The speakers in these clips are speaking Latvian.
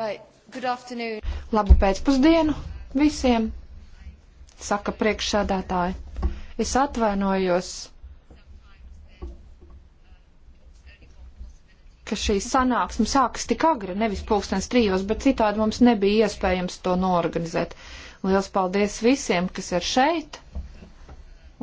Right. Good afternoon. Labu pēcpusdienu visiem, saka priekšsādātāji. Es atvainojos, ka šī sanāksme sākas tik agri, nevis pulkstens trijos, bet citādi mums nebija iespējams to norganizēt. Liels paldies visiem, kas ir šeit.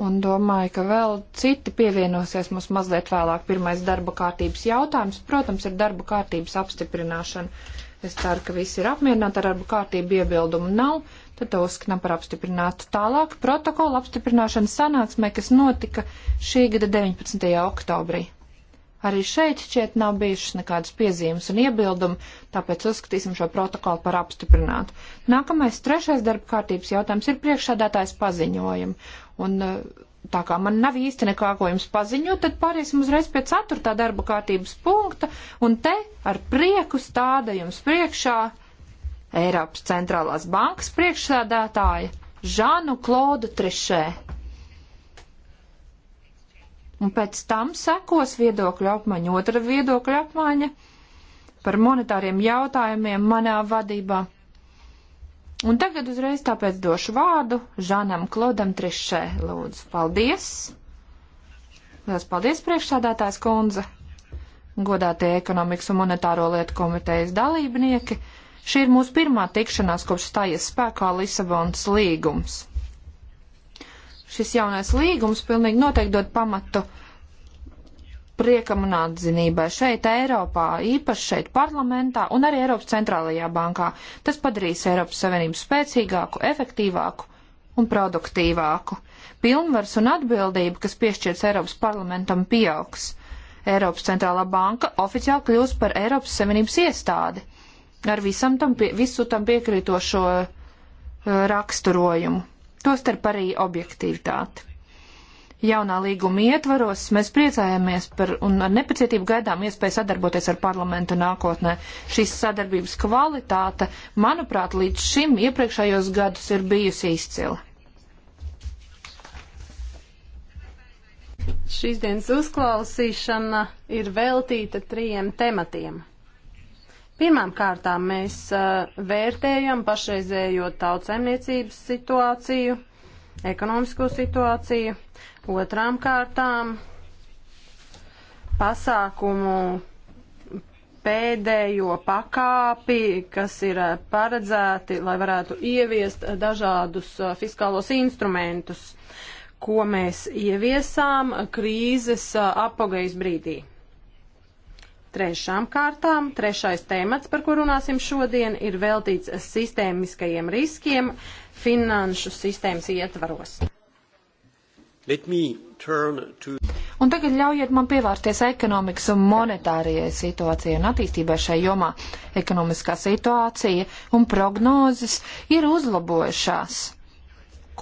Un domāju, ka vēl citi pievienosies mums mazliet vēlāk. Pirmais darba kārtības jautājums, protams, ir darba kārtības apstiprināšana. Es ceru, ka visi ir apmierināti ar darbu kārtību, iebildumu nav. Tad to uzskatām par apstiprinātu. Tālāk protokola apstiprināšana sanāksmē, kas notika šī gada 19. oktobrī. Arī šeit šķiet nav bijušas nekādas piezīmes un iebildumi, tāpēc uzskatīsim šo protokolu par apstiprinātu. Nākamais trešais darba kārtības jautājums ir priekšsādātājs paziņojumi. Un uh, Tā kā man nav īsti nekā, ko jums paziņot, tad pāriesim uzreiz pie ceturtā darba kārtības punkta, un te ar prieku stāda jums priekšā Eiropas centrālās bankas priekšsēdētāja Žanu Klodu Trešē. Un pēc tam sekos viedokļu apmaiņa, otra viedokļu apmaiņa par monetāriem jautājumiem manā vadībā. Un tagad uzreiz tāpēc došu vārdu Žanam Klodam Trišē. Lūdzu, paldies! Lielas paldies, priekšsādātājs kundze! Godātie ekonomikas un monetāro lietu komitejas dalībnieki! Šī ir mūsu pirmā tikšanās kopš stājies spēkā Lisabonas līgums šis jaunais līgums pilnīgi noteikti dod pamatu priekam un atzinībai šeit Eiropā, īpaši šeit parlamentā un arī Eiropas centrālajā bankā. Tas padarīs Eiropas Savienību spēcīgāku, efektīvāku un produktīvāku. Pilnvars un atbildība, kas piešķirts Eiropas parlamentam, pieaugs. Eiropas centrālā banka oficiāli kļūs par Eiropas Savienības iestādi ar visam tam, pie, visu tam piekrītošo uh, raksturojumu, tostarp arī objektivitāti jaunā līguma ietvaros. Mēs priecājamies par un ar nepacietību gaidām iespēju sadarboties ar parlamentu nākotnē. Šīs sadarbības kvalitāte, manuprāt, līdz šim iepriekšējos gadus ir bijusi izcila. Šīs dienas uzklausīšana ir veltīta trijiem tematiem. Pirmām kārtām mēs uh, vērtējam pašreizējo tautsaimniecības situāciju, ekonomisko situāciju. Otrām kārtām pasākumu pēdējo pakāpi, kas ir eh, paredzēti, lai varētu ieviest dažādus eh, fiskālos instrumentus, ko mēs ieviesām krīzes eh, apogejas brīdī. Trešām kārtām, trešais temats, par ko runāsim šodien, ir veltīts sistēmiskajiem riskiem finanšu sistēmas ietvaros. To... Un tagad ļaujiet man pievērsties ekonomikas un monetārajai situācijai un attīstībai šai jomā. Ekonomiskā situācija un prognozes ir uzlabojušās.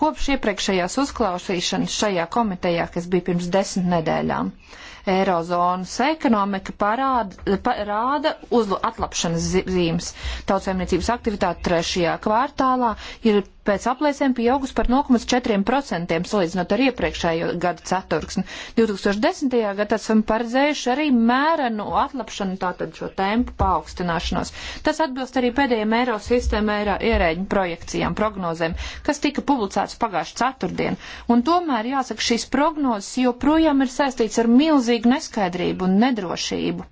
Kopš iepriekšējās uzklausīšanas šajā komitejā, kas bija pirms desmit nedēļām. Uh, Eirozonas ekonomika parāda, parāda uzlu atlapšanas zīmes. Tautsēmniecības aktivitāte trešajā kvartālā ir pēc aplēsēm pieaugus par 0,4% salīdzinot ar iepriekšējo gada ceturksni. 2010. gadā esam paredzējuši arī mērenu atlapšanu, tātad šo tempu paaugstināšanos. Tas atbilst arī pēdējiem eiro sistēma ierēģiņu projekcijām, prognozēm, kas tika publicēts pagājuši ceturtdien. Un tomēr, jāsaka, šīs prognozes joprojām ir saistīts ar milzīgu milzīgu neskaidrību un nedrošību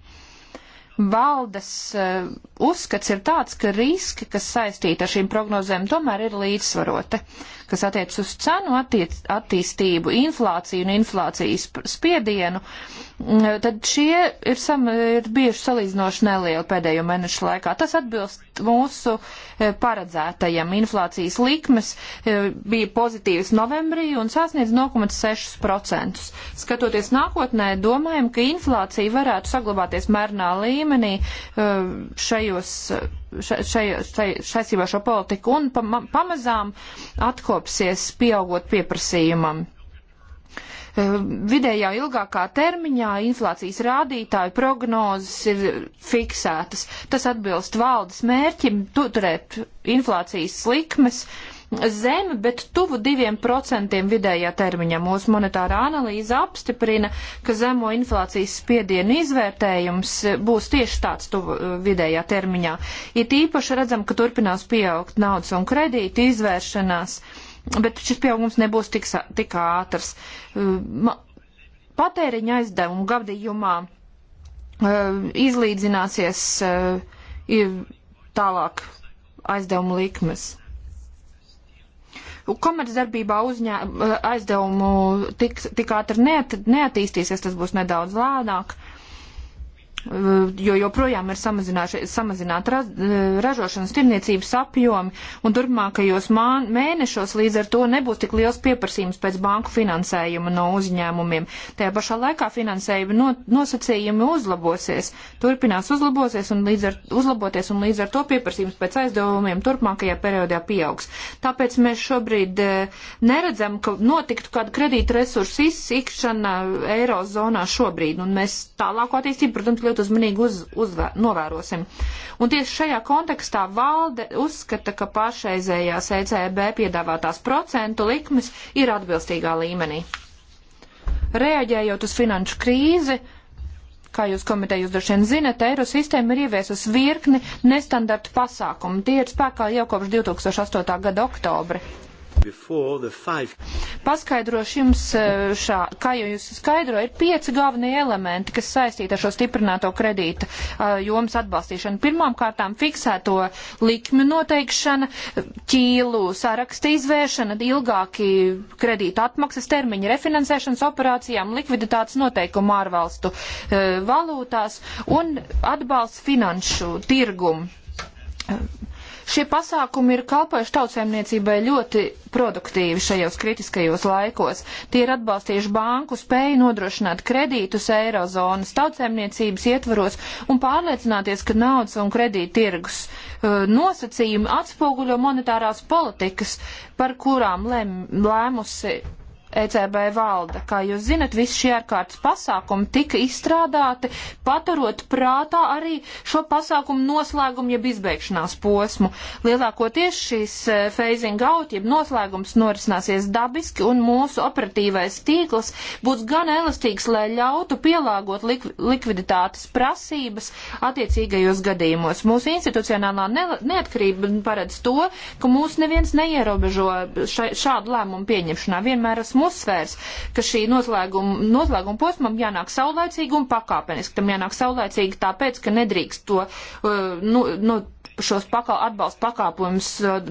valdes uh, uzskats ir tāds, ka riski, kas saistīti ar šīm prognozēm, tomēr ir līdzsvaroti, kas attiec uz cenu attiec, attīstību, inflāciju un inflācijas spiedienu, mm, eh, tad šie ir, sam, ir bieži salīdzinoši nelieli pēdējo mēnešu laikā. Tas atbilst mūsu eh, paredzētajam. Inflācijas likmes bija pozitīvas novembrī un sasniedz 0,6%. Skatoties nākotnē, domājam, ka inflācija varētu saglabāties mērnā līmenī līmenī eh, šajos, šajos, saistībā šo politiku un pamazām atkopsies pieaugot pieprasījumam eh, vidējā ilgākā termiņā inflācijas rādītāju prognozes ir fiksētas. Tas atbilst valdes mērķim turēt inflācijas likmes uh, zemi, bet tuvu diviem procentiem vidējā termiņā. Mūsu monetārā analīze apstiprina, ka zemo inflācijas spiedienu izvērtējums būs tieši tāds tuvu eh, vidējā termiņā. It īpaši redzam, ka turpinās pieaugt naudas un kredīti izvēršanās, bet šis pieaugums nebūs tik, tik ātrs. Eh, patēriņa aizdevumu gadījumā eh, izlīdzināsies tālāk aizdevumu likmes komercdarbībā uzņē, eh, aizdevumu tik, tik ātri neat, neattīstīsies, tas būs nedaudz lēnāk. Uh, Eh, jo joprojām ir samazināta eh, ražošanas tirniecības apjomi, un turpmākajos mēnešos līdz ar to nebūs tik liels pieprasījums pēc banku finansējuma no uzņēmumiem. Tajā pašā laikā finansējuma no, nosacījumi uzlabosies, turpinās uzlabosies un līdz ar, uzlaboties, un līdz ar to pieprasījums pēc aizdevumiem turpmākajā periodā pieaugs. Tāpēc mēs šobrīd eh, neredzam, ka notiktu kāda kredīta resursu izsikšana Eirozonā šobrīd, un mēs tālāko attīstību, protams, ļoti uzmanīgi uz, uzvēr, novērosim. Un tieši šajā kontekstā valde uzskata, ka pašreizējās ECB piedāvātās procentu likmes ir atbilstīgā līmenī. Reaģējot uz finanšu krīzi, kā jūs komiteja jūs droši vien zinat, eiro sistēma ir ieviesusi virkni nestandarta pasākumu. Tie ir spēkā jau kopš 2008. gada oktobra. Paskaidrošu jums eh, šā, kā jau jūs skaidro, ir pieci galvenie elementi, kas saistīti ar šo stiprināto kredīta eh, jomas atbalstīšanu. Pirmām kārtām fiksēto likmi noteikšana, ķīlu saraksta izvēršana, ilgāki kredīta atmaksas termiņi refinansēšanas operācijām, likviditātes noteikumu ārvalstu eh, valūtās un atbalsts finanšu tirgumu Šie pasākumi ir kalpojuši tautsēmniecībai ļoti produktīvi šajos kritiskajos laikos. Tie ir atbalstījuši banku spēju nodrošināt kredītus eirozonas tautsēmniecības ietvaros un pārliecināties, ka naudas un kredīta tirgus uh, nosacījumi atspoguļo monetārās politikas, par kurām lēmusi ECB valda. Kā jūs zinat, visi šie ārkārtas pasākumi tika izstrādāti, paturot prātā arī šo pasākumu noslēgumu, jeb izbeigšanās posmu. Lielākoties šīs e, phasing out, jeb noslēgums norisināsies dabiski, un mūsu operatīvais tīkls būs gan elastīgs, lai ļautu pielāgot lik likviditātes prasības attiecīgajos gadījumos. Mūsu institucionālā neatkarība paredz to, ka mūs neviens neierobežo šādu lēmumu pieņemšanā. Vienmēr esmu esmu uzsvērs, ka šī noslēguma, noslēguma posmam jānāk saulēcīgi un pakāpeniski. Tam jānāk saulēcīgi tāpēc, ka nedrīkst to, uh, nu, nu, šos pakal, atbalstu pakāpojumus uh,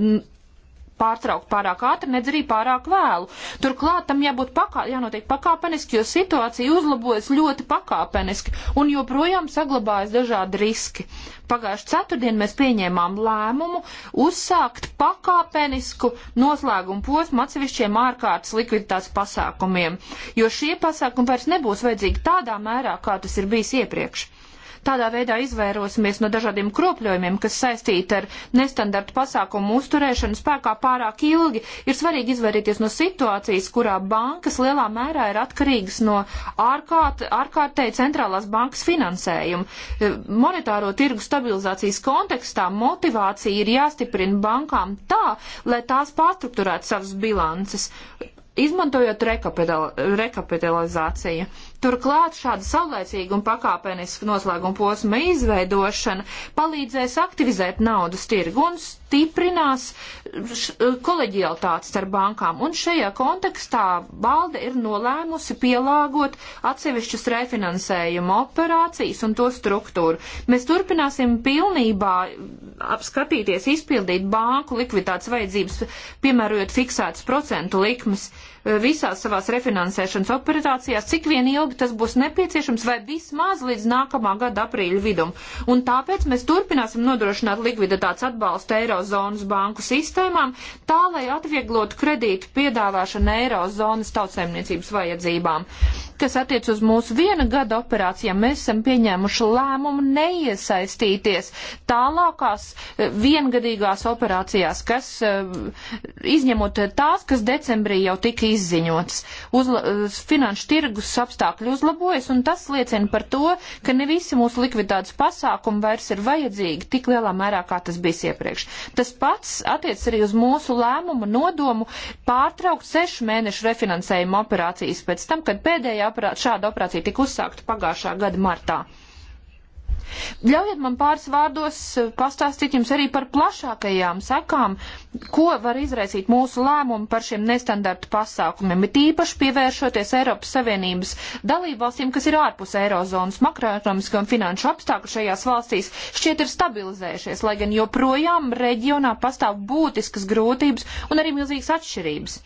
pārtraukt pārāk ātri, nedz arī pārāk vēlu. Turklāt tam jābūt pakā, jānotiek pakāpeniski, jo situācija uzlabojas ļoti pakāpeniski un joprojām saglabājas dažādi riski. Pagājuši ceturtdien mēs pieņēmām lēmumu uzsākt pakāpenisku noslēgumu posmu atsevišķiem ārkārtas likviditātes pasākumiem, jo šie pasākumi vairs nebūs vajadzīgi tādā mērā, kā tas ir bijis iepriekš. Tādā veidā izvairosimies no dažādiem kropļojumiem, kas saistīti ar nestandartu pasākumu uzturēšanu spēkā pārāk ilgi. Ir svarīgi izvairīties no situācijas, kurā bankas lielā mērā ir atkarīgas no ārkārt, ārkārtēji centrālās bankas finansējuma. E, monetāro tirgu stabilizācijas kontekstā motivācija ir jāstiprina bankām tā, lai tās pārstrukturētu savas bilances izmantojot rekapitalizāciju. Turklāt šāda saulēcīga un pakāpeniska noslēguma posma izveidošana palīdzēs aktivizēt naudas tirgu un stiprinās koleģialitāti starp bankām. Un šajā kontekstā balde ir nolēmusi pielāgot atsevišķas refinansējuma operācijas un to struktūru. Mēs turpināsim pilnībā apskatīties, izpildīt banku likviditātes vajadzības, piemērojot fiksētas procentu likmes e, visās savās refinansēšanas operācijās, cik vien ilgi tas būs nepieciešams vai vismaz līdz nākamā gada aprīļa vidum. Un tāpēc mēs turpināsim nodrošināt likviditātes atbalstu Eirozonas banku sistēmām, tā lai atvieglotu kredītu piedāvāšanu Eirozonas tautsēmniecības vajadzībām kas attiec uz mūsu viena gada operācijām, mēs esam pieņēmuši lēmumu neiesaistīties tālākās eh, viengadīgās operācijās, kas eh, izņemot tās, kas decembrī jau tika izziņotas. Uzla, eh, finanšu tirgus apstākļi uzlabojas, un tas liecina par to, ka ne visi mūsu likviditātes pasākumi vairs ir vajadzīgi tik lielā mērā, kā tas bijis iepriekš. Tas pats attiec arī uz mūsu lēmumu nodomu pārtraukt sešu mēnešu refinansējumu operācijas pēc tam, kad pēdējā operā, šāda operācija tika uzsākta pagājušā gada martā. Ļaujiet man pāris vārdos pastāstīt jums arī par plašākajām sekām, ko var izraisīt mūsu lēmumu par šiem nestandartu pasākumiem, bet īpaši pievēršoties Eiropas Savienības dalībvalstīm, kas ir ārpus Eirozonas makroekonomisko un finanšu apstākļu šajās valstīs, šķiet ir stabilizējušies, lai gan joprojām reģionā pastāv būtiskas grūtības un arī milzīgas atšķirības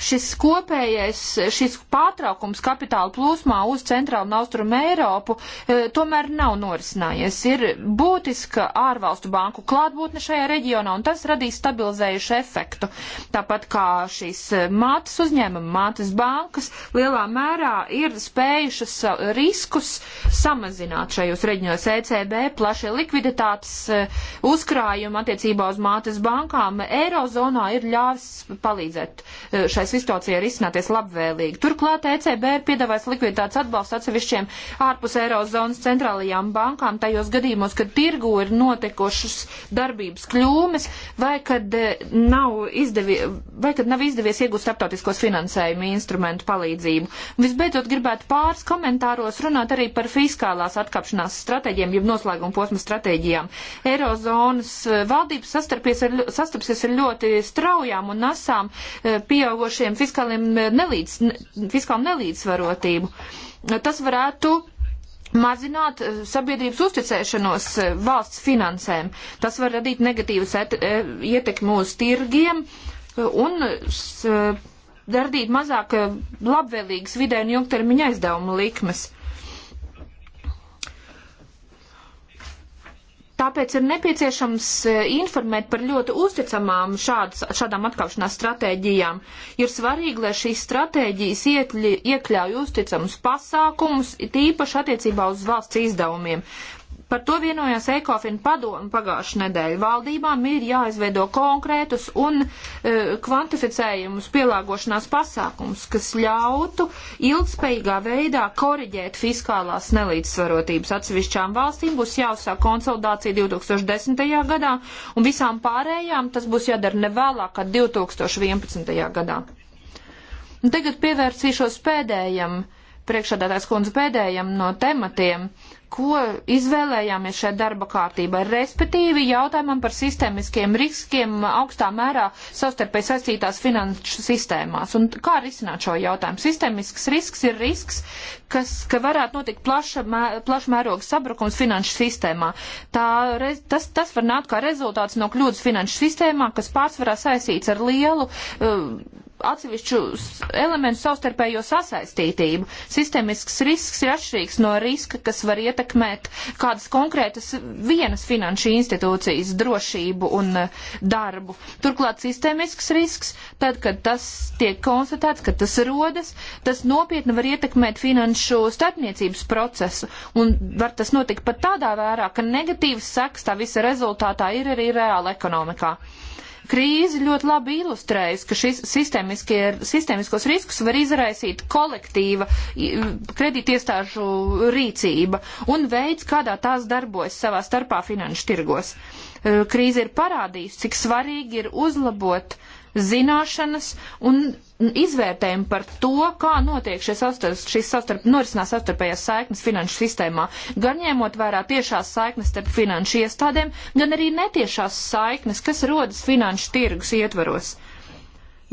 šis kopējais, šis pārtraukums kapitāla plūsmā uz centrālu un austrumu Eiropu e, tomēr nav norisinājies. Ir būtiska ārvalstu banku klātbūtne šajā reģionā, un tas radīs stabilizējušu efektu. Tāpat kā šīs mātes uzņēmuma, mātes bankas lielā mērā ir spējušas riskus samazināt šajos reģionos ECB, plašie likviditātes e, uzkrājumi attiecībā uz mātes bankām. Eirozonā ir ļāvis palīdzēt e, šai situācija ir izcināties labvēlīgi. Turklāt ECB ir piedāvājis likviditātes atbalstu atsevišķiem ārpus Eirozonas centrālajām bankām tajos gadījumos, kad tirgu ir notikušas darbības kļūmes vai kad eh, nav, izdevi, vai kad nav izdevies iegūt starptautiskos finansējumu instrumentu palīdzību. Un visbeidzot, gribētu pāris komentāros runāt arī par fiskālās atkāpšanās stratēģiem, jeb noslēguma posma stratēģijām. Eirozonas eh, valdības sastapsies ar ļoti straujām un nasām eh, pieaugušām esošiem fiskāliem nelīdz, fiskālu nelīdzvarotību. Tas varētu mazināt eh, sabiedrības uzticēšanos eh, valsts finansēm. Tas var radīt negatīvas eh, ietekmi uz tirgiem un radīt mazāk labvēlīgas vidē un ilgtermiņa aizdevumu likmes. Tāpēc ir nepieciešams e, informēt par ļoti uzticamām šādas, šādām atkāpšanās stratēģijām. Ir svarīgi, lai šīs stratēģijas iekļauj uzticamus pasākumus, tīpaši attiecībā uz valsts izdevumiem. Par to vienojās Ekofina padomu pagājušajā nedēļā. Valdībām ir jāizveido konkrētus un e, kvantificējumus pielāgošanās pasākums, kas ļautu ilgspējīgā veidā koriģēt fiskālās nelīdzsvarotības. Atsevišķām valstīm būs jāuzsāk konsolidācija 2010. gadā un visām pārējām tas būs jādara nevēlāk kā 2011. gadā. Un tagad pievērsīšos pēdējam, priekšādātājs kundze pēdējam no tematiem. Uh, ko izvēlējāmies šajā darba kārtībā, respektīvi jautājumam par sistēmiskiem riskiem augstā mērā savstarpēji saistītās finanšu sistēmās. Un kā risināt šo jautājumu? Sistēmisks risks ir risks, kas, ka varētu notikt plaša, mē, plaša mēroga sabrukums finanšu sistēmā. Tā, re, tas, tas var nākt kā rezultāts no kļūdas finanšu sistēmā, kas pārsvarā saistīts ar lielu. Uh, atsevišķus elementus savstarpējo sasaistītību. Sistemisks risks ir atšķirīgs no riska, kas var ietekmēt kādas konkrētas vienas finanšu institūcijas drošību un e, darbu. Turklāt sistemisks risks, tad, kad tas tiek konstatēts, ka tas rodas, tas nopietni var ietekmēt finanšu starpniecības procesu. Un var tas notikt pat tādā vērā, ka negatīvas sekas tā visa rezultātā ir arī reāla ekonomikā krīze ļoti labi ilustrējas, ka šis sistēmiskos riskus var izraisīt kolektīva kredītiestāžu rīcība un veids, kādā tās darbojas savā starpā finanšu tirgos. E, krīze ir parādījusi, cik svarīgi ir uzlabot zināšanas un izvērtējumu par to, kā notiek sastarp, šis sastarp, norisinās sastarpējās saiknes finanšu sistēmā, gan ņemot vērā tiešās saiknes starp finanšu iestādēm, gan arī netiešās saiknes, kas rodas finanšu tirgus ietvaros.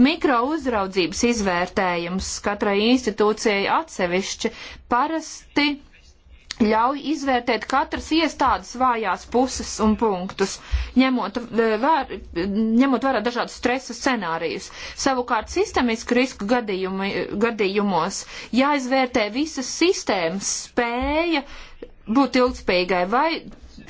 Mikro uzraudzības izvērtējums katrai institūcijai atsevišķi parasti ļauj izvērtēt katras iestādes vājās puses un punktus, ņemot, e, vēr, ņemot vērā dažādus stresa scenārijus. Savukārt sistemisku risku gadījumi, gadījumos jāizvērtē visas sistēmas spēja būt ilgspējīgai vai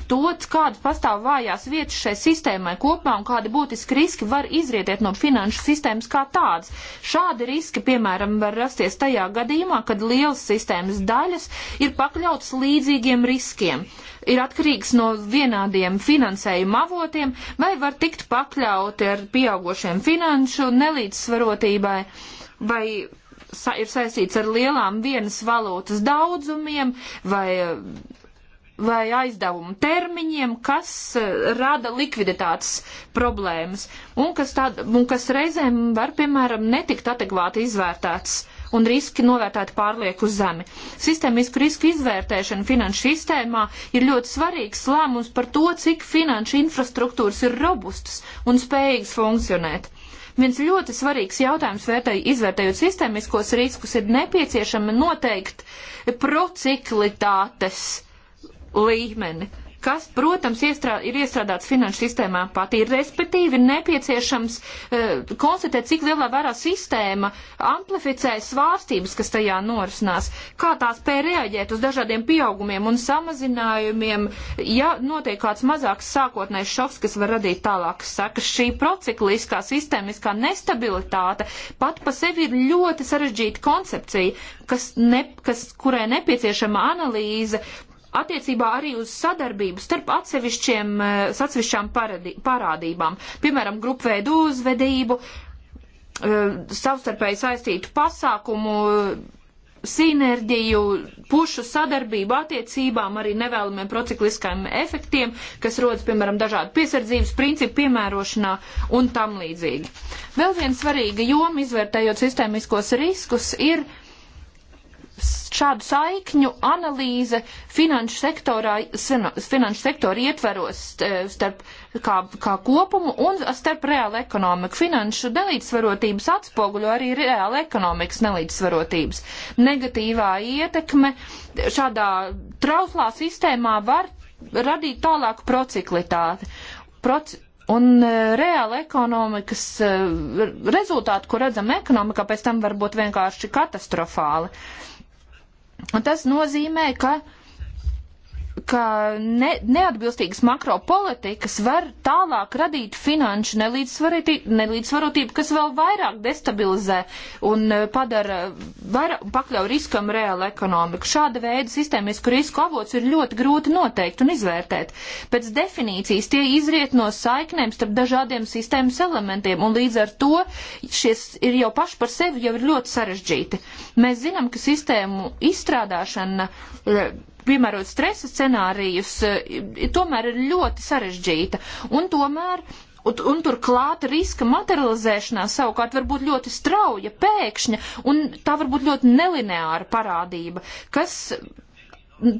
to, kāda pastāv vājās vietas šai sistēmai kopumā un kādi būtiski riski var izrietēt no finanšu sistēmas kā tādas. Šādi riski, piemēram, var rasties tajā gadījumā, kad lielas sistēmas daļas ir pakļautas līdzīgiem riskiem, ir atkarīgs no vienādiem finansējuma avotiem vai var tikt pakļauti ar pieaugošiem finanšu nelīdzsvarotībai vai sa ir saistīts ar lielām vienas valūtas daudzumiem vai vai aizdevumu termiņiem, kas eh, rada likviditātes problēmas un kas, tād, un kas reizēm var, piemēram, netikt adekvāti izvērtēts un riski novērtēti pārlieku zemi. Sistēmisku risku izvērtēšana finanšu sistēmā ir ļoti svarīgs lēmums par to, cik finanšu infrastruktūras ir robustas un spējīgas funkcionēt. Viens ļoti svarīgs jautājums, vērtēj, izvērtējot sistēmiskos riskus, ir nepieciešama noteikti prociklitātes līmeni kas, protams, iestrā, ir iestrādāts finanšu sistēmā pati, ir respektīvi nepieciešams e, konstatēt, cik lielā vērā sistēma amplificē svārstības, kas tajā norisinās, kā tās spēja reaģēt uz dažādiem pieaugumiem un samazinājumiem, ja notiek kāds mazāks sākotnējs šoks, kas var radīt tālākas sekas. Šī procikliskā sistēmiskā nestabilitāte pat pa sevi ir ļoti sarežģīta koncepcija, kas ne, kas, kurai nepieciešama analīze attiecībā arī uz sadarbību starp atsevišķiem, eh, atsevišķām paradī, parādībām, piemēram, grupveidu uzvedību, eh, savstarpēji saistītu pasākumu sinerģiju, pušu sadarbību attiecībām, arī nevēlamiem procikliskajiem efektiem, kas rodas, piemēram, dažādu piesardzības principu piemērošanā un tam līdzīgi. Vēl viena svarīga joma, izvērtējot sistēmiskos riskus, ir uh, šādu saikņu analīze finanšu, sektorā, finanšu sektora ietveros e, starp kā, kā kopumu un starp reālu ekonomiku. Finanšu nelīdzsvarotības atspoguļo arī reāla ekonomikas nelīdzsvarotības. Negatīvā ietekme šādā trauslā sistēmā var radīt tālāku prociklitāti. Proci Un e, reāla ekonomikas e, rezultāti, ko redzam ekonomikā, pēc tam var būt vienkārši katastrofāli. Uh, Un tas nozīmē, ka uh, ka ne, neatbilstīgas makropolitikas var tālāk radīt finanšu nelīdzsvarotību, kas vēl vairāk destabilizē un eh, padara, vairāk, pakļauj riskam reālu ekonomiku. Šāda veida sistēmisku risku avots ir ļoti grūti noteikt un izvērtēt. Pēc definīcijas tie izriet no saiknēm starp dažādiem sistēmas elementiem, un līdz ar to šies ir jau paši par sevi jau ir ļoti sarežģīti. Mēs zinām, ka sistēmu izstrādāšana eh, piemērot stresa scenārijus, e, tomēr ir ļoti sarežģīta. Un tomēr Un, un turklāt riska materializēšanās savukārt var būt ļoti strauja, pēkšņa, un tā var būt ļoti nelineāra parādība, kas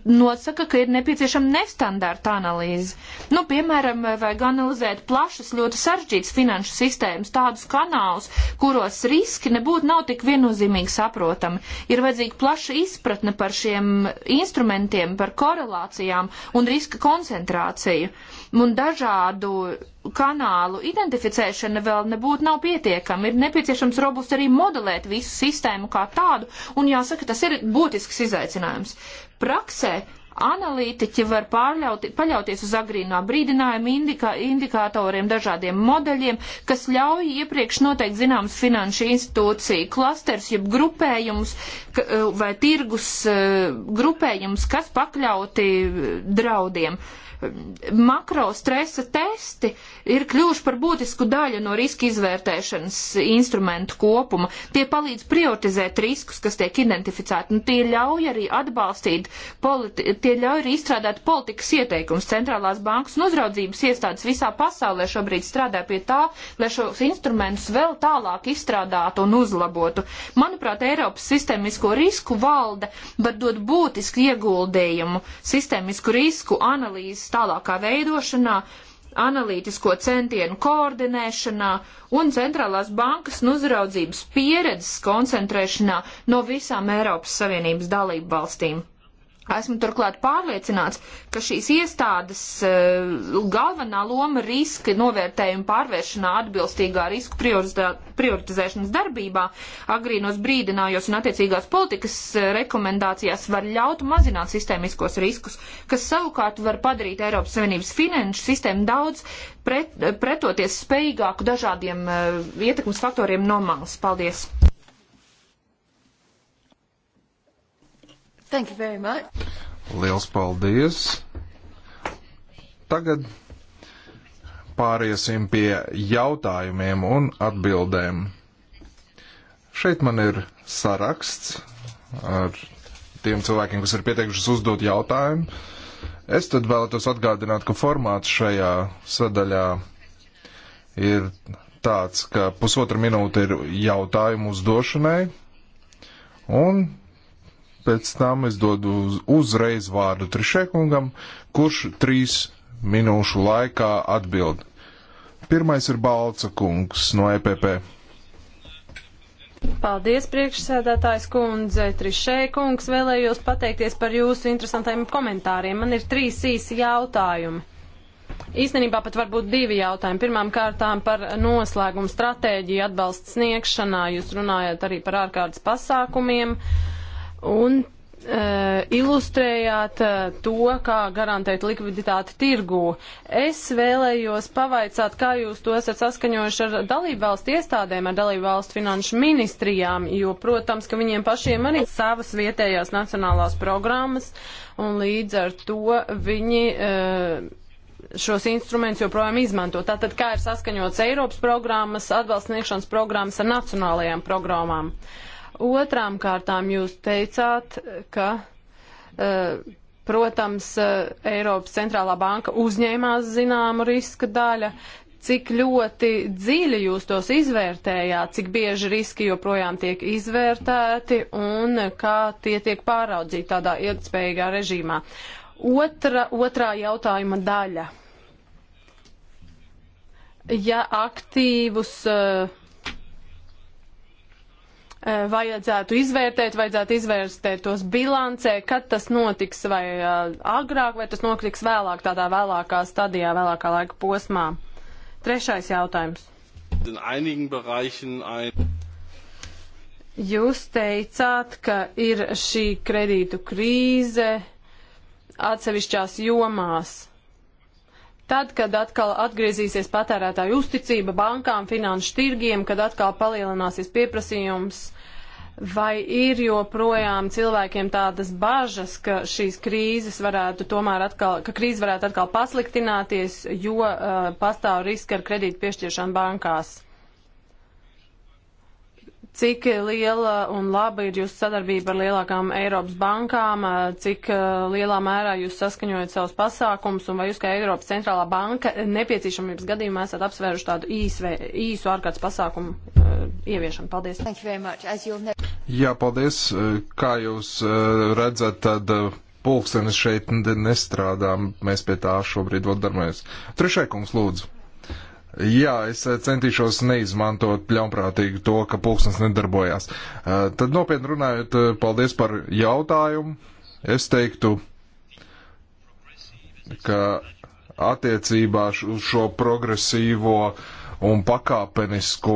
nosaka, ka ir nepieciešama nestandarta analīze. Nu, piemēram, vajag analizēt plašas, ļoti sarežģītas finanšu sistēmas, tādus kanālus, kuros riski nebūtu nav tik viennozīmīgi saprotami. Ir vajadzīga plaša izpratne par šiem instrumentiem, par korelācijām un riska koncentrāciju. Un dažādu kanālu identificēšana vēl nebūtu nav pietiekama. Ir nepieciešams robust arī modelēt visu sistēmu kā tādu, un jāsaka, tas ir būtisks izaicinājums. Praksē analītiķi var pārļauti, paļauties uz agrīnā brīdinājuma indikā, indikātoriem, dažādiem modeļiem, kas ļauj iepriekš noteikt zināmas finanšu institūciju klasters, jeb grupējumus vai tirgus eh, grupējumus, kas pakļauti draudiem. Uh, makro stresa testi ir kļuvuši par būtisku daļu no riska izvērtēšanas instrumentu kopuma. Tie palīdz prioritizēt riskus, kas tiek identificēti, un tie ļauj arī atbalstīt, politi tie ļauj arī izstrādāt politikas ieteikums. Centrālās bankas un uzraudzības iestādes visā pasaulē šobrīd strādā pie tā, lai šos instrumentus vēl tālāk izstrādātu un uzlabotu. Manuprāt, Eiropas sistēmisko risku valde var dot būtisku ieguldījumu sistēmisku risku analīzes tālākā veidošanā, analītisko centienu koordinēšanā un centrālās bankas un uzraudzības pieredzes koncentrēšanā no visām Eiropas Savienības dalību valstīm. Esmu turklāt pārliecināts, ka šīs iestādes eh, galvenā loma riska novērtējuma pārvēršanā atbilstīgā risku prioritizēšanas darbībā, agrīnos brīdinājos un attiecīgās politikas eh, rekomendācijās var ļaut mazināt sistēmiskos riskus, kas savukārt var padarīt Eiropas Savienības finanšu sistēmu daudz pret, pretoties spējīgāku dažādiem eh, ietekmes faktoriem no malas. Paldies! Thank you very much. Liels paldies. Tagad pāriesim pie jautājumiem un atbildēm. Šeit man ir saraksts ar tiem cilvēkiem, kas ir pieteikušies uzdot jautājumu. Es tad vēlētos atgādināt, ka formāts šajā sadaļā ir tāds, ka pusotra minūte ir jautājumu uzdošanai, un pēc tam es dodu uz, uzreiz vārdu Trišekungam, kurš trīs minūšu laikā atbild. Pirmais ir Balca kungs no EPP. Paldies, priekšsēdētājs kundze, Trišēja kungs. Vēlējos pateikties par jūsu interesantajiem komentāriem. Man ir trīs īsi jautājumi. Īstenībā pat varbūt divi jautājumi. Pirmām kārtām par noslēgumu stratēģiju atbalsts sniegšanā. Jūs runājat arī par ārkārtas pasākumiem. Uh, un Uh, ilustrējāt uh, to, kā garantēt likviditāti tirgū. Es vēlējos pavaicāt, kā jūs to esat saskaņojuši ar dalībvalstu iestādēm, ar dalībvalstu finanšu ministrijām, jo, protams, ka viņiem pašiem arī savas vietējās nacionālās programmas, un līdz ar to viņi. Uh, šos instrumentus joprojām izmanto. Tātad, kā ir saskaņots Eiropas programmas, atbalstniegšanas programmas ar nacionālajām programmām? Uh, Otrām kārtām jūs teicāt, ka, eh, protams, eh, Eiropas centrālā banka uzņēmās zināmu riska daļa. Cik ļoti dziļi jūs tos izvērtējāt, cik bieži riski joprojām tiek izvērtēti un kā tie tiek pāraudzīti tādā ilgspējīgā režīmā? Otra, otrā jautājuma daļa. Ja aktīvus uh, Eh, vajadzētu izvērtēt, vajadzētu izvērtēt tos bilancē, kad tas notiks vai eh, agrāk, vai tas notiks vēlāk, tādā vēlākā stadijā, vēlākā laika posmā. Trešais jautājums. Jūs teicāt, ka ir šī kredītu krīze atsevišķās jomās. Tad, kad atkal atgriezīsies patērētāju uzticība bankām, finanšu tirgiem, kad atkal palielināsies pieprasījums, vai ir joprojām cilvēkiem tādas bažas, ka šīs krīzes varētu tomēr atkal, ka krīze varētu atkal pasliktināties, jo uh, pastāv riski ar kredītu piešķiršanu bankās? cik liela un laba ir jūsu sadarbība ar lielākām Eiropas bankām, cik lielā mērā jūs saskaņojat savus pasākumus un vai jūs kā Eiropas centrālā banka nepieciešamības gadījumā esat apsvēruši tādu īsve, īsu ārkārtas pasākumu uh, ieviešanu. Paldies! Jā, paldies! Kā jūs redzat, tad pulkstenis šeit nestrādā, mēs pie tā šobrīd vēl darbojamies. Trešai kungs, lūdzu! Jā, es eh, centīšos neizmantot ļaunprātīgi to, ka pulksnes nedarbojās. Eh, tad nopietni runājot, eh, paldies par jautājumu. Es teiktu, ka attiecībā uz šo progresīvo un pakāpenisko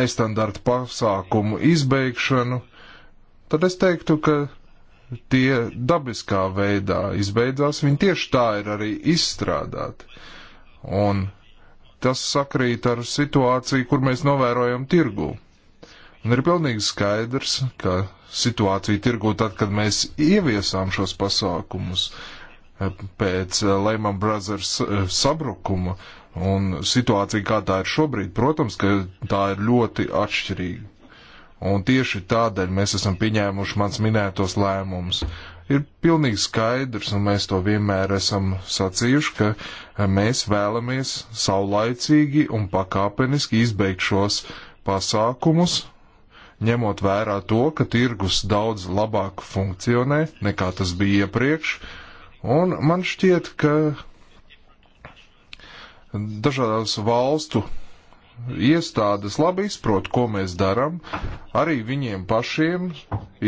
nestandarta pasākumu izbeigšanu, tad es teiktu, ka tie dabiskā veidā izbeidzās, viņi tieši tā ir arī izstrādāti. Un tas sakrīt ar situāciju, kur mēs novērojam tirgu. Un ir pilnīgi skaidrs, ka situācija tirgu tad, kad mēs ieviesām šos pasākumus eh, pēc eh, Lehman Brothers eh, sabrukuma un situācija, kā tā ir šobrīd, protams, ka tā ir ļoti atšķirīga. Un tieši tādēļ mēs esam pieņēmuši mans minētos lēmumus ir pilnīgi skaidrs, un mēs to vienmēr esam sacījuši, ka eh, mēs vēlamies saulaicīgi un pakāpeniski izbeigt šos pasākumus, ņemot vērā to, ka tirgus daudz labāk funkcionē nekā tas bija iepriekš, un man šķiet, ka dažādās valstu iestādes labi izprot, ko mēs darām. Arī viņiem pašiem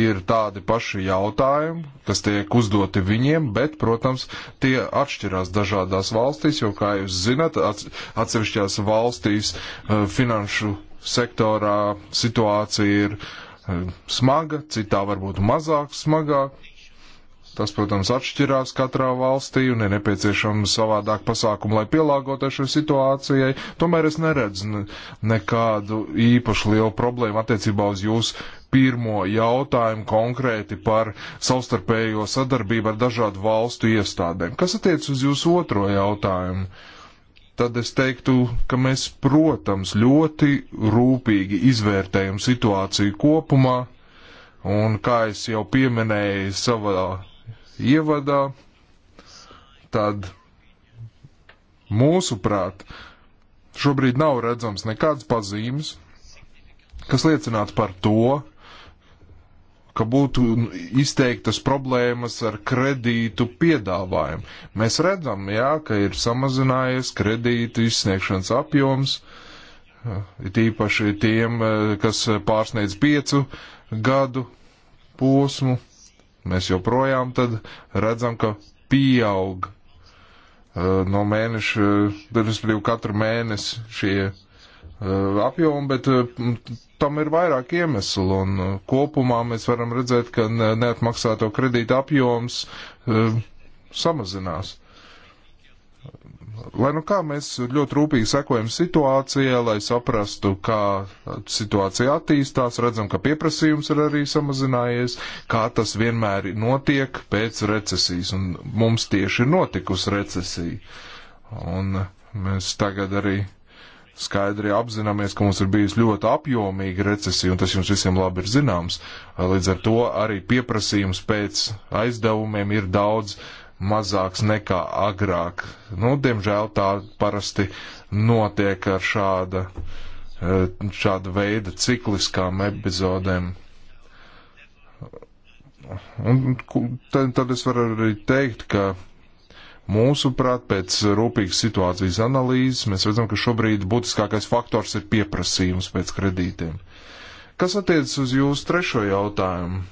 ir tādi paši jautājumi, kas tiek uzdoti viņiem, bet, protams, tie atšķirās dažādās valstīs, jo, kā jūs zinat, atsevišķās valstīs eh, finanšu sektorā situācija ir eh, smaga, citā varbūt mazāk smagā. Tas, protams, atšķirās katrā valstī un ir nepieciešama savādāk pasākuma, lai pielāgotos šai situācijai. Tomēr es neredzu nekādu īpašu lielu problēmu attiecībā uz jūsu pirmo jautājumu konkrēti par savstarpējo sadarbību ar dažādu valstu iestādēm. Kas attiec uz jūsu otro jautājumu? Tad es teiktu, ka mēs, protams, ļoti rūpīgi izvērtējam situāciju kopumā, un kā es jau pieminēju savā ievadā, tad mūsuprāt šobrīd nav redzams nekāds pazīmes, kas liecinātu par to, ka būtu izteiktas problēmas ar kredītu piedāvājumu. Mēs redzam, jā, ka ir samazinājies kredītu izsniegšanas apjoms, it īpaši tiem, eh, kas pārsniedz piecu gadu posmu. Mēs joprojām tad redzam, ka pieaug uh, no mēneša, uh, respektīvi katru mēnesi šie uh, apjomi, bet uh, tam ir vairāk iemeslu, un uh, kopumā mēs varam redzēt, ka neatmaksāto kredītu apjoms uh, samazinās. Lai nu kā mēs ļoti rūpīgi sekojam situācijai, lai saprastu, kā situācija attīstās, redzam, ka pieprasījums ir arī samazinājies, kā tas vienmēr notiek pēc recesijas, un mums tieši ir notikusi recesija. Un mēs tagad arī skaidri apzināmies, ka mums ir bijusi ļoti apjomīga recesija, un tas jums visiem labi ir zināms. Līdz ar to arī pieprasījums pēc aizdevumiem ir daudz mazāks nekā agrāk. Nu, diemžēl tā parasti notiek ar šāda, eh, šāda veida cikliskām epizodēm. Un tad, tad es varu arī teikt, ka mūsuprāt, pēc rūpīgas situācijas analīzes, mēs redzam, ka šobrīd būtiskākais faktors ir pieprasījums pēc kredītiem. Kas attiecas uz jūsu trešo jautājumu?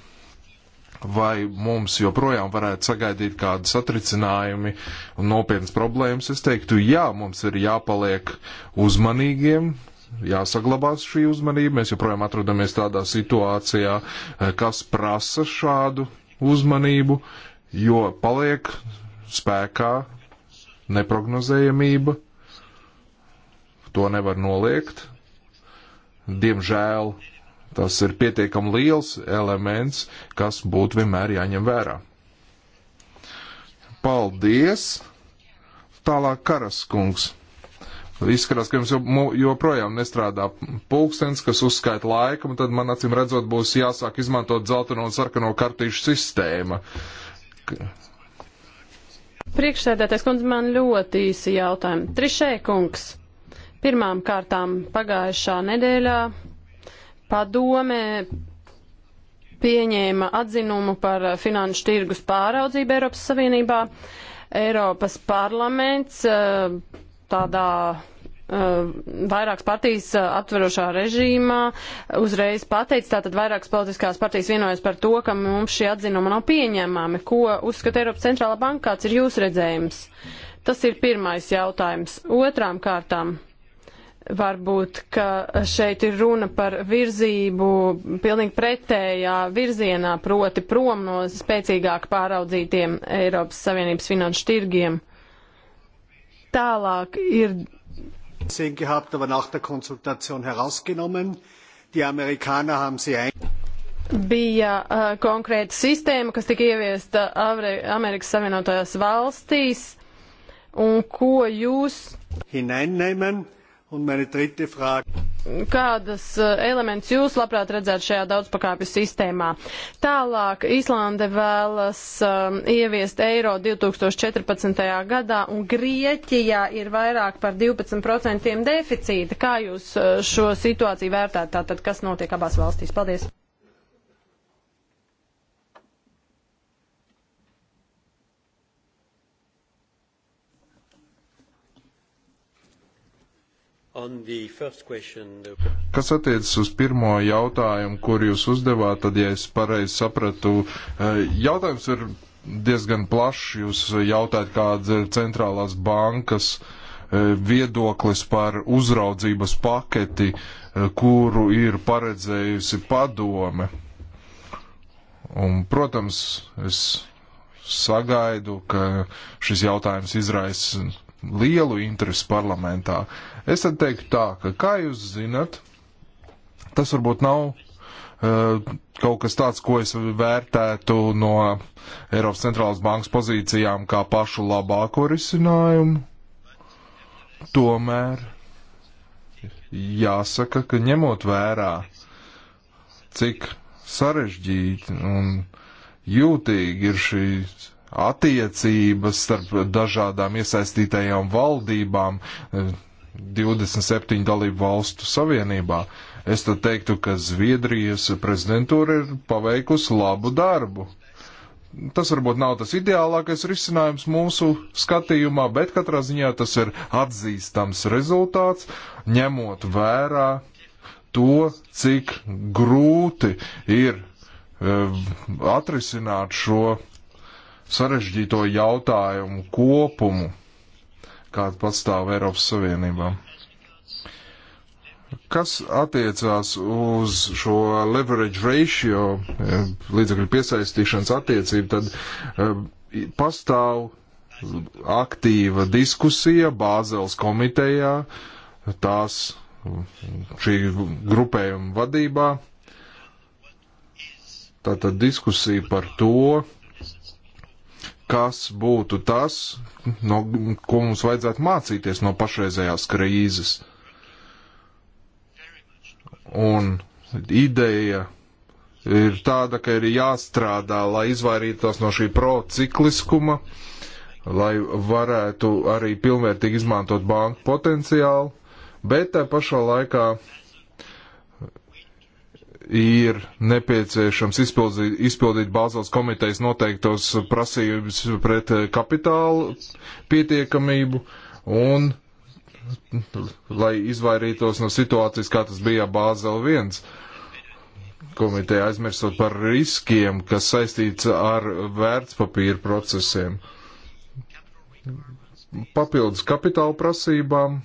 vai mums joprojām varētu sagaidīt kādi satricinājumi un nopietnas problēmas, es teiktu, jā, mums ir jāpaliek uzmanīgiem, jāsaglabās šī uzmanība. Mēs joprojām atrodamies tādā situācijā, eh, kas prasa šādu uzmanību, jo paliek spēkā neprognozējamība. To nevar noliegt. Diemžēl Tas ir pietiekami liels elements, kas būtu vienmēr jāņem vērā. Paldies! Tālāk Karaskungs. Izskatās, ka jums joprojām nestrādā pulkstens, kas uzskaita laiku, un tad man acīm redzot būs jāsāk izmantot dzelteno un sarkano kartīšu sistēma. Priekšsēdētais kundze man ļoti īsi jautājumi. Trišē kungs, pirmām kārtām pagājušā nedēļā Padome pieņēma atzinumu par finanšu tirgus pāraudzību Eiropas Savienībā. Eiropas parlaments eh, tādā eh, vairākas partijas eh, atverošā režīmā uzreiz pateica, tātad vairākas politiskās partijas vienojas par to, ka mums šī atzinuma nav pieņemami. Ko uzskata Eiropas centrālā banka, kāds ir jūsu redzējums? Tas ir pirmais jautājums. Otrām kārtām. Uh, Varbūt, ka šeit ir runa par virzību pilnīgi pretējā virzienā, proti prom no spēcīgāk pāraudzītiem Eiropas Savienības finanšu tirgiem. Tālāk ir. gehabt, aber nach der Konsultation herausgenommen. Die Amerikaner haben sie ein bija uh, konkrēta sistēma, kas tika ieviesta Avre, Amerikas Savienotajās valstīs, un ko jūs. Hineinnehmen Un meine dritte Frage. Kādas eh, elements jūs labprāt redzētu šajā daudzpakāpju sistēmā? Tālāk Īslande vēlas um, ieviest eiro 2014. gadā un Grieķijā ir vairāk par 12% deficīta. Kā jūs eh, šo situāciju vērtētu? Tātad, kas notiek abās valstīs? Paldies! Kas attiecas uz pirmo jautājumu, kur jūs uzdevāt, tad, ja es pareizi sapratu, eh, jautājums ir diezgan plašs. Jūs jautājat, kāda ir centrālās bankas eh, viedoklis par uzraudzības paketi, eh, kuru ir paredzējusi padome. Un, protams, es sagaidu, ka šis jautājums izraisa lielu interesi parlamentā. Uh, Es tad teiktu tā, ka, kā jūs zinat, tas varbūt nav eh, kaut kas tāds, ko es vērtētu no Eiropas centrālās bankas pozīcijām kā pašu labāko risinājumu. Tomēr jāsaka, ka ņemot vērā, cik sarežģīti un jūtīgi ir šīs attiecības starp dažādām iesaistītajām valdībām, eh, 27 dalību valstu savienībā. Es tad teiktu, ka Zviedrijas prezidentūra ir paveikusi labu darbu. Tas varbūt nav tas ideālākais risinājums mūsu skatījumā, bet katrā ziņā tas ir atzīstams rezultāts, ņemot vērā to, cik grūti ir e, atrisināt šo sarežģīto jautājumu kopumu kāda pastāv Eiropas Savienībā. Kas attiecās uz šo leverage ratio, eh, līdzekļu piesaistīšanas attiecību, tad eh, pastāv aktīva diskusija Bāzeles komitejā, tās šī grupējuma vadībā. Tātad diskusija par to, kas būtu tas, no, ko mums vajadzētu mācīties no pašreizējās krīzes. Un ideja ir tāda, ka ir jāstrādā, lai izvairītos no šī procikliskuma, lai varētu arī pilnvērtīgi izmantot banku potenciālu, bet tā pašā laikā ir nepieciešams izpildīt, izpildīt Bāzels komitejas noteiktos prasības pret eh, kapitālu pietiekamību un lai izvairītos no situācijas, kā tas bija Bāzel 1 komiteja, aizmirstot par riskiem, kas saistīts ar vērtspapīra procesiem. Papildus kapitāla prasībām,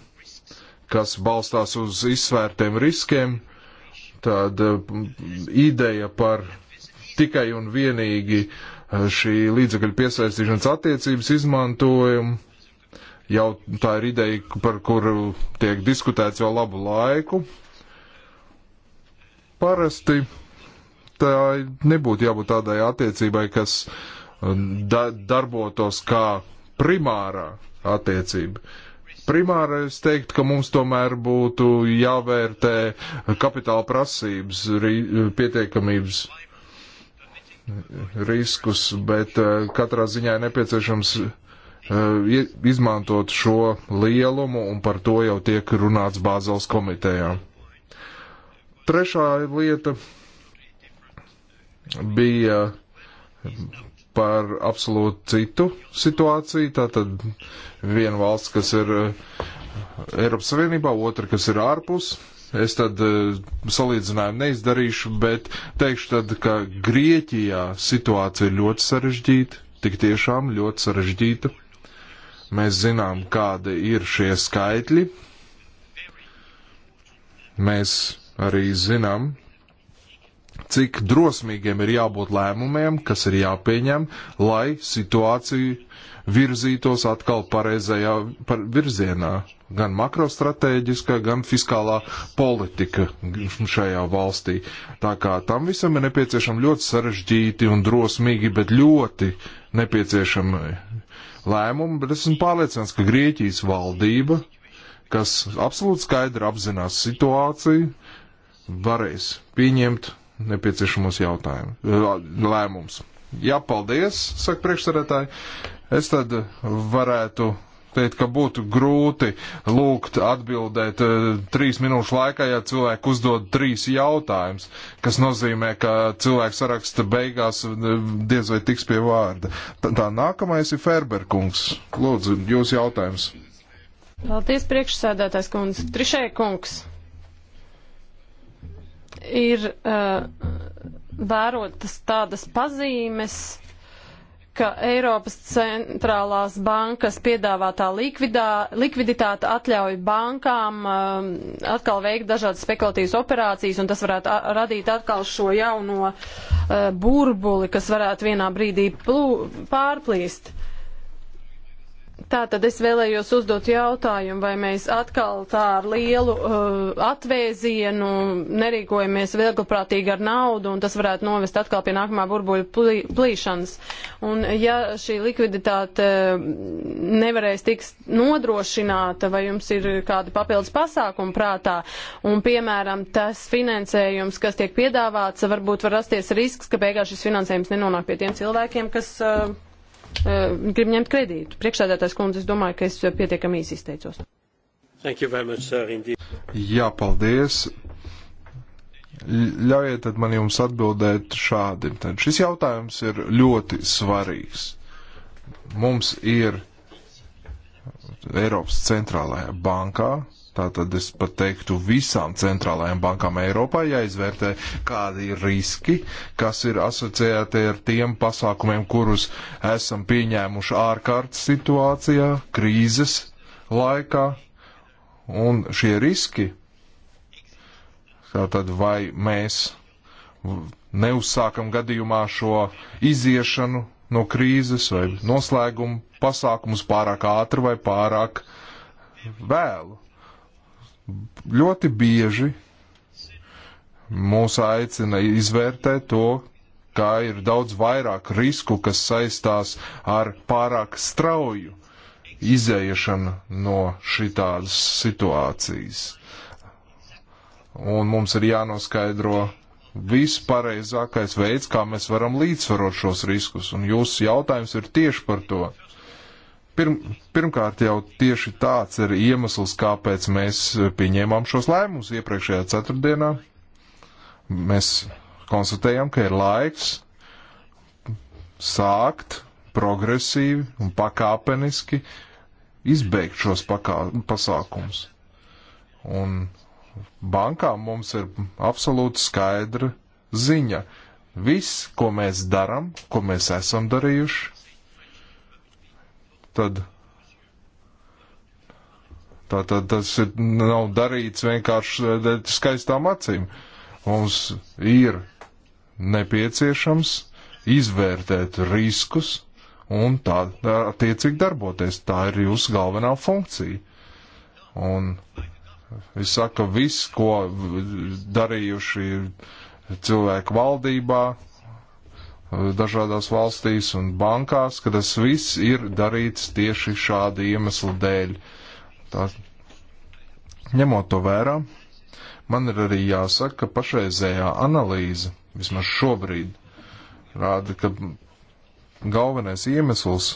kas balstās uz izsvērtiem riskiem tāda eh, ideja par tikai un vienīgi eh, šī līdzekļu piesaistīšanas attiecības izmantojumu. Jau tā ir ideja, par kuru tiek diskutēts jau labu laiku. Parasti tā nebūtu jābūt tādai attiecībai, kas eh, da darbotos kā primārā attiecība. Uh, Primāri es teiktu, ka mums tomēr būtu jāvērtē kapitāla prasības, pietiekamības riskus, bet eh, katrā ziņā ir nepieciešams eh, izmantot šo lielumu, un par to jau tiek runāts Bāzels komitejā. Trešā lieta bija par absolūti citu situāciju. Tātad viena valsts, kas ir eh, Eiropas Savienībā, otra, kas ir ārpus. Es tad eh, salīdzinājumu neizdarīšu, bet teikšu tad, ka Grieķijā situācija ir ļoti sarežģīta, tik tiešām ļoti sarežģīta. Mēs zinām, kādi ir šie skaitļi. Mēs arī zinām, cik drosmīgiem ir jābūt lēmumiem, kas ir jāpieņem, lai situāciju virzītos atkal pareizajā par virzienā. Gan makrostrateģiskā, gan fiskālā politika šajā valstī. Tā kā tam visam ir nepieciešami ļoti sarežģīti un drosmīgi, bet ļoti nepieciešami lēmumi. Bet es esmu pārliecināts, ka Grieķijas valdība, kas absolūti skaidri apzinās situāciju, varēs pieņemt nepieciešamos jautājumus, eh, lēmumus. Jā, paldies, saka priekšsarētāji. Es tad varētu teikt, ka būtu grūti lūgt atbildēt uh, trīs minūšu laikā, ja cilvēki uzdod trīs jautājumus, kas nozīmē, ka cilvēks saraksta beigās eh, diez vai tiks pie vārda. Tā, tā nākamais ir Ferberkungs. Lūdzu, jūs jautājums. Paldies, priekšsēdētājs kundze. Trišē kungs ir uh, vērotas tādas pazīmes, ka Eiropas centrālās bankas piedāvātā likvidā, likviditāte atļauj bankām um, atkal veikt dažādas spekulatīvas operācijas, un tas varētu radīt atkal šo jauno uh, burbuli, kas varētu vienā brīdī plū, pārplīst. Tā tad es vēlējos uzdot jautājumu, vai mēs atkal tā ar lielu uh, atvēzienu nerīkojamies vieglprātīgi ar naudu, un tas varētu novest atkal pie nākamā burbuļa plī, plīšanas. Un ja šī likviditāte mm, nevarēs tiks nodrošināta, vai jums ir kādi papildus pasākumi prātā, un piemēram tas finansējums, kas tiek piedāvāts, varbūt var rasties risks, ka beigās šis finansējums nenonāk pie tiem cilvēkiem, kas. Uh, Eh, grib ņemt kredītu. Priekšsēdētājs kundze, es domāju, ka es pietiekami īsi izteicos. Much, sir, Jā, paldies. Ļaujiet tad man jums atbildēt šādi. Tad šis jautājums ir ļoti svarīgs. Mums ir Eiropas centrālajā bankā Tātad es pat teiktu visām centrālajām bankām Eiropā jāizvērtē, kādi ir riski, kas ir asociēti ar tiem pasākumiem, kurus esam pieņēmuši ārkārtas situācijā, krīzes laikā. Un šie riski, tātad vai mēs neuzsākam gadījumā šo iziešanu no krīzes vai noslēgumu pasākumus pārāk ātri vai pārāk vēlu ļoti bieži mūs aicina izvērtēt to, kā ir daudz vairāk risku, kas saistās ar pārāk strauju izējušanu no šitādas situācijas. Un mums ir jānoskaidro vispareizākais veids, kā mēs varam līdzsvarot šos riskus. Un jūsu jautājums ir tieši par to. Pirm, pirmkārt, jau tieši tāds ir iemesls, kāpēc mēs pieņēmām šos lēmumus iepriekšējā ceturtdienā. Mēs konstatējam, ka ir laiks sākt progresīvi un pakāpeniski izbeigt šos pakā, pasākums. Un bankām mums ir absolūti skaidra ziņa. Viss, ko mēs darām, ko mēs esam darījuši, tad Tātad tas ir, nav darīts vienkārši eh, skaistām acīm. Mums ir nepieciešams izvērtēt riskus un tā attiecīgi darboties. Tā ir jūsu galvenā funkcija. Un es saku, viss, ko darījuši cilvēku valdībā, dažādās valstīs un bankās, ka tas viss ir darīts tieši šāda iemesla dēļ. Tā, ņemot to vērā, man ir arī jāsaka, ka pašreizējā analīze, vismaz šobrīd, rāda, ka galvenais iemesls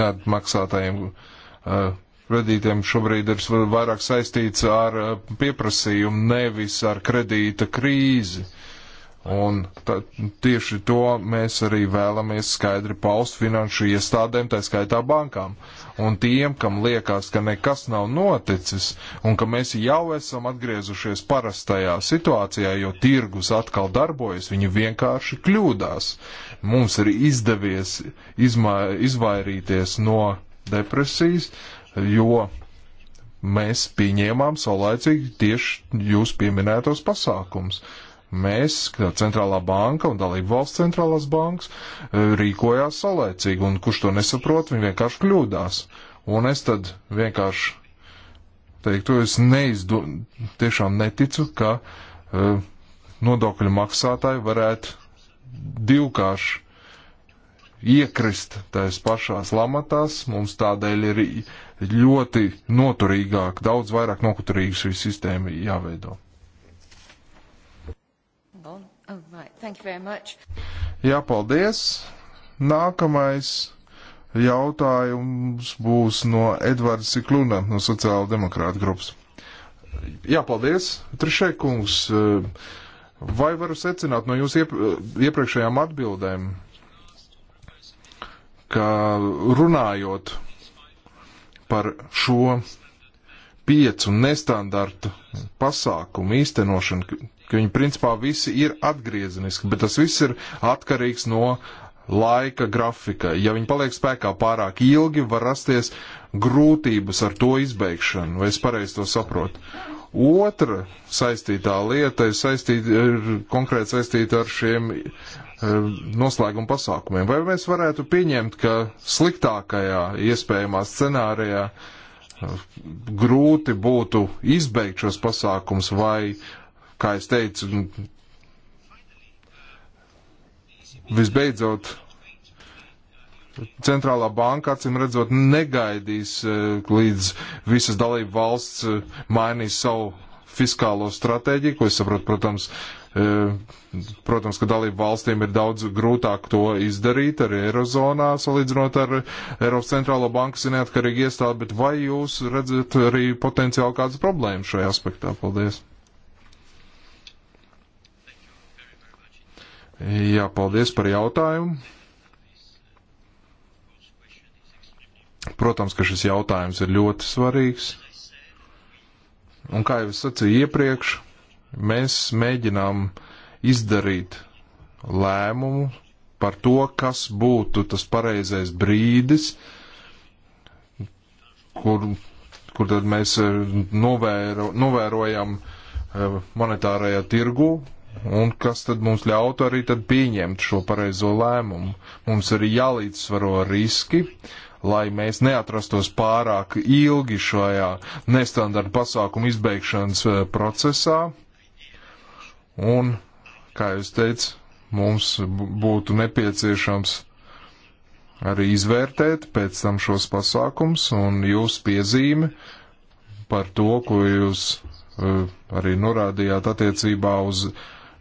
neatmaksātajiem uh, kredītiem šobrīd ir vairāk saistīts ar uh, pieprasījumu, nevis ar kredīta krīzi. Uh, Un tā, tieši to mēs arī vēlamies skaidri paust finanšu iestādēm, tā skaitā bankām. Un tiem, kam liekas, ka nekas nav noticis un ka mēs jau esam atgriezušies parastajā situācijā, jo tirgus atkal darbojas, viņi vienkārši kļūdās. Mums ir izdevies izmā, izvairīties no depresijas, jo mēs pieņēmām saulēcīgi tieši jūs pieminētos pasākums. Uh, mēs, kā centrālā banka un dalību valsts centrālās bankas, e, rīkojās saulēcīgi, un kurš to nesaprot, viņi vienkārši kļūdās. Un es tad vienkārši teiktu, es neizdu, tiešām neticu, ka uh, nodokļu maksātāji varētu divkārši iekrist tais pašās lamatās, mums tādēļ ir ļoti noturīgāk, daudz vairāk nokuturīgas šī sistēma jāveido. Right, Jā, paldies. Nākamais jautājums būs no Edvarda Sikluna no Sociāla demokrāta grupas. Jā, paldies. Trešai kungs, vai varu secināt no jūsu iep iepriekšējām atbildēm, ka runājot par šo piecu nestandartu pasākumu īstenošanu, ka viņi principā visi ir atgriezeniski, bet tas viss ir atkarīgs no laika grafika. Ja viņi paliek spēkā pārāk ilgi, var rasties grūtības ar to izbeigšanu, vai es pareizi to saprotu. Otra saistītā lieta ir, saistīta, ir konkrēti saistīta ar šiem eh, noslēguma pasākumiem. Vai mēs varētu pieņemt, ka sliktākajā iespējamā scenārijā eh, grūti būtu izbeigt šos pasākums vai kā es teicu, nu, visbeidzot, centrālā banka acīm redzot negaidīs, e, līdz visas dalību valsts e, mainīs savu fiskālo stratēģiju, ko es saprotu, protams, e, Protams, ka dalību valstīm ir daudz grūtāk to izdarīt arī Eirozonā, salīdzinot ar Eiropas centrālo banku neatkarīgu iestādi, bet vai jūs redzat arī potenciāli kādas problēmas šajā aspektā? Paldies! Jā, paldies par jautājumu. Protams, ka šis jautājums ir ļoti svarīgs. Un kā jau es sacīju iepriekš, mēs mēģinām izdarīt lēmumu par to, kas būtu tas pareizais brīdis, kur, kur tad mēs eh, novēro, novērojam eh, monetārajā tirgu un kas tad mums ļautu arī tad pieņemt šo pareizo lēmumu. Mums ir jālīdzsvaro riski, lai mēs neatrastos pārāk ilgi šajā nestandarta pasākuma izbeigšanas eh, procesā. Un, kā jūs teicat, mums būtu nepieciešams arī izvērtēt pēc tam šos pasākums un jūsu piezīme par to, ko jūs eh, arī norādījāt attiecībā uz uh,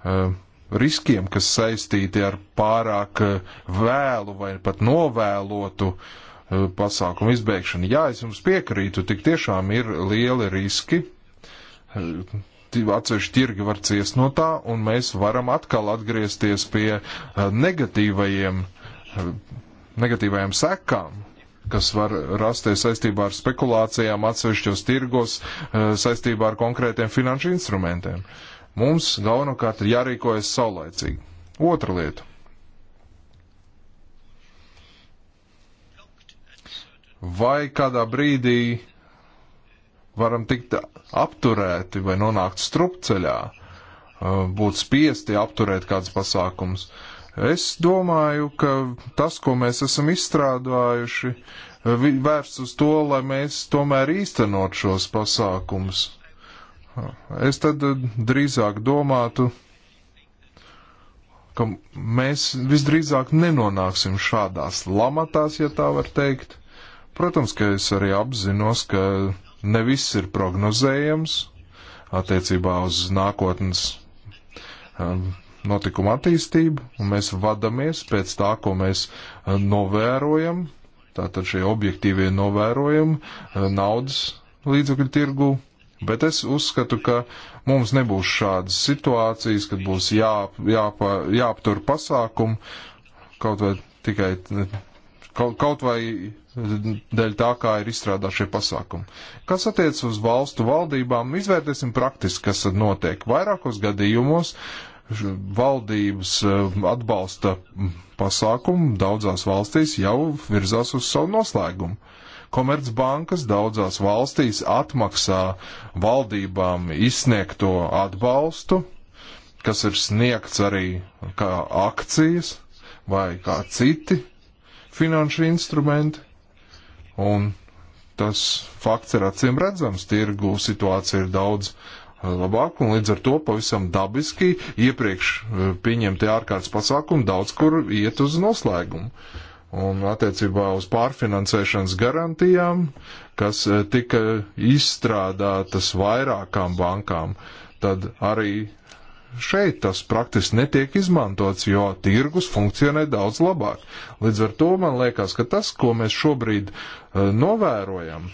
Eh, riskiem, kas saistīti ar pārāk eh, vēlu vai pat novēlotu eh, pasākumu izbeigšanu. Jā, es jums piekrītu, tik tiešām ir lieli riski. Atsevišķi tirgi var ciest no tā, un mēs varam atkal atgriezties pie negatīvajiem, negatīvajām sekām, kas var rasties saistībā ar spekulācijām atsevišķos tirgos, saistībā ar konkrētiem finanšu instrumentiem. Uh, Mums galvenokārt ir jārīkojas saulēcīgi. Otra lieta. Vai kādā brīdī varam tikt apturēti vai nonākt strupceļā, būt spiesti apturēt kāds pasākums? Es domāju, ka tas, ko mēs esam izstrādājuši, vērsts uz to, lai mēs tomēr īstenot šos pasākumus Es tad eh, drīzāk domātu, ka mēs visdrīzāk nenonāksim šādās lamatās, ja tā var teikt. Protams, ka es arī apzinos, ka ne viss ir prognozējams attiecībā uz nākotnes um, eh, notikuma attīstību, un mēs vadamies pēc tā, ko mēs eh, novērojam, tātad šie objektīvie novērojumi naudas līdzekļu tirgu, Bet es uzskatu, ka mums nebūs šādas situācijas, kad būs jā, jāpa, jāaptur pasākumu kaut vai tikai kaut, kaut vai dēļ tā, kā ir izstrādāti šie pasākumi. Kas attiecas uz valstu valdībām, izvērtēsim praktiski, kas tad notiek. Vairākos gadījumos valdības eh, atbalsta pasākumu daudzās valstīs jau virzās uz savu noslēgumu. Komercbankas daudzās valstīs atmaksā valdībām izsniegto atbalstu, kas ir sniegts arī kā akcijas vai kā citi finanšu instrumenti. Un tas fakts ir acīm redzams, tirgu situācija ir daudz eh, labāk, un līdz ar to pavisam dabiski iepriekš eh, pieņemtie ārkārtas pasākumi daudz kur iet uz noslēgumu. Un attiecībā uz pārfinansēšanas garantijām, kas eh, tika izstrādātas vairākām bankām, tad arī šeit tas praktiski netiek izmantots, jo tirgus funkcionē daudz labāk. Līdz ar to man liekas, ka tas, ko mēs šobrīd uh, novērojam,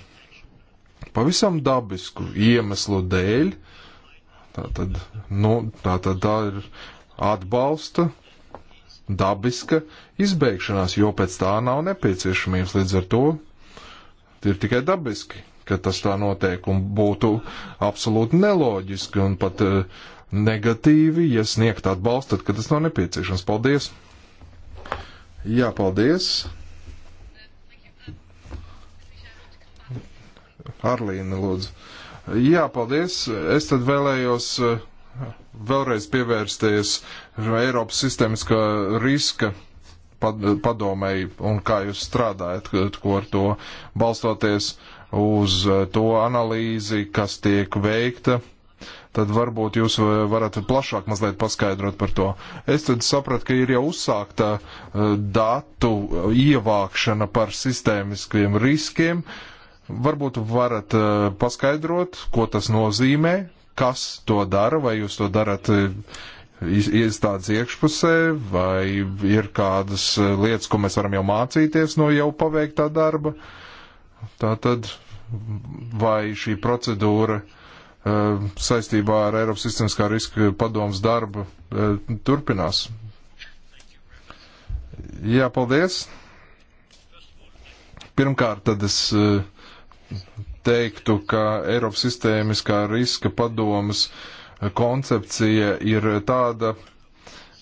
pavisam dabisku iemeslu dēļ, tā tad, nu, tā, tad tā ir atbalsta dabiska izbeigšanās, jo pēc tā nav nepieciešamības. Līdz ar to ir tikai dabiski, ka tas tā notiek un būtu absolūti neloģiski un pat eh, negatīvi, ja sniegt atbalstu, tad, kad tas nav nepieciešams. Paldies! Jā, paldies! Arlīna, lūdzu. Jā, paldies. Es tad vēlējos uh, vēlreiz pievērsties Eiropas sistēmiskā riska padomēji un kā jūs strādājat, ko ar to balstoties uz eh, to analīzi, kas tiek veikta. Tad varbūt jūs varat plašāk mazliet paskaidrot par to. Es tad sapratu, ka ir jau uzsākta eh, datu ievākšana par sistēmiskiem riskiem. Varbūt varat eh, paskaidrot, ko tas nozīmē, kas to dara, vai jūs to darat e, iestādes iekšpusē, vai ir kādas e, lietas, ko mēs varam jau mācīties no jau paveiktā darba. Tā tad, vai šī procedūra e, saistībā ar Eiropas sistēmiskā riska padomas darbu turpinās? Jā, paldies. Pirmkārt, tad es teiktu, ka Eiropas sistēmiskā riska padomas koncepcija ir tāda,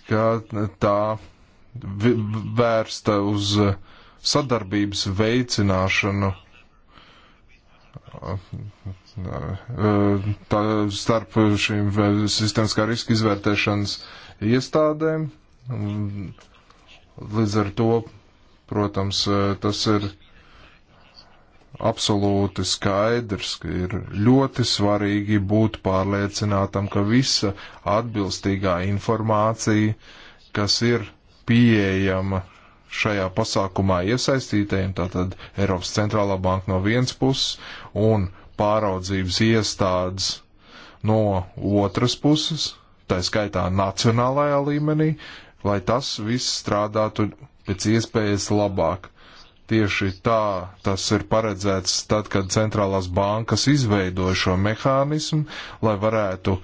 ka tā vērsta uz sadarbības veicināšanu tā, starp šīm sistēmiskā riska izvērtēšanas iestādēm. Līdz ar to, protams, tas ir absolūti skaidrs, ka ir ļoti svarīgi būt pārliecinātam, ka visa atbilstīgā informācija, kas ir pieejama šajā pasākumā iesaistītajiem, tātad Eiropas centrālā banka no vienas puses un pāraudzības iestādes no otras puses, tā skaitā nacionālajā līmenī, lai tas viss strādātu pēc iespējas labāk Tieši tā tas ir paredzēts tad, kad centrālās bankas izveidoja šo mehānismu, lai varētu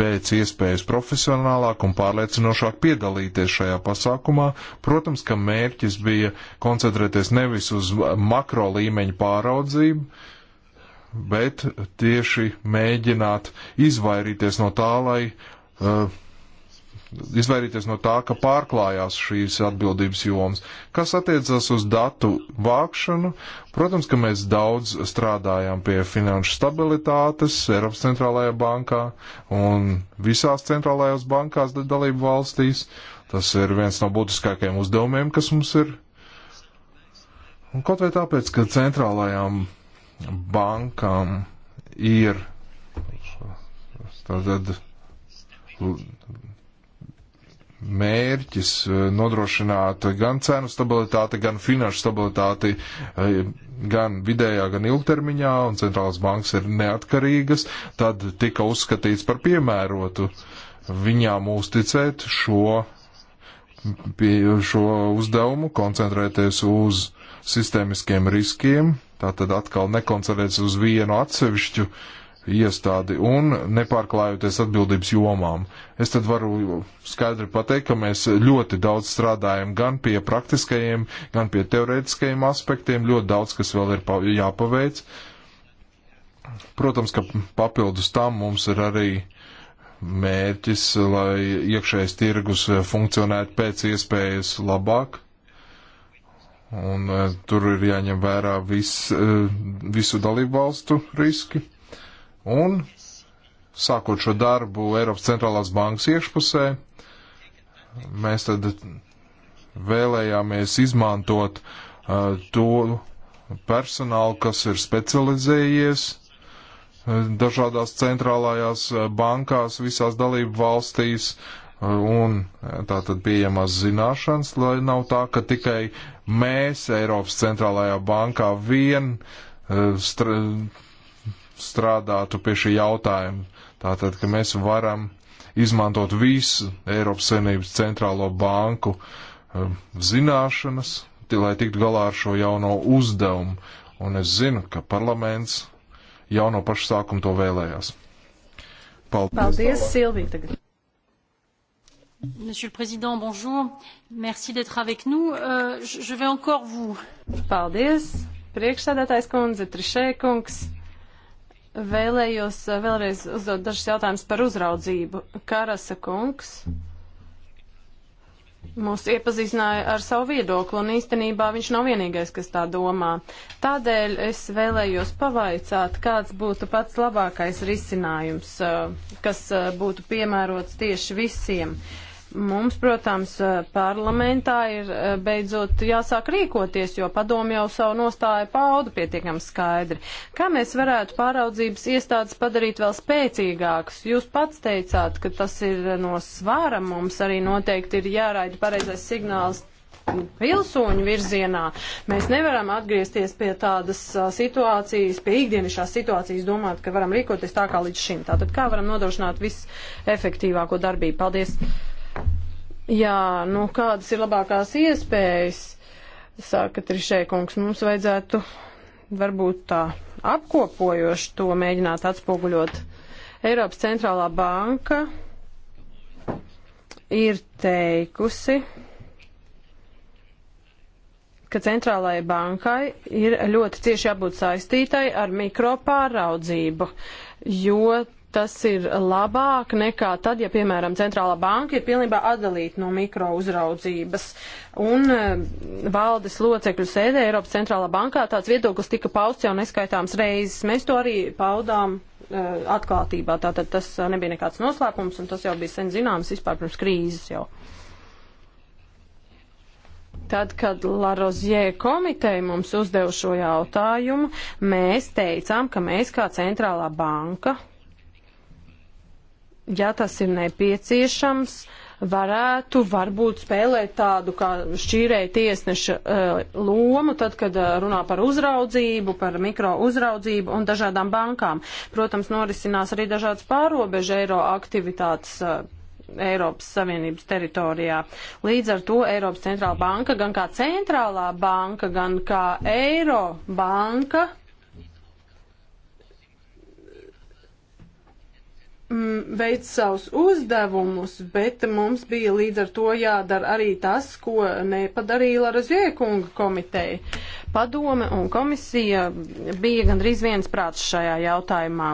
pēc iespējas profesionālāk un pārliecinošāk piedalīties šajā pasākumā. Protams, ka mērķis bija koncentrēties nevis uz makro līmeņa pāraudzību, bet tieši mēģināt izvairīties no tā, lai uh, izvairīties no tā, ka pārklājās šīs atbildības jomas. Kas attiecas uz datu vākšanu, protams, ka mēs daudz strādājām pie finanšu stabilitātes Eiropas centrālajā bankā un visās centrālajās bankās dalību valstīs. Tas ir viens no būtiskākajiem uzdevumiem, kas mums ir. Un kaut vai tāpēc, ka centrālajām bankām ir tātad mērķis eh, nodrošināt gan cenu stabilitāti, gan finanšu stabilitāti, eh, gan vidējā, gan ilgtermiņā, un centrālās bankas ir neatkarīgas, tad tika uzskatīts par piemērotu viņām uzticēt šo, pie, šo uzdevumu, koncentrēties uz sistēmiskiem riskiem, tātad atkal nekoncentrēties uz vienu atsevišķu uh, iestādi un nepārklājoties atbildības jomām. Es tad varu skaidri pateikt, ka mēs ļoti daudz strādājam gan pie praktiskajiem, gan pie teorētiskajiem aspektiem, ļoti daudz, kas vēl ir jāpaveic. Protams, ka papildus tam mums ir arī mērķis, lai iekšējais tirgus funkcionētu pēc iespējas labāk. Un uh, tur ir jāņem vērā vis, uh, visu dalību valstu riski. Un, sākot šo darbu Eiropas centrālās bankas iekšpusē, mēs tad vēlējāmies izmantot uh, to personālu, kas ir specializējies uh, dažādās centrālajās uh, bankās visās dalību valstīs, uh, un tā tad pieejamās zināšanas, lai nav tā, ka tikai mēs Eiropas centrālajā bankā vien uh, stra strādātu pie šī jautājuma. Tātad, ka mēs varam izmantot visu Eiropas Savienības centrālo banku um, zināšanas, lai tiktu galā ar šo jauno uzdevumu. Un es zinu, ka parlaments jau no paša sākuma to vēlējās. Paldies, Paldies Silvija. Tagad. Monsieur le Président, bonjour. Merci d'être avec nous. Euh, je vais encore vous. Paldies. Priekšsēdētājs kundze, Trišē kungs. Vēlējos eh, vēlreiz uzdot dažus jautājumus par uzraudzību. Karasa kungs mūs iepazīstināja ar savu viedokli, un īstenībā viņš nav vienīgais, kas tā domā. Tādēļ es vēlējos pavaicāt, kāds būtu pats labākais risinājums, eh, kas eh, būtu piemērots tieši visiem. Uh, Mums, protams, eh, parlamentā ir eh, beidzot jāsāk rīkoties, jo padomu jau savu nostāju paudu pietiekam skaidri. Kā mēs varētu pāraudzības iestādes padarīt vēl spēcīgākas? Jūs pats teicāt, ka tas ir no svāra mums arī noteikti ir jāraida pareizais signāls pilsoņu virzienā. Mēs nevaram atgriezties pie tādas situācijas, pie ikdienišās situācijas, domāt, ka varam rīkoties tā kā līdz šim. Tātad kā varam nodrošināt visefektīvāko darbību? Paldies! Jā, nu kādas ir labākās iespējas, saka Trišēkungs, mums vajadzētu varbūt tā apkopojoši to mēģināt atspoguļot. Eiropas centrālā banka ir teikusi, ka centrālajai bankai ir ļoti cieši jābūt saistītai ar mikropāraudzību, jo tas ir labāk nekā tad, ja, piemēram, centrālā banka ir pilnībā atdalīta no mikrouzraudzības. Un eh, valdes locekļu sēdē Eiropas centrālā bankā tāds viedoklis tika pausts jau neskaitāms reizes. Mēs to arī paudām eh, atklātībā. Tātad tas eh, nebija nekāds noslēpums, un tas jau bija sen zināms vispār pirms krīzes jau. Tad, kad Larozie komiteja mums uzdeva šo jautājumu, mēs teicām, ka mēs kā centrālā banka ja tas ir nepieciešams, varētu varbūt spēlēt tādu kā šķīrēja tiesneša uh, lomu, tad, kad uh, runā par uzraudzību, par mikro uzraudzību un dažādām bankām. Protams, norisinās arī dažādas pārobežu eiro aktivitātes. Uh, Eiropas Savienības teritorijā. Līdz ar to Eiropas centrāla banka, gan kā centrālā banka, gan kā Eiro banka Mm, veic savus uzdevumus, bet mums bija līdz ar to jādara arī tas, ko nepadarīja Lara Ziekunga komiteja. Padome un komisija bija gandrīz viens prāts šajā jautājumā.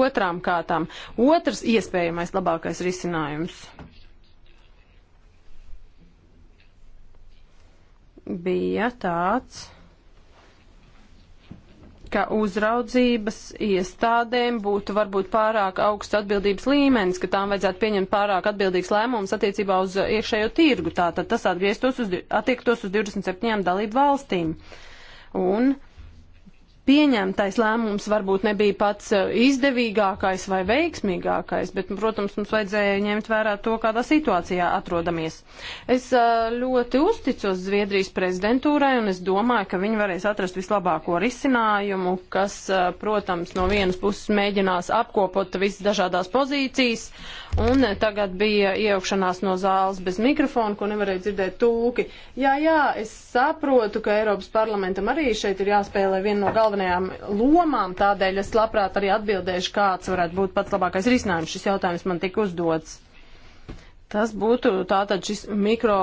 Otrām kārtām, otrs iespējamais labākais risinājums bija tāds ka uzraudzības iestādēm būtu varbūt pārāk augsts atbildības līmenis, ka tām vajadzētu pieņemt pārāk atbildīgs lēmums attiecībā uz iekšējo tirgu. Tātad tas atgrieztos uz, attiektos uz 27 dalību valstīm. Un pieņemtais lēmums varbūt nebija pats eh, izdevīgākais vai veiksmīgākais, bet, protams, mums vajadzēja ņemt vērā to, kādā situācijā atrodamies. Es eh, ļoti uzticos Zviedrijas prezidentūrai un es domāju, ka viņi varēs atrast vislabāko risinājumu, kas, eh, protams, no vienas puses mēģinās apkopot visas dažādās pozīcijas, uh, Un tagad bija iejaukšanās no zāles bez mikrofona, ko nevarēja dzirdēt tūki. Jā, jā, es saprotu, ka Eiropas parlamentam arī šeit ir jāspēlē viena no galvenajām lomām, tādēļ es labprāt arī atbildēšu, kāds varētu būt pats labākais risinājums. Šis jautājums man tika uzdots. Tas būtu tātad šis mikro.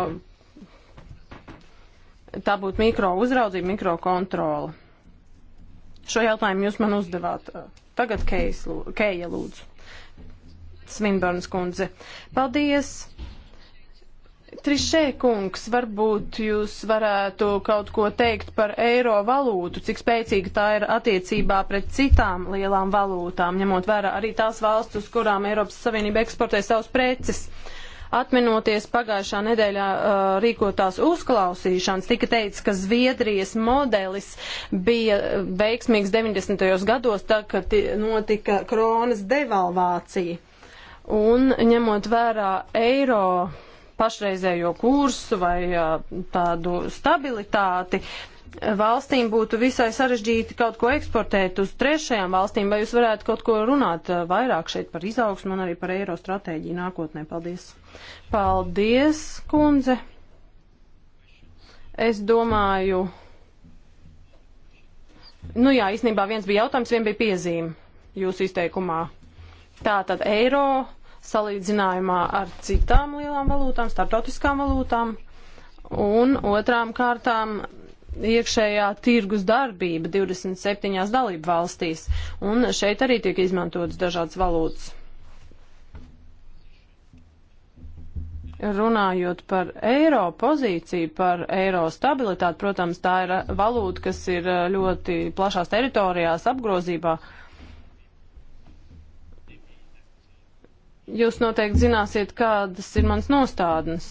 Tā būtu mikro uzraudzība, mikro kontrola. Šo jautājumu jūs man uzdevāt. Uh, tagad Keija lūdzu. Svinbarnas kundze. Paldies! Trišē kungs, varbūt jūs varētu kaut ko teikt par eiro valūtu, cik spēcīga tā ir attiecībā pret citām lielām valūtām, ņemot vērā arī tās valsts, uz kurām Eiropas Savienība eksportē savus preces. Atminoties pagājušā nedēļā uh, rīkotās uzklausīšanas, tika teikts, ka Zviedrijas modelis bija veiksmīgs 90. gados, tā, kad notika kronas devalvācija. Un ņemot vērā eiro pašreizējo kursu vai tādu stabilitāti, valstīm būtu visai sarežģīti kaut ko eksportēt uz trešajām valstīm, vai jūs varētu kaut ko runāt vairāk šeit par izaugsmu un arī par eiro stratēģiju nākotnē? Paldies! Paldies, kundze! Es domāju, nu jā, īstenībā viens bija jautājums, viens bija piezīme jūsu izteikumā. Tātad eiro salīdzinājumā ar citām lielām valūtām, startautiskām valūtām, un otrām kārtām iekšējā tirgus darbība 27 dalību valstīs, un šeit arī tiek izmantotas dažādas valūtas. Runājot par eiro pozīciju, par eiro stabilitāti, protams, tā ir valūta, kas ir eh, ļoti plašās teritorijās apgrozībā. Uh, Jūs noteikti zināsiet, kādas ir mans nostādnes.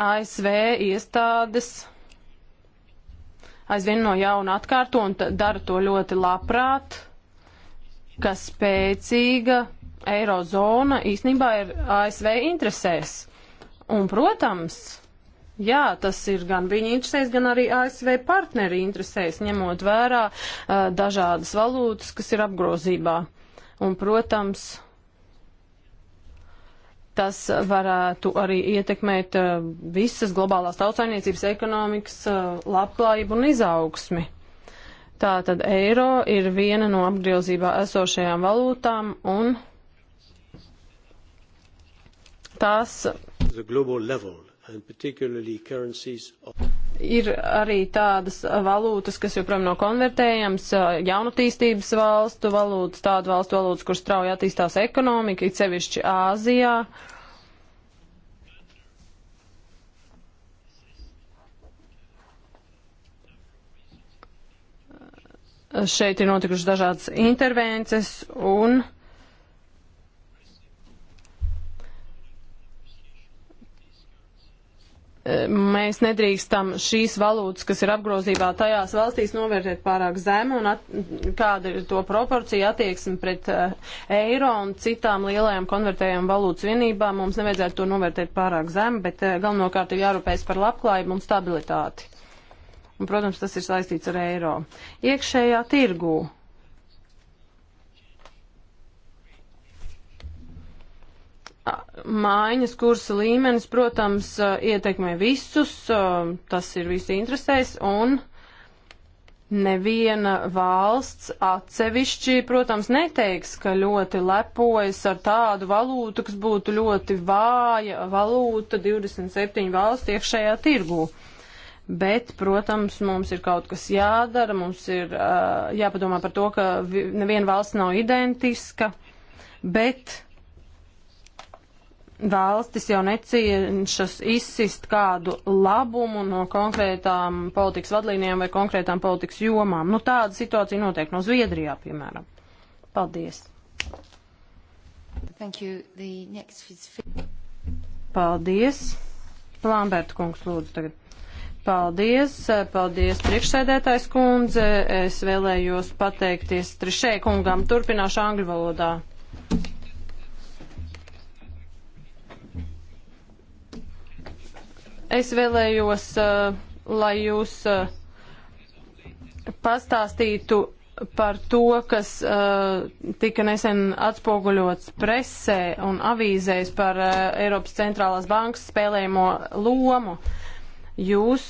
ASV iestādes aizvien no jauna atkārto un dara to ļoti labprāt, ka spēcīga eirozona īstenībā ir ASV interesēs. Un, protams, Jā, tas ir gan viņa interesēs, gan arī ASV partneri interesēs, ņemot vērā uh, dažādas valūtas, kas ir apgrozībā. Un, protams, tas varētu arī ietekmēt uh, visas globālās tautsainiecības ekonomikas uh, labklājību un izaugsmi. Tātad eiro ir viena no apgrozībā esošajām valūtām un tās. The global level and particularly currencies of ir arī tādas valūtas, kas joprojām nav konvertējams, jaunatīstības valstu valūtas, tādu valstu valūtas, kur strauji attīstās ekonomika, it sevišķi Āzijā. Šeit ir notikušas dažādas intervences un. Mēs nedrīkstam šīs valūtas, kas ir apgrozībā tajās valstīs, novērtēt pārāk zemu un at, kāda ir to proporcija attieksme pret uh, eiro un citām lielajām konvertējām valūtas vienībām. Mums nevajadzētu to novērtēt pārāk zemu, bet uh, galvenokārt ir jārūpējas par labklājību un stabilitāti. Un, protams, tas ir saistīts ar eiro. Iekšējā tirgū Mājas kursa līmenis, protams, ietekmē visus, tas ir visi interesēs, un neviena valsts atsevišķi, protams, neteiks, ka ļoti lepojas ar tādu valūtu, kas būtu ļoti vāja valūta 27 valstu iekšējā tirgū. Bet, protams, mums ir kaut kas jādara, mums ir uh, jāpadomā par to, ka neviena valsts nav identiska, bet valstis jau necienšas izsist kādu labumu no konkrētām politikas vadlīnijām vai konkrētām politikas jomām. Nu, tāda situācija notiek no Zviedrijā, piemēram. Paldies. Thank you. The next is... Paldies. Lamberta kungs lūdzu tagad. Paldies, paldies priekšsēdētājs kundze. Es vēlējos pateikties trešē kungam. Turpināšu angļu valodā. Es vēlējos, eh, lai jūs eh, pastāstītu par to, kas eh, tika nesen atspoguļots presē un avīzēs par Eiropas centrālās bankas spēlējumu lomu. Jūs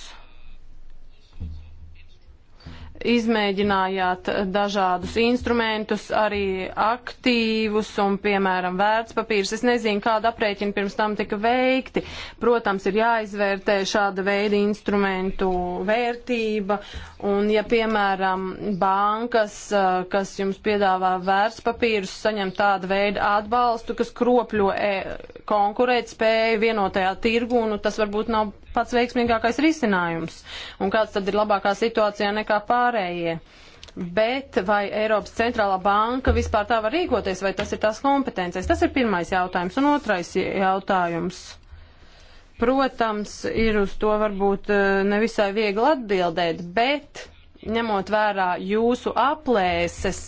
izmēģinājāt dažādus instrumentus, arī aktīvus un, piemēram, vērtspapīrus. Es nezinu, kāda aprēķina pirms tam tika veikti. Protams, ir jāizvērtē šāda veida instrumentu vērtība, un, ja, piemēram, bankas, eh, kas jums piedāvā vērtspapīrus, saņem tādu veidu atbalstu, kas kropļo e eh, konkurēt spēju vienotajā tirgu, nu, tas varbūt nav pats veiksmīgākais risinājums un kāds tad ir labākā situācijā nekā pārējie. Bet vai Eiropas centrālā banka vispār tā var rīkoties, vai tas ir tās kompetences? Tas ir pirmais jautājums. Un otrais jautājums. Protams, ir uz to varbūt eh, nevisai viegli atbildēt, bet ņemot vērā jūsu aplēses,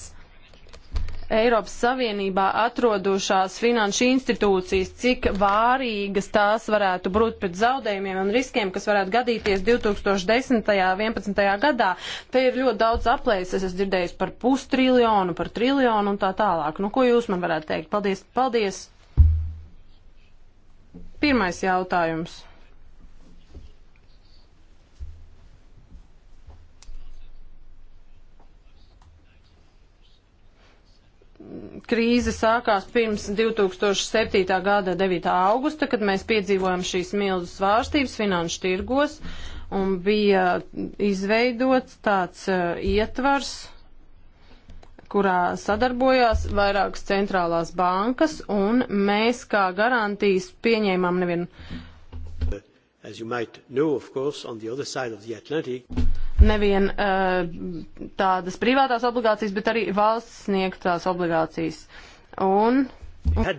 Eiropas Savienībā atrodošās finanšu institūcijas, cik vārīgas tās varētu būt pret zaudējumiem un riskiem, kas varētu gadīties 2010. un 2011. gadā. Te ir ļoti daudz aplēses, es dzirdēju par pustriljonu, par triljonu un tā tālāk. Nu, ko jūs man varētu teikt? Paldies! Paldies! Pirmais jautājums. krīze sākās pirms 2007. gada 9. augusta, kad mēs piedzīvojam šīs milzu svārstības finanšu tirgos un bija izveidots tāds uh, ietvars, kurā sadarbojās vairākas centrālās bankas, un mēs kā garantijas pieņēmām nevienu. As you might know, of course, on the other side of the Atlantic, nevien uh, tādas privātās obligācijas, bet arī valsts sniegtās obligācijas. Un, un,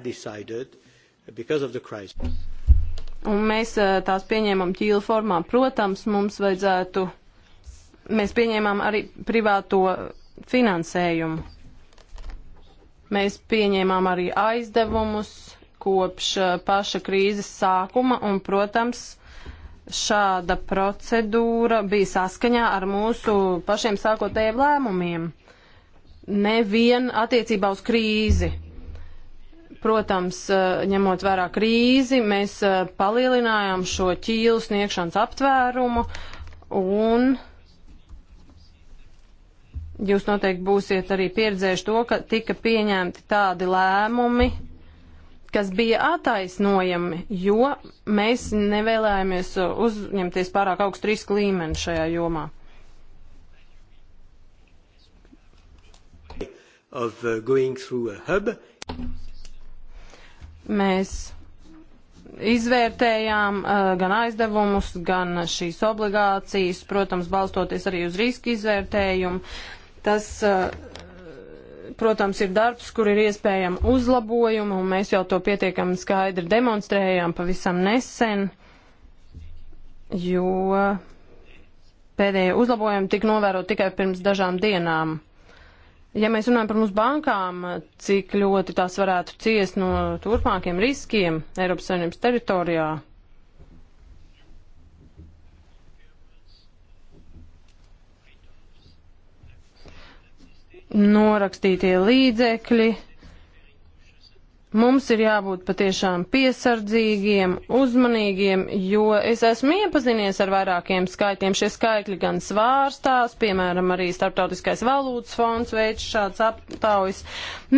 un mēs uh, tās pieņēmām ķīla formā. Protams, mums vajadzētu, mēs pieņēmām arī privāto finansējumu. Mēs pieņēmām arī aizdevumus kopš uh, paša krīzes sākuma un, protams, šāda procedūra bija saskaņā ar mūsu pašiem sākotējiem lēmumiem, nevien attiecībā uz krīzi. Protams, eh, ņemot vērā krīzi, mēs eh, palielinājām šo ķīlu sniegšanas aptvērumu un jūs noteikti būsiet arī pieredzējuši to, ka tika pieņemti tādi lēmumi, kas bija attaisnojami, jo mēs nevēlējāmies uzņemties pārāk augstu risku līmeni šajā jomā. Of, uh, going through a hub. Mēs izvērtējām uh, gan aizdevumus, gan šīs obligācijas, protams, balstoties arī uz riska izvērtējumu. Tas uh, protams, ir darbs, kur ir iespējama uzlabojuma, un mēs jau to pietiekami skaidri demonstrējām pavisam nesen, jo pēdējie uzlabojumi tika novēroti tikai pirms dažām dienām. Ja mēs runājam par mūsu bankām, cik ļoti tās varētu ciest no turpmākiem riskiem Eiropas Savienības teritorijā, norakstītie līdzekļi Mums ir jābūt patiešām piesardzīgiem, uzmanīgiem, jo es esmu iepazinies ar vairākiem skaitļiem. Šie skaitļi gan svārstās, piemēram, arī Startautiskais valūtas fonds veids šāds aptaujas.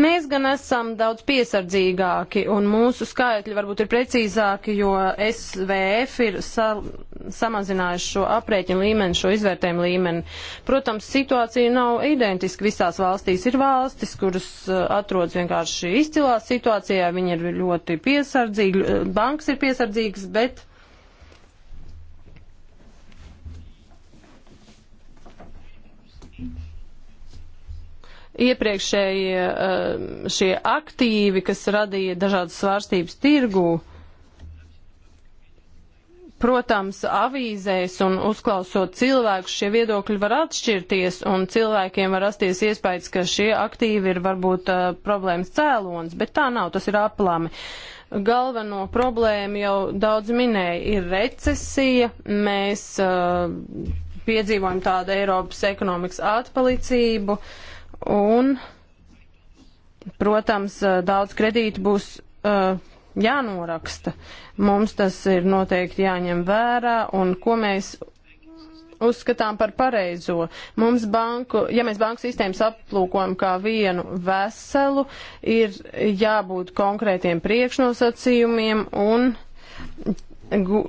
Mēs gan esam daudz piesardzīgāki, un mūsu skaitļi varbūt ir precīzāki, jo SVF ir sa samazinājuši šo aprēķinu līmeni, šo izvērtējumu līmeni. Protams, situācija nav identiska visās valstīs. Ir valstis, kuras eh, atrodas vienkārši izcilās situācijās situācijā, viņi ir ļoti piesardzīgi, banks ir piesardzīgas, bet. Iepriekšēji eh, šie aktīvi, kas radīja dažādas svārstības tirgū, Protams, avīzēs un uzklausot cilvēkus, šie viedokļi var atšķirties, un cilvēkiem var rasties iespējas, ka šie aktīvi ir varbūt uh, problēmas cēlons, bet tā nav, tas ir aplami. Galveno problēmu jau daudz minēja, ir recesija. Mēs uh, piedzīvojam tādu Eiropas ekonomikas atpalicību, un, protams, uh, daudz kredītu būs. Uh, jānoraksta. Mums tas ir noteikti jāņem vērā un ko mēs uzskatām par pareizo. Mums banku, ja mēs banku sistēmas aplūkojam kā vienu veselu, ir jābūt konkrētiem priekšnosacījumiem un gu,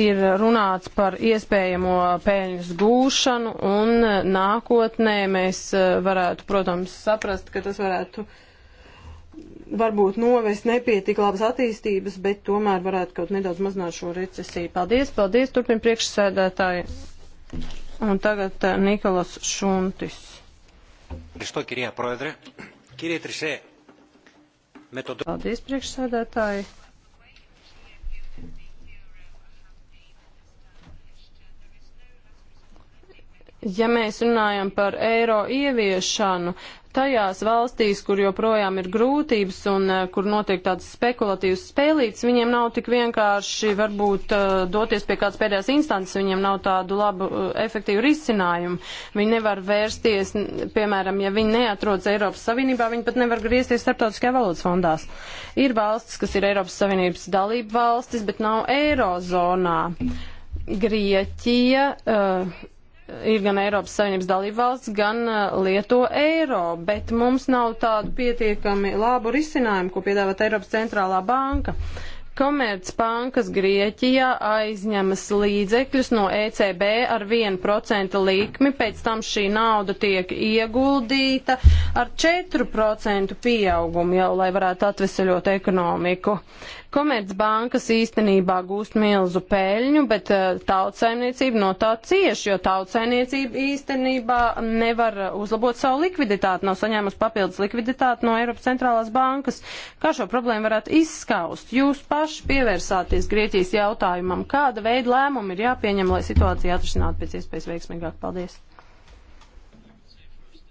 ir runāts par iespējamo peļņas gūšanu un nākotnē mēs eh, varētu, protams, saprast, ka tas varētu uh, varbūt novest nepietik labas attīstības, bet tomēr varētu kaut nedaudz mazināt šo recesiju. Paldies, paldies, turpin priekšsēdētāji. Un tagad eh, Nikolas Šuntis. Paldies, priekšsēdētāji. Ja mēs runājam par eiro ieviešanu, tajās valstīs, kur joprojām ir grūtības un eh, kur notiek tāds spekulatīvs spēlīts, viņiem nav tik vienkārši varbūt eh, doties pie kādas pēdējās instances, viņiem nav tādu labu eh, efektīvu risinājumu. Viņi nevar vērsties, piemēram, ja viņi neatrodas Eiropas Savienībā, viņi pat nevar griezties starptautiskajā valodas fondās. Ir valstis, kas ir Eiropas Savienības dalība valstis, bet nav Eirozonā. Grieķija. Uh, ir gan Eiropas Savienības dalībvalsts, gan uh, lieto eiro, bet mums nav tādu pietiekami labu risinājumu, ko piedāvāt Eiropas centrālā banka. Komercbankas Grieķijā aizņemas līdzekļus no ECB ar 1% likmi, pēc tam šī nauda tiek ieguldīta ar 4% pieaugumu jau, lai varētu atveseļot ekonomiku. Uh, Komercbankas īstenībā gūst milzu peļņu, bet eh, tautsaimniecība no tā cieš, jo tautsaimniecība īstenībā nevar eh, uzlabot savu likviditāti, nav saņēmusi papildus likviditāti no Eiropas centrālās bankas. Kā šo problēmu varētu izskaust? Jūs paši pievērsāties Grieķijas jautājumam. Kāda veida lēmumi ir jāpieņem, lai situācija atrisinātu pēc iespējas veiksmīgāk? Paldies!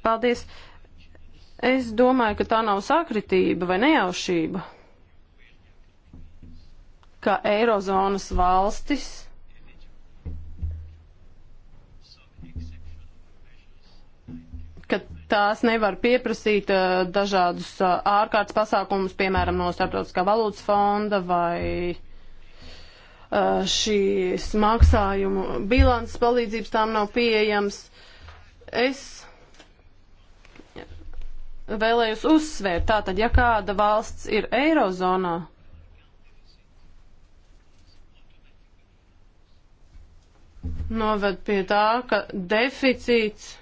Paldies! Es domāju, ka tā nav sakritība vai nejaušība ka Eirozonas valstis ka tās nevar pieprasīt uh, dažādus uh, ārkārtas pasākumus, piemēram, no starptautiskā valūtas fonda vai uh, šīs maksājumu bilances palīdzības tām nav pieejams. Es vēlējos uzsvērt, tātad, ja kāda valsts ir Eirozonā, noved pie tā, ka deficīts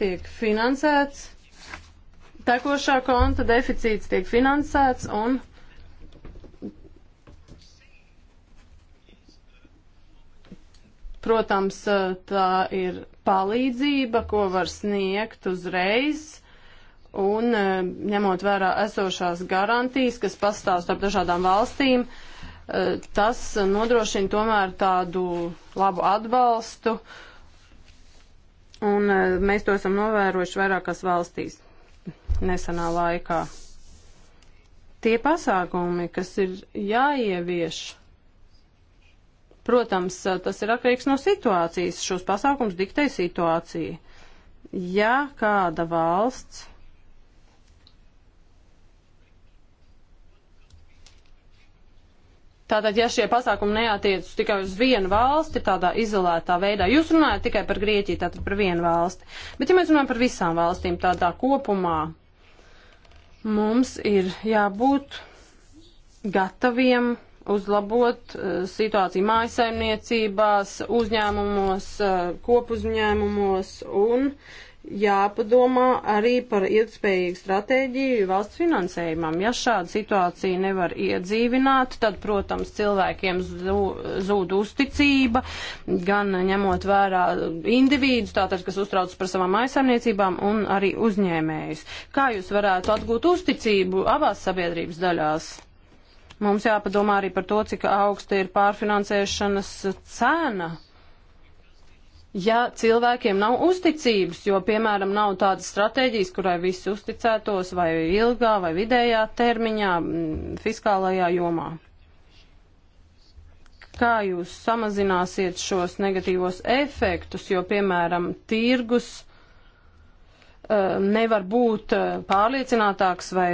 tiek finansēts, tekošā konta deficīts tiek finansēts un protams, tā ir palīdzība, ko var sniegt uzreiz, un ņemot vērā esošās garantijas, kas pastāv starp dažādām valstīm, uh, tas nodrošina tomēr tādu labu atbalstu, un eh, mēs to esam novērojuši vairākās valstīs nesenā laikā. Tie pasākumi, kas ir jāievieš, protams, tas ir atkarīgs no situācijas. Šos pasākums diktē situācija. Ja kāda valsts Tātad, ja šie pasākumi neatiecas tikai uz vienu valsti, tādā izolētā veidā, jūs runājat tikai par Grieķiju, tātad par vienu valsti. Bet, ja mēs runājam par visām valstīm tādā kopumā, mums ir jābūt gataviem uzlabot uh, situāciju mājasaimniecībās, uzņēmumos, uh, kopuzņēmumos un uh, jāpadomā arī par ilgspējīgu stratēģiju valsts finansējumam. Ja šāda situācija nevar iedzīvināt, tad, protams, cilvēkiem zūd uzticība, gan ņemot vērā individus, tātad, kas uztrauc par savām aizsarniecībām, un arī uzņēmējus. Kā jūs varētu atgūt uzticību abās sabiedrības daļās? Mums jāpadomā arī par to, cik augsta ir pārfinansēšanas cena ja cilvēkiem nav uzticības, jo, piemēram, nav tādas stratēģijas, kurai viss uzticētos vai ilgā vai vidējā termiņā fiskālajā jomā. Kā jūs samazināsiet šos negatīvos efektus, jo, piemēram, tirgus e, nevar būt e, pārliecinātāks vai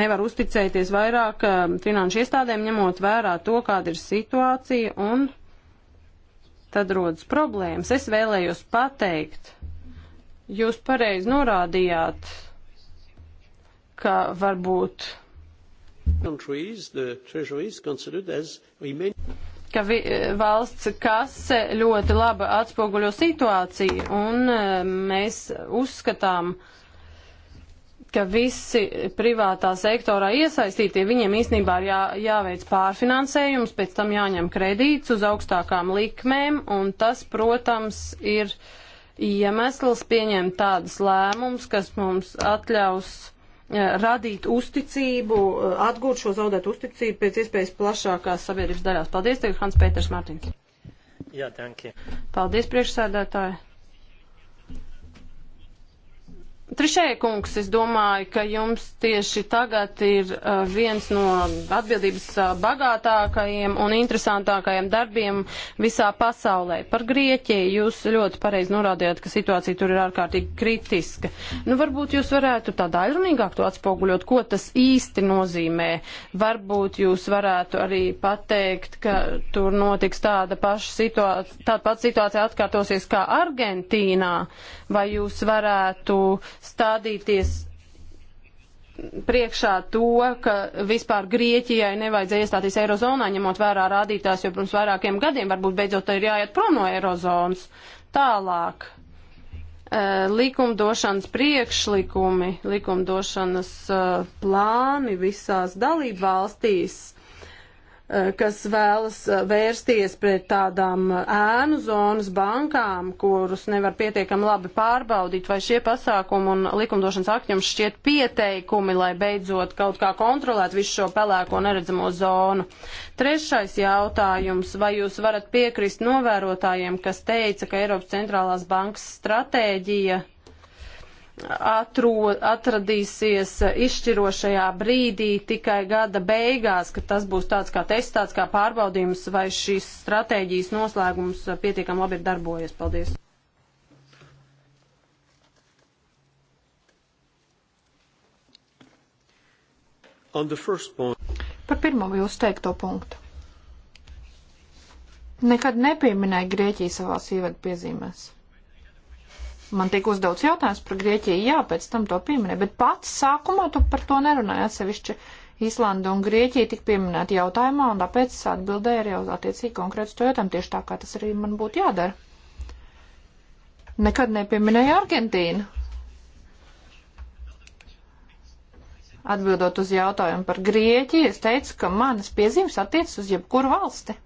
nevar uzticēties vairāk e, finanšu iestādēm, ņemot vērā to, kāda ir situācija un tad rodas problēmas. Es vēlējos pateikt, jūs pareizi norādījāt, ka varbūt. ka vi, valsts kase ļoti labi atspoguļo situāciju, un eh, mēs uzskatām, uh, ka visi privātā sektorā iesaistītie, viņiem īstenībā ir jā, jāveic pārfinansējums, pēc tam jāņem kredīts uz augstākām likmēm, un tas, protams, ir iemesls pieņemt tādas lēmumus, kas mums atļaus eh, radīt uzticību, eh, atgūt šo zaudētu uzticību pēc iespējas plašākās sabiedrības daļās. Paldies, tagad Hans Pēters Mārtiņš. Jā, dankie. Paldies, priekšsēdētāji. Trišēja kungs, es domāju, ka jums tieši tagad ir uh, viens no atbildības uh, bagātākajiem un interesantākajiem darbiem visā pasaulē. Par Grieķiju jūs ļoti pareizi norādījāt, ka situācija tur ir ārkārtīgi kritiska. Nu, varbūt jūs varētu tā daļrunīgāk to atspoguļot, ko tas īsti nozīmē. Varbūt jūs varētu arī pateikt, ka tur notiks tāda paša situācija, tāda pati situācija atkārtosies kā Argentīnā, vai jūs varētu stādīties priekšā to, ka vispār Grieķijai nevajadzēja iestāties Eirozonā, ņemot vērā rādītājs, jo pirms vairākiem gadiem varbūt beidzot ir jāiet prom no Eirozonas. Tālāk. Eh, likumdošanas priekšlikumi, likumdošanas eh, plāni visās dalību valstīs kas vēlas uh, vērsties pret tādām uh, ēnu zonas bankām, kurus nevar pietiekami labi pārbaudīt, vai šie pasākumi un likumdošanas akti jums šķiet pieteikumi, lai beidzot kaut kā kontrolēt visu šo pelēko neredzamo zonu. Trešais jautājums, vai jūs varat piekrist novērotājiem, kas teica, ka Eiropas centrālās bankas stratēģija atro, atradīsies izšķirošajā brīdī tikai gada beigās, ka tas būs tāds kā tests, tāds kā pārbaudījums, vai šīs stratēģijas noslēgums pietiekam labi ir darbojies. Paldies! Par pirmo jūsu teikto punktu. Nekad nepieminēja Grieķiju savās ievadu piezīmēs man tika uzdots jautājums par Grieķiju, jā, pēc tam to pieminē, bet pats sākumā tu par to nerunāji atsevišķi. Īslanda un Grieķija tik pieminēti jautājumā, un tāpēc es atbildēju arī uz attiecīgi konkrēts to jautājumu, tieši tā kā tas arī man būtu jādara. Nekad nepieminēju Argentīnu. Atbildot uz jautājumu par Grieķiju, es teicu, ka manas piezīmes attiecas uz jebkuru valsti.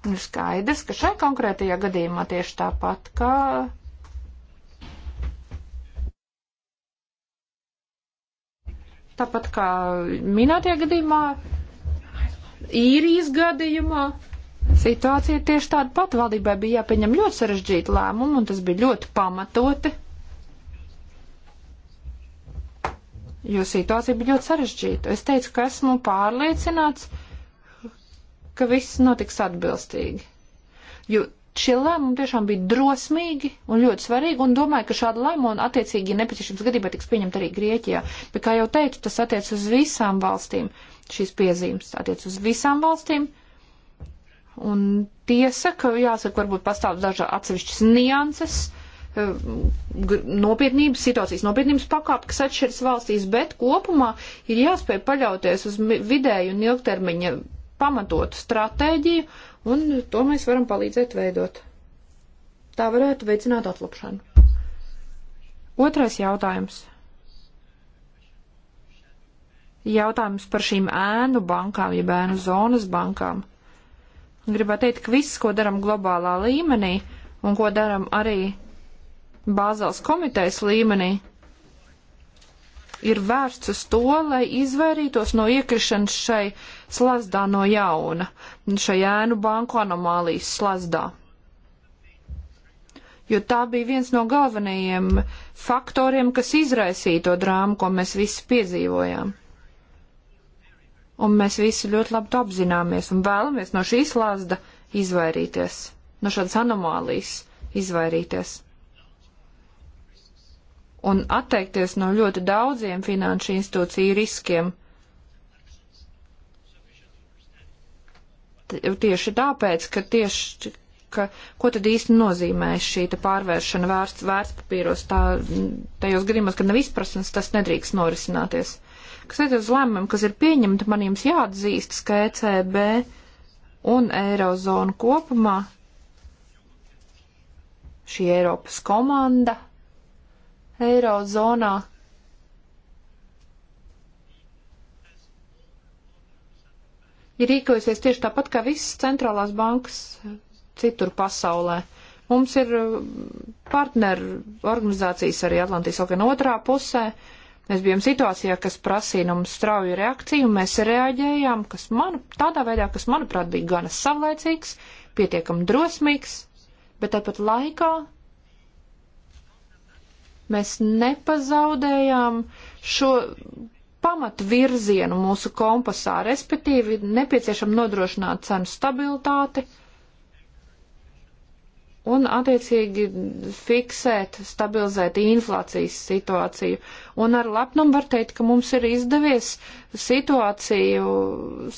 Nu, skaidrs, ka šai konkrētajā gadījumā tieši tāpat kā. Tāpat kā minētajā gadījumā, īrijas gadījumā, situācija tieši tāda pat. Valdībai bija jāpieņem ļoti sarežģīta lēmuma, un tas bija ļoti pamatoti. Jo situācija bija ļoti sarežģīta. Es teicu, ka esmu pārliecināts, ka viss notiks atbilstīgi. Jo šie lēmumi tiešām bija drosmīgi un ļoti svarīgi, un domāju, ka šāda lēmuma attiecīgi nepieciešams gadījumā tiks pieņemta arī Grieķijā. Bet, kā jau teicu, tas attiec uz visām valstīm. Šīs piezīmes attiec uz visām valstīm. Un tiesa, ka jāsaka, varbūt pastāv dažā atsevišķas nianses, eh, nopietnības, situācijas nopietnības pakāpe, kas atšķiras valstīs, bet kopumā ir jāspēj paļauties uz vidēju un ilgtermiņa pamatotu stratēģiju, un to mēs varam palīdzēt veidot. Tā varētu veicināt atlapšanu. Otrais jautājums. Jautājums par šīm ēnu bankām, jeb ēnu zonas bankām. Gribētu teikt, ka viss, ko daram globālā līmenī un ko daram arī Bāzels komitejas līmenī, ir vērsts uz to, lai izvairītos no iekrišanas šai uh, slazdā no jauna, šajā ēnu banku anomālijas slazdā. Jo tā bija viens no galvenajiem faktoriem, kas izraisīja to drāmu, ko mēs visi piedzīvojām. Un mēs visi ļoti labi to apzināmies un vēlamies no šīs slazda izvairīties, no šādas anomālijas izvairīties un atteikties no ļoti daudziem finanšu institūciju riskiem, tieši tāpēc, ka tieši, ka, ko tad īsti nozīmē šī pārvēršana vērts, vērtspapīros, tā, tajos gadījumos, kad nav izprasnes, tas nedrīkst norisināties. Kas aiziet uz lēmumiem, kas ir pieņemti, man jums jāatzīstas, ka ECB un Eirozona kopumā, šī Eiropas komanda Eirozonā ir rīkojusies tieši tāpat kā visas centrālās bankas citur pasaulē. Mums ir uh, partneru organizācijas arī Atlantijas okeāna otrā pusē. Mēs bijām situācijā, kas prasīja mums strauju reakciju, un mēs reaģējām, kas man, tādā veidā, kas manuprāt bija gana savlaicīgs, pietiekam drosmīgs, bet tāpat laikā mēs nepazaudējām šo pamatu virzienu mūsu kompasā, respektīvi nepieciešam nodrošināt cenu stabilitāti un attiecīgi fiksēt, stabilizēt inflācijas situāciju. Un ar lepnumu var teikt, ka mums ir izdevies situāciju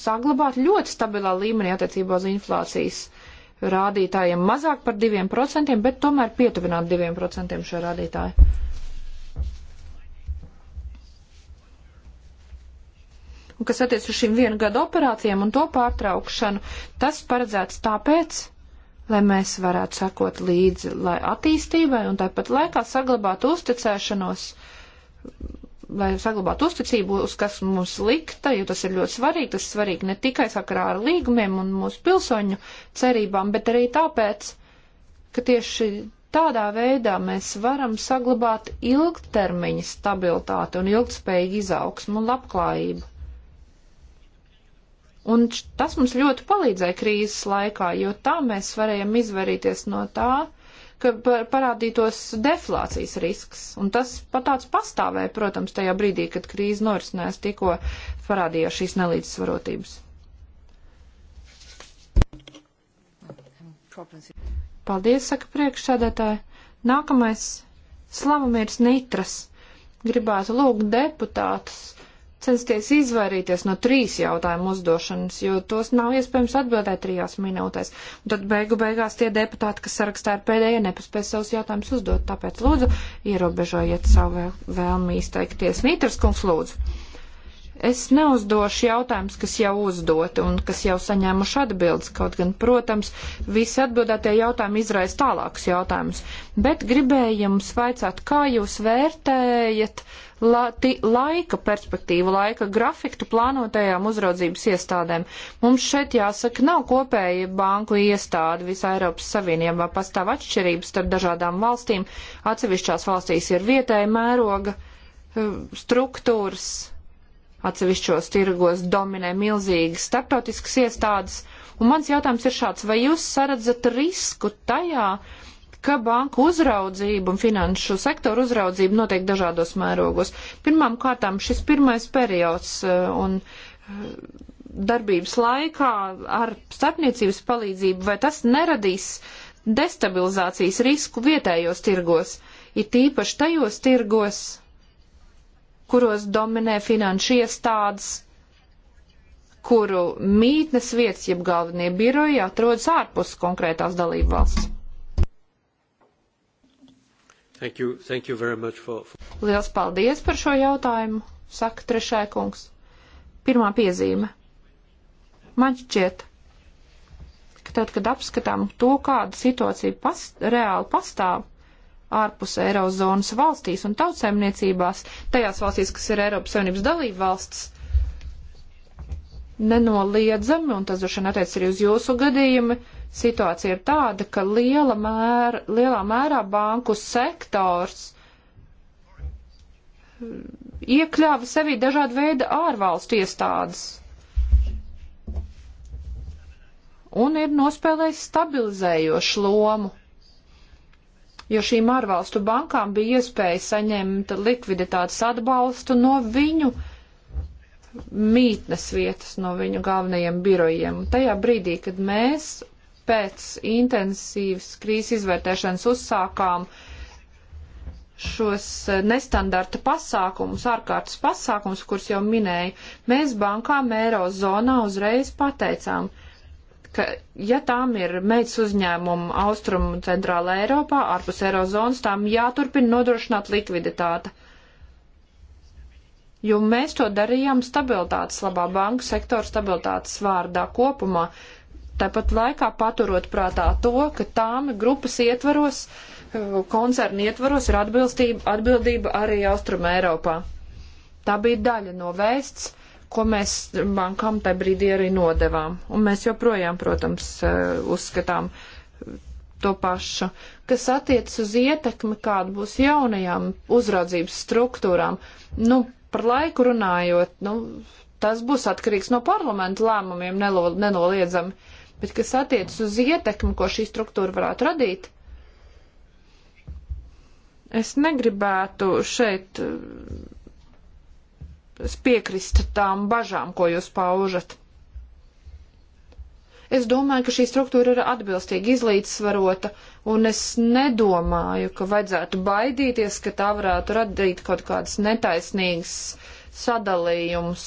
saglabāt ļoti stabilā līmenī attiecībā uz inflācijas rādītājiem. Mazāk par 2%, bet tomēr pietuvināt 2% šo rādītāju. Un kas attiec uz šīm vienu gadu operācijām un to pārtraukšanu, tas paredzēts tāpēc, lai mēs varētu sekot līdzi lai attīstībai un tāpat laikā saglabāt uzticēšanos, lai saglabāt uzticību, uz kas mums likta, jo tas ir ļoti svarīgi, tas ir svarīgi ne tikai sakarā ar līgumiem un mūsu pilsoņu cerībām, bet arī tāpēc, ka tieši tādā veidā mēs varam saglabāt ilgtermiņa stabilitāti un ilgspējīgu izaugsmu un labklājību. Un tas mums ļoti palīdzēja krīzes laikā, jo tā mēs varējām izvairīties no tā, ka parādītos deflācijas risks. Un tas pat tāds pastāvēja, protams, tajā brīdī, kad krīze norisinājās, tikko parādījās šīs nelīdzsvarotības. Paldies, saka priekšsēdētāji. Nākamais Slavamirs Nitras gribētu lūgt deputātus censties izvairīties no trīs jautājumu uzdošanas, jo tos nav iespējams atbildēt trijās minūtēs. Un tad beigu beigās tie deputāti, kas sarakstā ir pēdējie, nepaspēs savus jautājumus uzdot. Tāpēc lūdzu, ierobežojiet savu vēl, vēlmi izteikties. Nītras kungs, lūdzu. Es neuzdošu jautājumus, kas jau uzdoti un kas jau saņēmuši atbildes, kaut gan, protams, visi atbildētie jautājumi izraisa tālākus jautājumus. Bet gribēju jums vaicāt, kā jūs vērtējat uh, la, ti, laika perspektīvu, laika grafiktu plānotajām uzraudzības iestādēm. Mums šeit jāsaka, nav kopēja banku iestāde visā Eiropas Savienībā, pastāv atšķirības starp dažādām valstīm, atsevišķās valstīs ir vietēja mēroga eh, struktūras, atsevišķos tirgos dominē milzīgas starptautiskas iestādes. Un mans jautājums ir šāds, vai jūs saredzat risku tajā, uh, ka banku uzraudzība un finanšu sektoru uzraudzība notiek dažādos mērogos. Pirmām kārtām šis pirmais periods e, un e, darbības laikā ar starpniecības palīdzību, vai tas neradīs destabilizācijas risku vietējos tirgos, ir tīpaši tajos tirgos, kuros dominē finanšu iestādes, kuru mītnes vietas, jeb galvenie biroji, atrodas ārpus konkrētās dalību valsts. Thank you, thank you very much for, for... Liels paldies par šo jautājumu, saka trešai kungs. Pirmā piezīme. Man šķiet, ka tad, kad apskatām to, kāda situācija pas, reāli pastāv ārpus Eirozonas valstīs un tautsēmniecībās, tajās valstīs, kas ir Eiropas Savienības dalība valsts, nenoliedzami, un tas droši vien attiec arī uz jūsu gadījumu, situācija ir tāda, ka liela mēra, lielā mērā banku sektors mm, iekļāva sevī dažādu veidu ārvalstu iestādes. Un ir nospēlējis stabilizējošu lomu, jo šīm ārvalstu bankām bija iespēja saņemt likviditātes atbalstu no viņu uh, mītnes vietas no viņu galvenajiem birojiem. Tajā brīdī, kad mēs pēc intensīvas krīzes izvērtēšanas uzsākām šos eh, nestandarta pasākumus, ārkārtas pasākumus, kurus jau minēju, mēs bankām Eirozonā uzreiz pateicām, ka ja tām ir meitas uzņēmuma austrumu centrāla Eiropā, ārpus Eirozonas, tām jāturpina nodrošināt likviditāte jo mēs to darījām stabilitātes labā, banku sektora stabilitātes vārdā kopumā. Tāpat laikā paturot prātā to, ka tām grupas ietvaros, koncernu ietvaros ir atbildība arī Austrum Eiropā. Tā bija daļa no vēsts, ko mēs bankām tajā brīdī arī nodevām. Un mēs joprojām, protams, uzskatām to pašu, kas attiecas uz ietekmi, kāda būs jaunajām uzraudzības struktūrām. Nu, Par laiku runājot, nu, tas būs atkarīgs no parlamenta lēmumiem nenoliedzami, bet kas attiecas uz ietekmi, ko šī struktūra varētu radīt. Es negribētu šeit uh, piekrist tām bažām, ko jūs paužat. Es domāju, ka šī struktūra ir atbilstīgi izlīdzsvarota, un es nedomāju, ka vajadzētu baidīties, ka tā varētu radīt kaut kādas netaisnīgas sadalījumus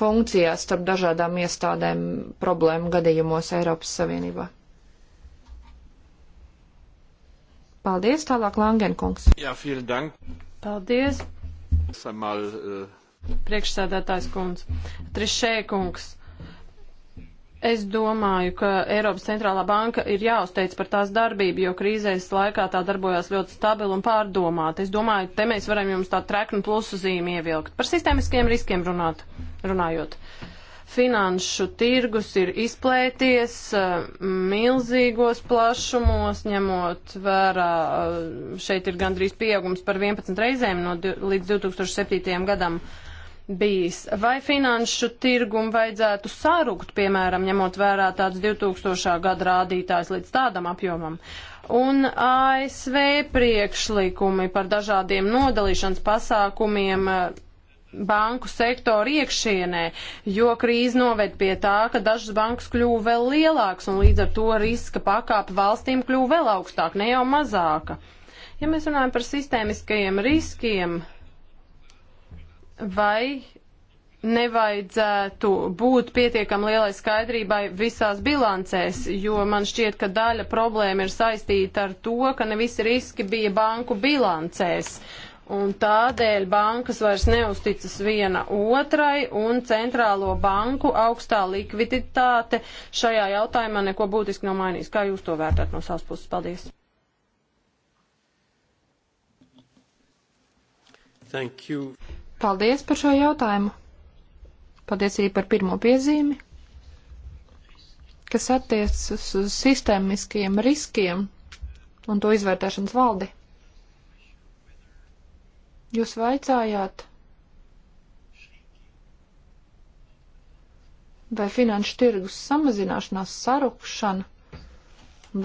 funkcijās starp dažādām iestādēm problēmu gadījumos Eiropas Savienībā. Paldies, tālāk Langenkungs. Jā, vielen dank. Paldies. Samal, uh... Äh, Priekšsēdētājs kungs. Trišē kungs. Es domāju, ka Eiropas centrālā banka ir jāuzteic par tās darbību, jo krīzēs laikā tā darbojās ļoti stabili un pārdomāti. Es domāju, te mēs varam jums tā treknu plusu zīmi ievilkt. Par sistēmiskiem riskiem runāt, runājot. Finanšu tirgus ir izplēties eh, milzīgos plašumos, ņemot vērā, eh, šeit ir gandrīz pieaugums par 11 reizēm no, līdz 2007. gadam bijis. Vai finanšu tirgumu vajadzētu sarūkt, piemēram, ņemot vērā tāds 2000. gada rādītājs līdz tādam apjomam? Un ASV priekšlikumi par dažādiem nodalīšanas pasākumiem eh, banku sektoru iekšienē, jo krīze noved pie tā, ka dažas bankas kļuva vēl lielākas un līdz ar to riska pakāpe valstīm kļuva vēl augstāk, ne jau mazāka. Ja mēs runājam par sistēmiskajiem riskiem, vai nevajadzētu būt pietiekam lielai skaidrībai visās bilancēs, jo man šķiet, ka daļa problēma ir saistīta ar to, ka ne visi riski bija banku bilancēs. Un tādēļ bankas vairs neusticas viena otrai un centrālo banku augstā likviditāte šajā jautājumā neko būtiski nav mainījis. Kā jūs to vērtāt no savas puses? Paldies! Thank you. Paldies par šo jautājumu. Paldies arī par pirmo piezīmi, kas attiecas uz sistēmiskiem riskiem un to izvērtēšanas valdi. Jūs vaicājāt, vai finanšu tirgus samazināšanās sarukšana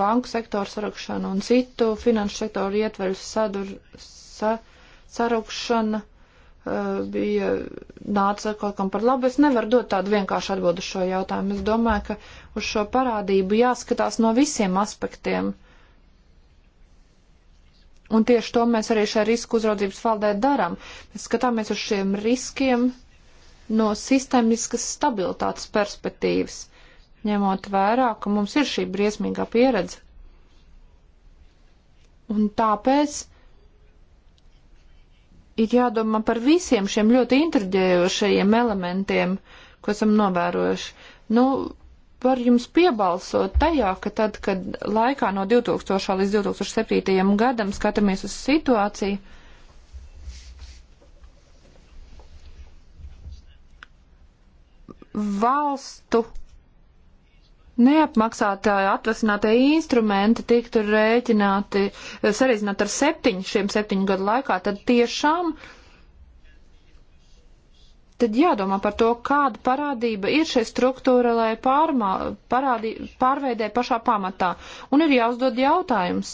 banku sektoru sarakšana un citu finanšu sektoru ietveļu sadur, sa, sarakšana Eh, bija nāca kaut kam par labu. Es nevaru dot tādu vienkāršu atbildu šo jautājumu. Es domāju, ka uz šo parādību jāskatās no visiem aspektiem. Un tieši to mēs arī šajā risku uzraudzības valdē darām. Mēs skatāmies uz šiem riskiem no sistemiskas stabilitātes perspektīvas, ņemot vērā, ka mums ir šī briesmīgā pieredze. Un tāpēc ir jādomā par visiem šiem ļoti intriģējošajiem elementiem, ko esam novērojuši. Nu, var jums piebalsot tajā, ka tad, kad laikā no 2000. līdz 2007. gadam skatāmies uz situāciju, valstu neapmaksātā atvasinātie instrumenti tiktu rēķināti, eh, sarīzināt ar septiņu šiem septiņu gadu laikā, tad tiešām tad jādomā par to, kāda parādība ir šai struktūralai pārveidē pašā pamatā. Un ir jāuzdod jautājums.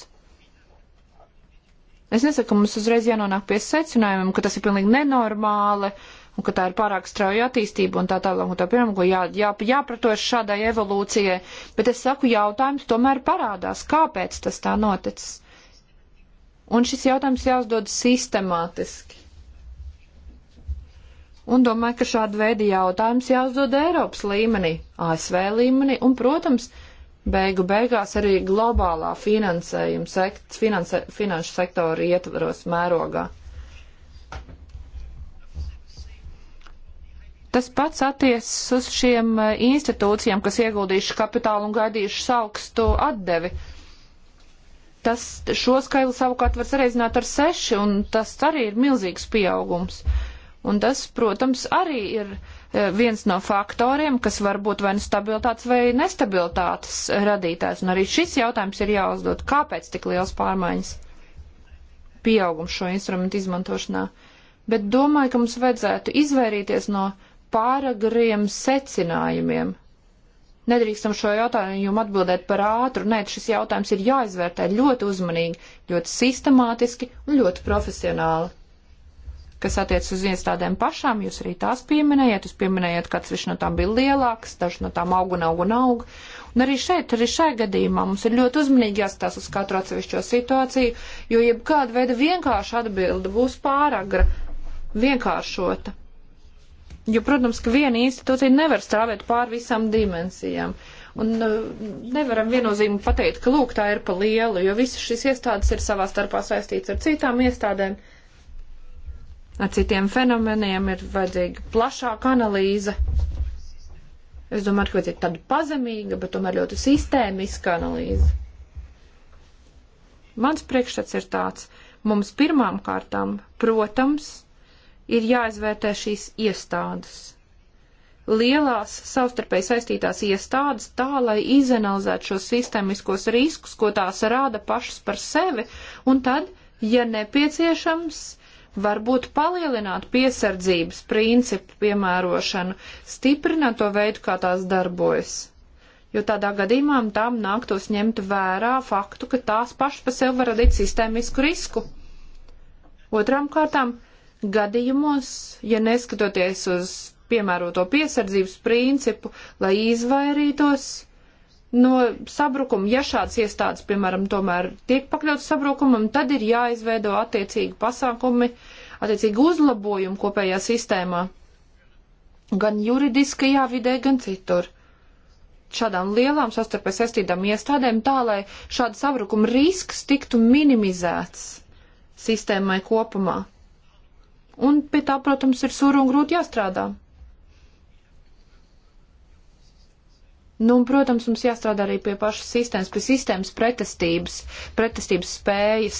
Es nesaku, ka mums uzreiz jānonāk pie secinājumiem, ka tas ir pilnīgi nenormāli. Uh, un ka tā ir pārāk strauja attīstība un tā tālāk un tā pirmā, ko jā, jā, jāpratojas šādai evolūcijai, bet es saku, jautājums tomēr parādās, kāpēc tas tā noticis. Un šis jautājums jāuzdod sistemātiski. Un domāju, ka šāda veida jautājums jāuzdod Eiropas līmenī, ASV līmenī un, protams, beigu beigās arī globālā finansējuma sekt, finansē, finanšu sektora ietvaros mērogā. Tas pats attiecas uz šiem eh, institūcijām, kas ieguldījuši kapitālu un gaidījuši augstu atdevi. Tas, šo skaitli savukārt var sareizināt ar seši, un tas arī ir milzīgs pieaugums. Un tas, protams, arī ir eh, viens no faktoriem, kas var būt vai nu stabilitātes vai nestabilitātes radītājs. Un arī šis jautājums ir jāuzdod. Kāpēc tik liels pārmaiņas pieaugums šo instrumentu izmantošanā? Bet domāju, ka mums vajadzētu izvairīties no pāragriem secinājumiem. Nedrīkstam šo jautājumu atbildēt par ātru. Nē, šis jautājums ir jāizvērtē ļoti uzmanīgi, ļoti sistemātiski un ļoti profesionāli. Kas attiec uz iestādēm pašām, jūs arī tās pieminējat. Jūs pieminējat, kāds viņš no tām bija lielāks, dažs no tām aug un aug un aug. Un arī šeit, arī šai gadījumā mums ir ļoti uzmanīgi jāstās uz katru atsevišķo situāciju, jo jebkāda veida vienkārša atbilde būs pāragra, vienkāršota. Jo, protams, ka viena institūcija nevar stāvēt pāri visām dimensijām. Un uh, nevaram viennozīmīgi pateikt, ka lūk, tā ir pa lielu, jo visas šīs iestādes ir savā starpā saistītas ar citām iestādēm, ar citiem fenomeniem, ir vajadzīga plašāka analīze. Es domāju, ka vajadzīga tāda pazemīga, bet tomēr ļoti sistēmiska analīze. Mans priekšstats ir tāds, mums pirmām kārtām, protams, ir jāizvērtē šīs iestādes. Lielās savstarpēji saistītās iestādes tā, lai izanalizētu šos sistēmiskos riskus, ko tās rāda pašas par sevi, un tad, ja nepieciešams, varbūt palielināt piesardzības principu piemērošanu, stiprināt to veidu, kā tās darbojas. Jo tādā gadījumā tām nāktos ņemt vērā faktu, ka tās pašas pa sev var radīt sistēmisku risku. Otrām kārtām gadījumos, ja neskatoties uz piemēroto piesardzības principu, lai izvairītos no sabrukuma, ja šāds iestādes, piemēram, tomēr tiek pakļauts sabrukumam, tad ir jāizveido attiecīgi pasākumi, attiecīgi uzlabojumi kopējā sistēmā, gan juridiskajā vidē, gan citur. Šādām lielām sastarpēs saistītām iestādēm tā, lai šāda sabrukuma risks tiktu minimizēts sistēmai kopumā. Un pie tā, protams, ir suru un grūti jāstrādā. Nu, un, protams, mums jāstrādā arī pie pašas sistēmas, pie sistēmas pretestības, pretestības spējas,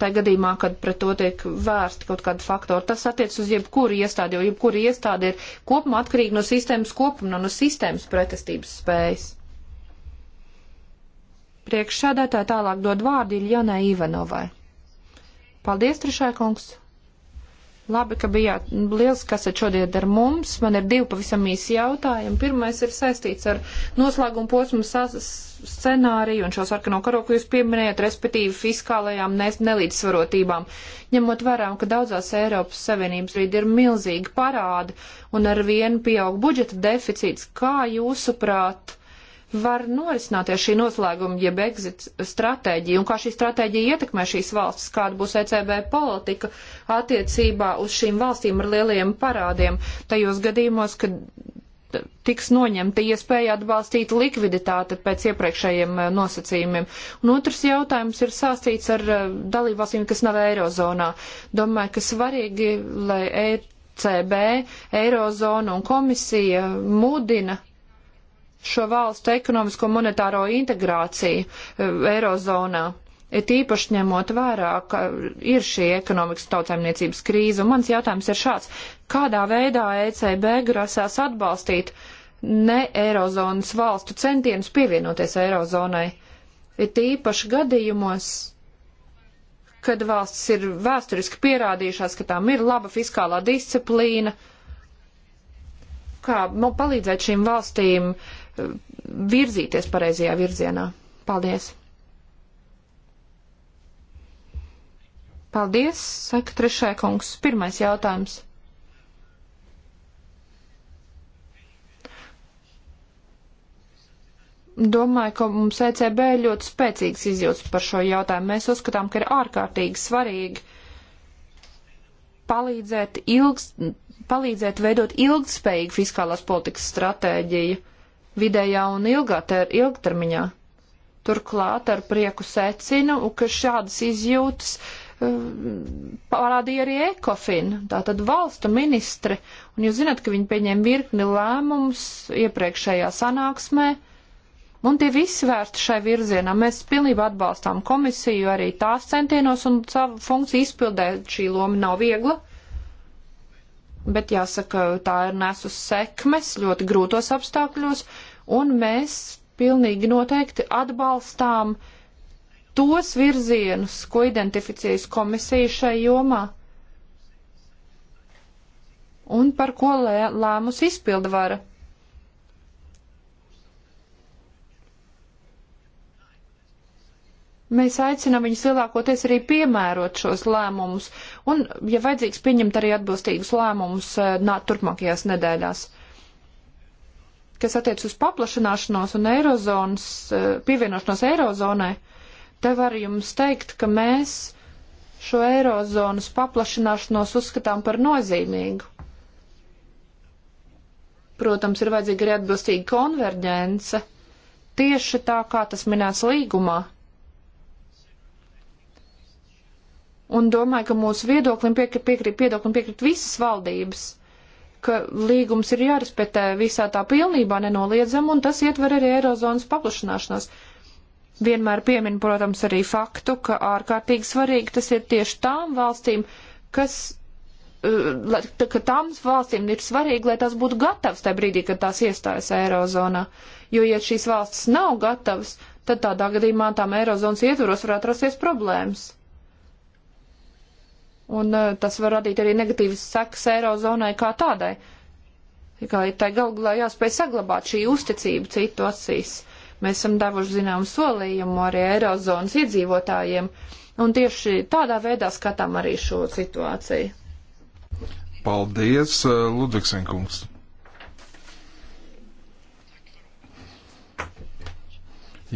tā gadījumā, kad pret to tiek vērsti kaut kādi faktori. Tas attiec uz jebkuru iestādi, jo jebkura iestāde ir kopumā atkarīga no sistēmas kopuma, no sistēmas pretestības spējas. Priekšsēdētāji tālāk dod vārdu Iljanai Ivanovai. Paldies, trešā kungs! Labi, ka bijāt liels, kas ir šodien ar mums. Man ir divi pavisam īsi jautājumi. Pirmais ir saistīts ar noslēgumu posmu scenāriju un šo sarkano karo, ko jūs pieminējat, respektīvi fiskālajām nelīdzsvarotībām. Ņemot vērā, ka daudzās Eiropas Savienības rīd ir milzīgi parādi un ar vienu pieaug budžeta deficīts, kā jūsuprāt? var norisināties šī noslēguma, jeb exit stratēģija, un kā šī stratēģija ietekmē šīs valstis, kāda būs ECB politika attiecībā uz šīm valstīm ar lieliem parādiem, tajos gadījumos, kad tiks noņemta iespēja atbalstīt likviditāti pēc iepriekšējiem eh, nosacījumiem. Un otrs jautājums ir sāstīts ar eh, dalībvalstīm, kas nav Eirozonā. Domāju, ka svarīgi, lai ECB, Eirozona un komisija mudina šo valstu ekonomisko monetāro integrāciju e, Eirozonā. Ir tīpaši ņemot vērā, ka ir šī ekonomikas tautsēmniecības krīze, un mans jautājums ir šāds. Kādā veidā ECB grasās atbalstīt ne Eirozonas valstu centienus pievienoties Eirozonai? Ir tīpaši gadījumos, kad valsts ir vēsturiski pierādījušās, ka tām ir laba fiskālā disciplīna, kā palīdzēt šīm valstīm uh, virzīties pareizajā virzienā. Paldies! Paldies, saka trešai kungs. Pirmais jautājums. Domāju, ka mums ECB ļoti spēcīgs izjūts par šo jautājumu. Mēs uzskatām, ka ir ārkārtīgi svarīgi palīdzēt, ilgs, palīdzēt veidot ilgspējīgu fiskālās politikas stratēģiju vidējā un ilgāter, ilgtermiņā. Turklāt ar prieku secinu, ka šādas izjūtas eh, parādīja arī ECOFIN, tātad valstu ministri, un jūs zināt, ka viņi pieņēma virkni lēmumus iepriekšējā sanāksmē, un tie visi vērsti šai virzienā. Mēs pilnībā atbalstām komisiju arī tās centienos, un savu funkciju izpildēt šī loma nav viegla bet jāsaka, tā ir nesus sekmes ļoti grūtos apstākļos, un mēs pilnīgi noteikti atbalstām tos virzienus, ko identificējas komisija šai jomā, un par ko lē, lēmus izpildvara. Mēs aicinām viņus lielākoties arī piemērot šos lēmumus un, ja vajadzīgs, pieņemt arī atbilstīgus lēmumus eh, nā, turpmākajās nedēļās. Kas attiec uz paplašanāšanos un eirozonas, eh, pievienošanos eirozonai, te var jums teikt, ka mēs šo eirozonas paplašanāšanos uzskatām par nozīmīgu. Protams, ir vajadzīga arī atbilstīga konverģence, tieši tā kā tas minēts līgumā un domāju, ka mūsu viedoklim piekrīt, piekrīt, piedoklim piekrīt visas valdības, ka līgums ir jārespektē visā tā pilnībā nenoliedzam, un tas ietver arī Eirozonas paplašanāšanos. Vienmēr piemin, protams, arī faktu, ka ārkārtīgi svarīgi tas ir tieši tām valstīm, kas, uh, ka tām valstīm ir svarīgi, lai tās būtu gatavas tajā brīdī, kad tās iestājas Eirozonā. Jo, ja šīs valstis nav gatavas, tad tādā gadījumā tām Eirozonas ietvaros varētu rasties problēmas Un eh, tas var radīt arī negatīvas sekas eirozonai kā tādai. Kā tā galvā jāspēj saglabāt šī uzticība citu acīs. Mēs esam devuši zinām solījumu arī eirozonas iedzīvotājiem, un tieši tādā veidā skatām arī šo situāciju. Paldies, eh, Ludvigsenkungs!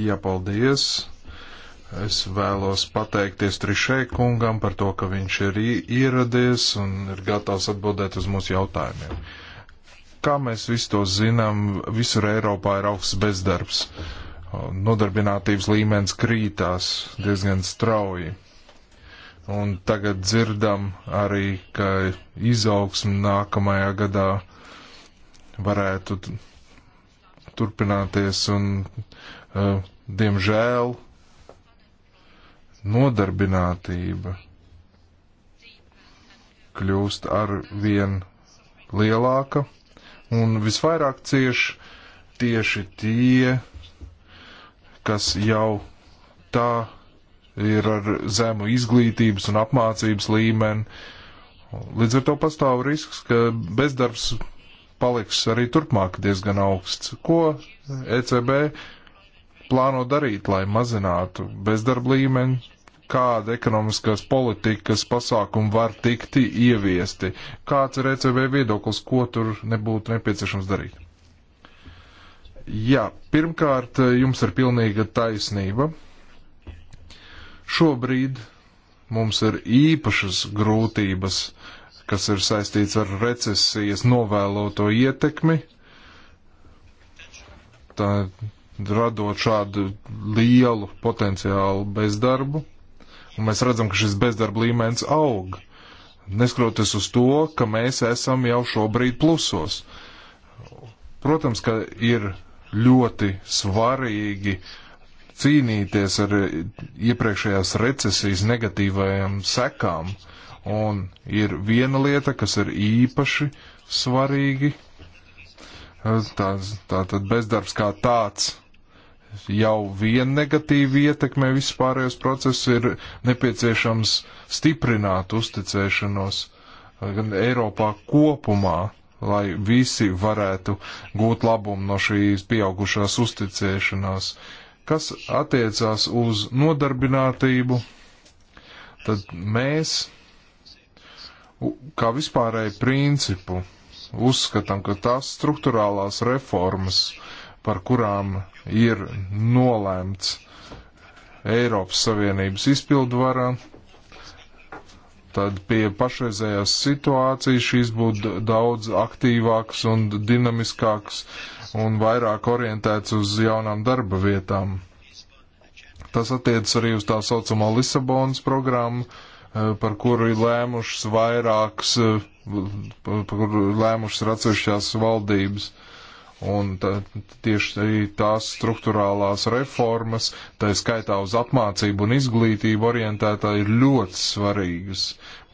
Jā, paldies! Es vēlos pateikties Trišē kungam par to, ka viņš ir ieradies un ir gatavs atbildēt uz mūsu jautājumiem. Kā mēs visi to zinām, visur Eiropā ir augsts bezdarbs. Nodarbinātības līmenis krītās diezgan strauji. Un tagad dzirdam arī, ka izaugsme nākamajā gadā varētu turpināties un, uh, diemžēl, nodarbinātība kļūst ar vien lielāka un visvairāk cieš tieši tie, kas jau tā ir ar zemu izglītības un apmācības līmeni. Līdz ar to pastāv risks, ka bezdarbs paliks arī turpmāk diezgan augsts. Ko ECB plāno darīt, lai mazinātu bezdarba līmeni kāda ekonomiskās politikas pasākumi var tikti ieviesti. Kāds ir ECB viedoklis, ko tur nebūtu nepieciešams darīt? Jā, pirmkārt, jums ir pilnīga taisnība. Šobrīd mums ir īpašas grūtības, kas ir saistīts ar recesijas novēloto ietekmi. Tā radot šādu lielu potenciālu bezdarbu. Un mēs redzam, ka šis bezdarba līmenis aug. Neskroties uz to, ka mēs esam jau šobrīd plusos. Protams, ka ir ļoti svarīgi cīnīties ar iepriekšējās recesijas negatīvajām sekām. Un ir viena lieta, kas ir īpaši svarīgi. Tā, tā tad bezdarbs kā tāds jau vien negatīvi ietekmē visus pārējos procesus, ir nepieciešams stiprināt uzticēšanos eh, gan Eiropā kopumā, lai visi varētu gūt labumu no šīs pieaugušās uzticēšanās. Kas attiecās uz nodarbinātību, tad mēs, kā vispārēju principu, uzskatām, ka tās struktūrālās reformas, par kurām ir nolēmts Eiropas Savienības izpildvarā, tad pie pašreizējās situācijas šīs būtu daudz aktīvāks un dinamiskāks un vairāk orientēts uz jaunām darba vietām. Tas attiecas arī uz tā saucamo Lisabonas programmu, eh, par kuru ir lēmušas vairākas, eh, par kuru lēmušas ir atsevišķās valdības. Uh, un tieši tās struktūrālās reformas, tā skaitā uz apmācību un izglītību orientētā, ir ļoti svarīgas.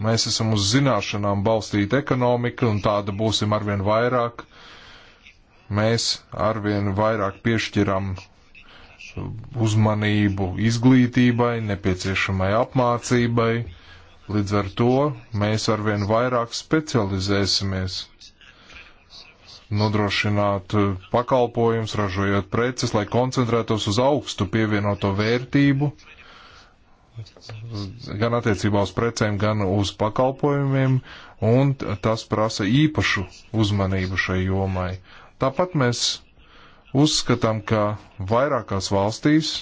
Mēs esam uz zināšanām balstīta ekonomika, un tāda būsim arvien vairāk. Mēs arvien vairāk piešķiram uzmanību izglītībai, nepieciešamai apmācībai. Līdz ar to mēs arvien vairāk specializēsimies nodrošināt eh, pakalpojums, ražojot preces, lai koncentrētos uz augstu pievienoto vērtību, gan attiecībā uz precēm, gan uz pakalpojumiem, un tas prasa īpašu uzmanību šai jomai. Tāpat mēs uzskatām, ka vairākās valstīs,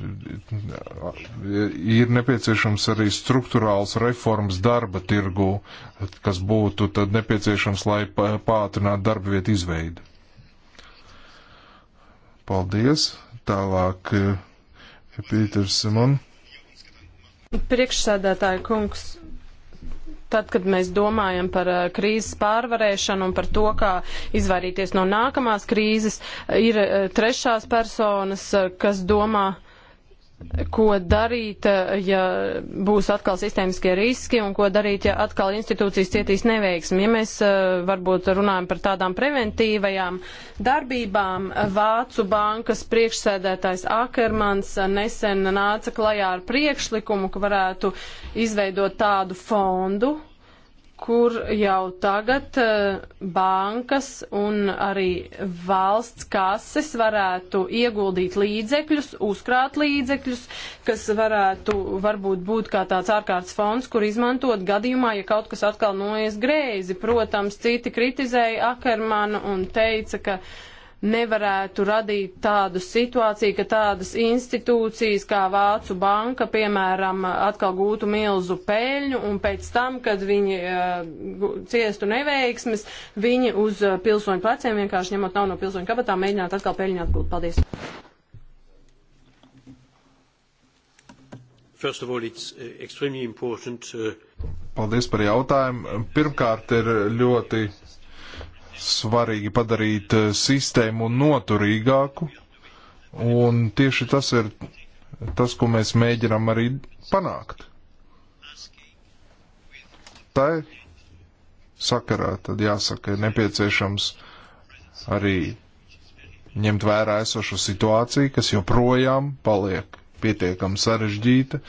ir nepieciešams arī struktūrāls reformas darba tirgu, kas būtu tad nepieciešams, lai pātrinātu darba vietu izveidi. Paldies! Tālāk eh, Pīters Simon. Priekšsēdētāja kungs, tad, kad mēs domājam par eh, krīzes pārvarēšanu un par to, kā izvairīties no nākamās krīzes, eh, ir trešās personas, kas domā, uh, ko darīt, eh, ja būs atkal sistēmiskie riski un ko darīt, ja atkal institūcijas cietīs neveiksmi. Ja mēs eh, varbūt runājam par tādām preventīvajām darbībām, Vācu bankas priekšsēdētājs Akermans eh, nesen nāca klajā ar priekšlikumu, ka varētu izveidot tādu fondu, kur jau tagad eh, bankas un arī valsts kases varētu ieguldīt līdzekļus, uzkrāt līdzekļus, kas varētu varbūt būt kā tāds ārkārtas fonds, kur izmantot gadījumā, ja kaut kas atkal noies greizi. Protams, citi kritizēja Akermanu un teica, ka nevarētu radīt tādu situāciju, ka tādas institūcijas kā Vācu banka, piemēram, atkal gūtu milzu peļņu un pēc tam, kad viņi uh, ciestu neveiksmes, viņi uz eh, pilsoņu pleciem vienkārši ņemot naudu no pilsoņu kabatām, mēģinātu atkal peļņu atgūt. Paldies! First of all, it's eh, extremely important. Uh... Paldies par jautājumu. Pirmkārt, ir ļoti svarīgi padarīt eh, sistēmu noturīgāku, un tieši tas ir tas, ko mēs mēģinām arī panākt. Tā ir sakarā, tad jāsaka, ir nepieciešams arī ņemt vērā esošo situāciju, kas joprojām paliek pietiekami sarežģīta,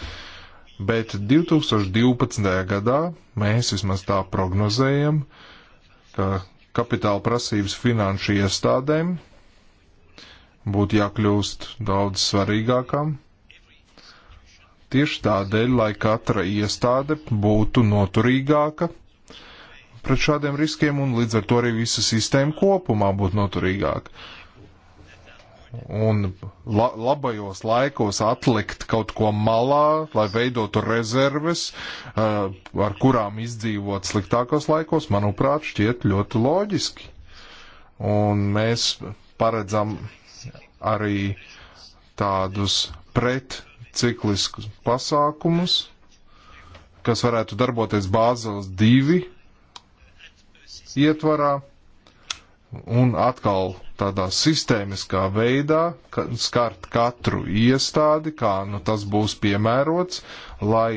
bet 2012. gadā mēs vismaz tā prognozējam, ka kapitāla prasības finanšu iestādēm būtu jākļūst daudz svarīgākām. Tieši tādēļ, lai katra iestāde būtu noturīgāka pret šādiem riskiem un līdz ar to arī visa sistēma kopumā būtu noturīgāka un la labajos laikos atlikt kaut ko malā, lai veidotu rezerves, uh, ar kurām izdzīvot sliktākos laikos, manuprāt, šķiet ļoti loģiski. Un mēs paredzam arī tādus pretcikliskus pasākumus, kas varētu darboties Bāzeles divi ietvarā un atkal tādā sistēmiskā veidā ka, skart katru iestādi, kā nu, tas būs piemērots, lai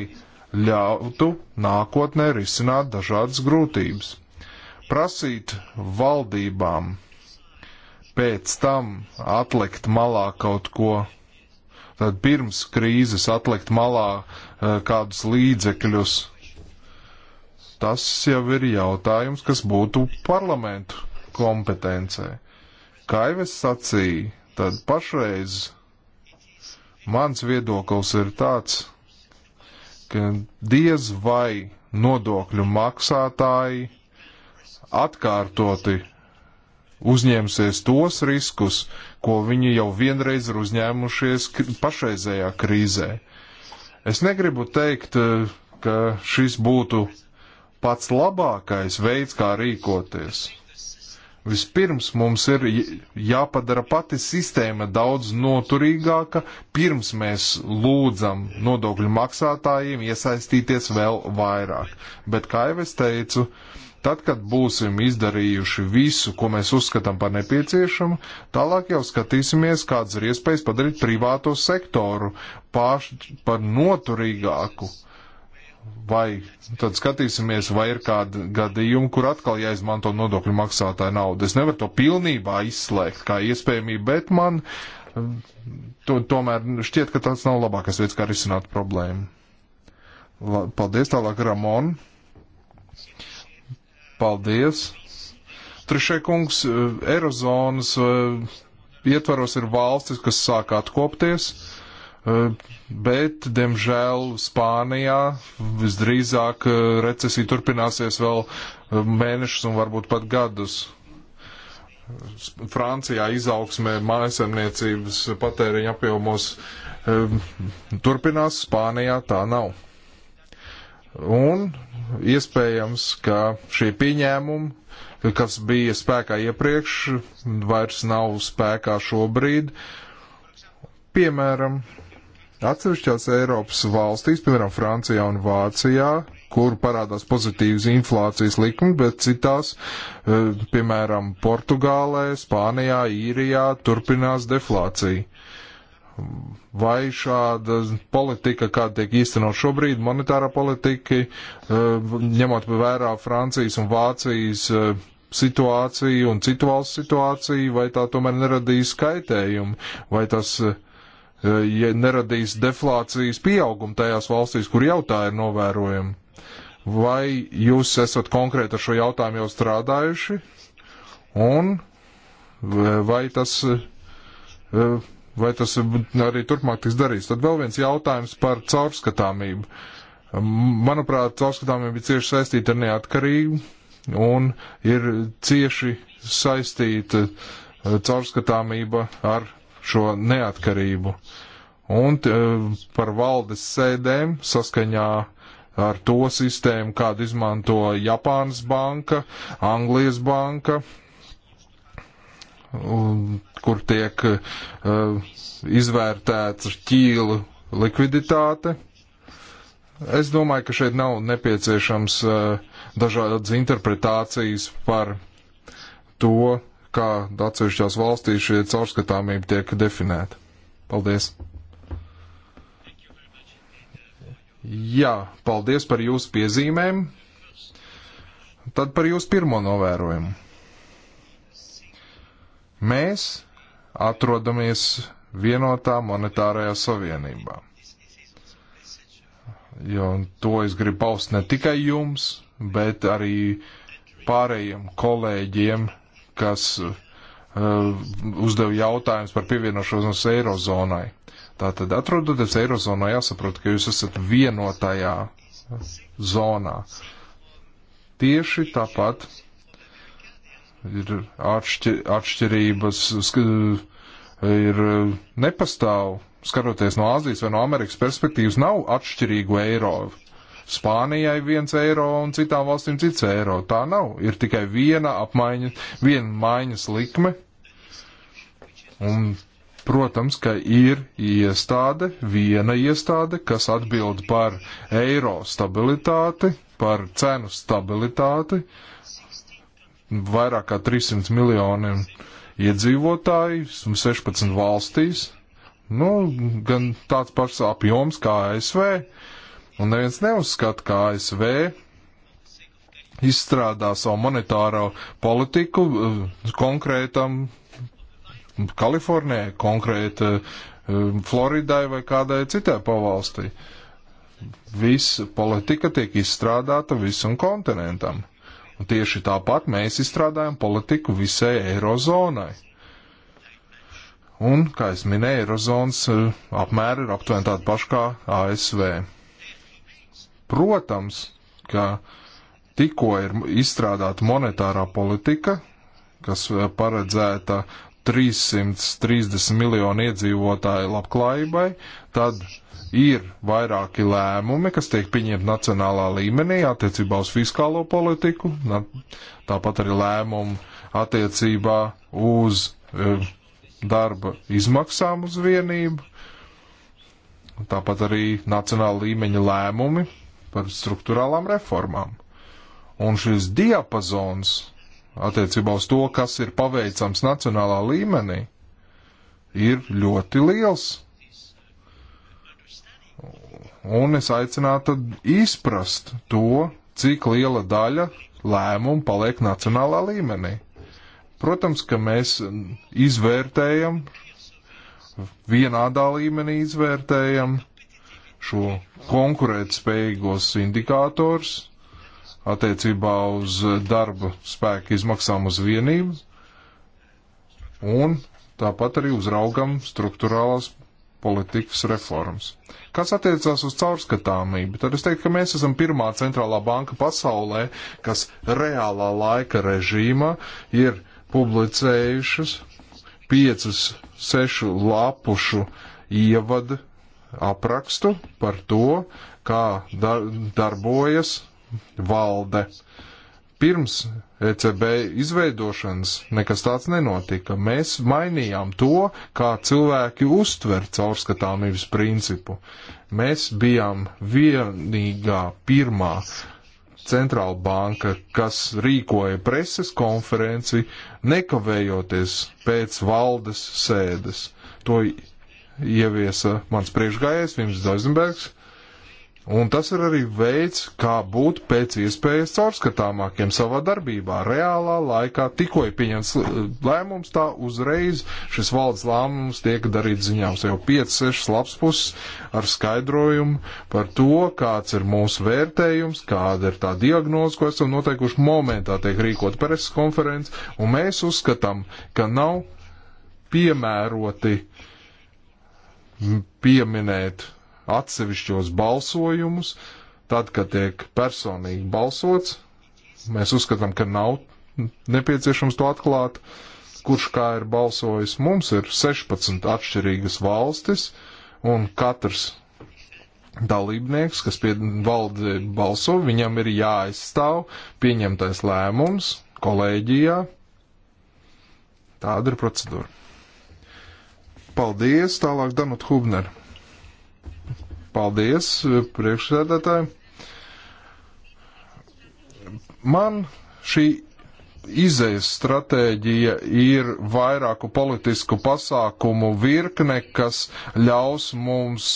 ļautu nākotnē risināt dažādas grūtības. Prasīt valdībām pēc tam atlikt malā kaut ko, tad pirms krīzes atlikt malā eh, kādus līdzekļus, tas jau ir jautājums, kas būtu parlamentu kompetencē. Kā jau es sacīju, tad pašreiz mans viedoklis ir tāds, ka diez vai nodokļu maksātāji atkārtoti uzņemsies tos riskus, ko viņi jau vienreiz ir uzņēmušies pašreizējā krīzē. Es negribu teikt, eh, ka šis būtu pats labākais veids, kā rīkoties. Vispirms mums ir jāpadara pati sistēma daudz noturīgāka, pirms mēs lūdzam nodokļu maksātājiem iesaistīties vēl vairāk. Bet, kā jau es teicu, tad, kad būsim izdarījuši visu, ko mēs uzskatām par nepieciešamu, tālāk jau skatīsimies, kādas ir iespējas padarīt privāto sektoru pār, par noturīgāku vai tad skatīsimies, vai ir kādi gadījumi, kur atkal jāizmanto nodokļu maksātāja nauda. Es nevaru to pilnībā izslēgt kā iespējamību, bet man um, to, tomēr šķiet, ka tāds nav labākais veids, kā risināt problēmu. La, paldies tālāk, Ramon. Paldies. Trešai kungs, uh, Eirozonas uh, ietvaros ir valstis, kas sāk atkopties Eh, bet, diemžēl, Spānijā visdrīzāk eh, recesija turpināsies vēl eh, mēnešus un varbūt pat gadus. Francijā izaugsme mājasemniecības patēriņa apjomos turpinās, Spānijā tā nav. Un iespējams, ka šie pieņēmumi, kas bija spēkā iepriekš, vairs nav spēkā šobrīd. Piemēram, Atsevišķās Eiropas valstīs, piemēram, Francijā un Vācijā, kur parādās pozitīvas inflācijas likumi, bet citās, e, piemēram, Portugālē, Spānijā, Īrijā, turpinās deflācija. Vai šāda politika, kāda tiek īstenot šobrīd, monetārā politika, e, ņemot vērā Francijas un Vācijas e, situāciju un citu valstu situāciju, vai tā tomēr neradīs kaitējumu, vai tas uh, Eh, ja neradīs deflācijas pieaugumu tajās valstīs, kur jau tā ir novērojama. Vai jūs esat konkrēti ar šo jautājumu jau strādājuši? Un eh, vai tas, eh, vai tas arī turpmāk tiks darīts? Tad vēl viens jautājums par caurskatāmību. Manuprāt, caurskatāmība ir cieši saistīta ar neatkarību un ir cieši saistīta caurskatāmība ar šo neatkarību. Un e, par valdes sēdēm saskaņā ar to sistēmu, kādu izmanto Japānas banka, Anglijas banka, kur tiek e, izvērtēta ķīlu likviditāte. Es domāju, ka šeit nav nepieciešams e, dažādas interpretācijas par to, kā atsevišķās valstīs šī caurskatāmība tiek definēta. Paldies! Jā, paldies par jūsu piezīmēm. Tad par jūsu pirmo novērojumu. Mēs atrodamies vienotā monetārajā savienībā. Jo to es gribu paust ne tikai jums, bet arī pārējiem kolēģiem kas eh, uzdeva jautājumus par pievienošanos Eirozonai. Tātad, atrodoties Eirozonā, jāsaprot, ka jūs esat vienotajā zonā. Tieši tāpat ir atšķir, atšķirības, ir eh, nepastāv, skatoties no Āzijas vai no Amerikas perspektīvas, nav atšķirīgu Eiropu Spānijai viens eiro un citām valstīm cits eiro. Tā nav. Ir tikai viena apmaiņa, viena maiņas likme. Un, protams, ka ir iestāde, viena iestāde, kas atbild par eiro stabilitāti, par cenu stabilitāti vairāk kā 300 miljoniem iedzīvotāju, 16 valstīs. Nu, gan tāds pašs apjoms kā ASV. Un neviens neuzskata, ka ASV izstrādā savu monetāro politiku eh, konkrētam Kalifornijai, konkrēti eh, Floridai vai kādai citai pavalstī. Viss politika tiek izstrādāta visam kontinentam. Un tieši tāpat mēs izstrādājam politiku visai Eirozonai. Un, kā es minēju, Eirozonas eh, apmēri ir aptuveni tādi paši kā ASV. Protams, ka tikko ir izstrādāta monetārā politika, kas eh, paredzēta 330 miljonu iedzīvotāju labklājībai, tad ir vairāki lēmumi, kas tiek pieņemti nacionālā līmenī attiecībā uz fiskālo politiku, tāpat arī lēmumu attiecībā uz eh, darba izmaksām uz vienību, tāpat arī nacionāla līmeņa lēmumi par struktūrālām reformām. Un šis diapazons attiecībā uz to, kas ir paveicams nacionālā līmenī, ir ļoti liels. Un es aicinātu izprast to, cik liela daļa lēmumu paliek nacionālā līmenī. Protams, ka mēs izvērtējam, vienādā līmenī izvērtējam šo konkurētspējīgos indikātors attiecībā uz darba spēku izmaksām uz vienību un tāpat arī uzraugam struktūrālās politikas reformas. Kas attiecās uz caurskatāmību, tad es teiktu, ka mēs esam pirmā centrālā banka pasaulē, kas reālā laika režīmā ir publicējušas piecus, sešu lapušu ievadu aprakstu par to, kā dar darbojas valde. Pirms ECB izveidošanas nekas tāds nenotika. Mēs mainījām to, kā cilvēki uztver caurskatāmības principu. Mēs bijām vienīgā pirmā centrāla banka, kas rīkoja preses konferenci, nekavējoties pēc valdes sēdes. To ieviesa mans priekšgājējs, viņš Zaizenbergs. Un tas ir arī veids, kā būt pēc iespējas caurskatāmākiem savā darbībā. Reālā laikā tikko ir pieņemts eh, lēmums, tā uzreiz šis valdes lēmums tiek darīts ziņāms jau 5-6 lapspuses ar skaidrojumu par to, kāds ir mūsu vērtējums, kāda ir tā diagnoze, ko esam noteikuši momentā tiek rīkot preses konferences, un mēs uzskatām, ka nav piemēroti uh, pieminēt atsevišķos balsojumus, tad, kad tiek personīgi balsots, mēs uzskatām, ka nav nepieciešams to atklāt, kurš kā ir balsojis. Mums ir 16 atšķirīgas valstis, un katrs dalībnieks, kas pie valde balso, viņam ir jāaizstāv pieņemtais lēmums kolēģijā. Tāda ir procedūra. Paldies, tālāk Danut Hubner. Paldies, priekšsēdētāji. Man šī izējas stratēģija ir vairāku politisku pasākumu virkne, kas ļaus mums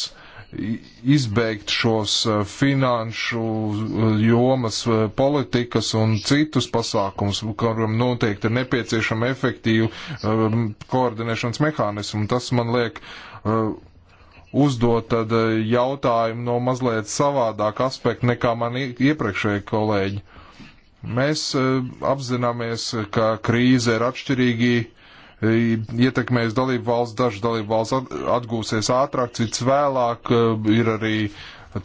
izbeigt šos eh, finanšu eh, jomas eh, politikas un citus pasākums, kuram noteikti ir nepieciešama efektīva koordinēšanas mehānismu. Tas man liek uzdot tad jautājumu no mazliet savādāk aspekta nekā man iepriekšēji kolēģi. Mēs apzināmies, ka krīze ir atšķirīgi uh, ietekmēs dalību valsts, dažas dalību valsts atgūsies ātrāk, cits vēlāk, eh, ir arī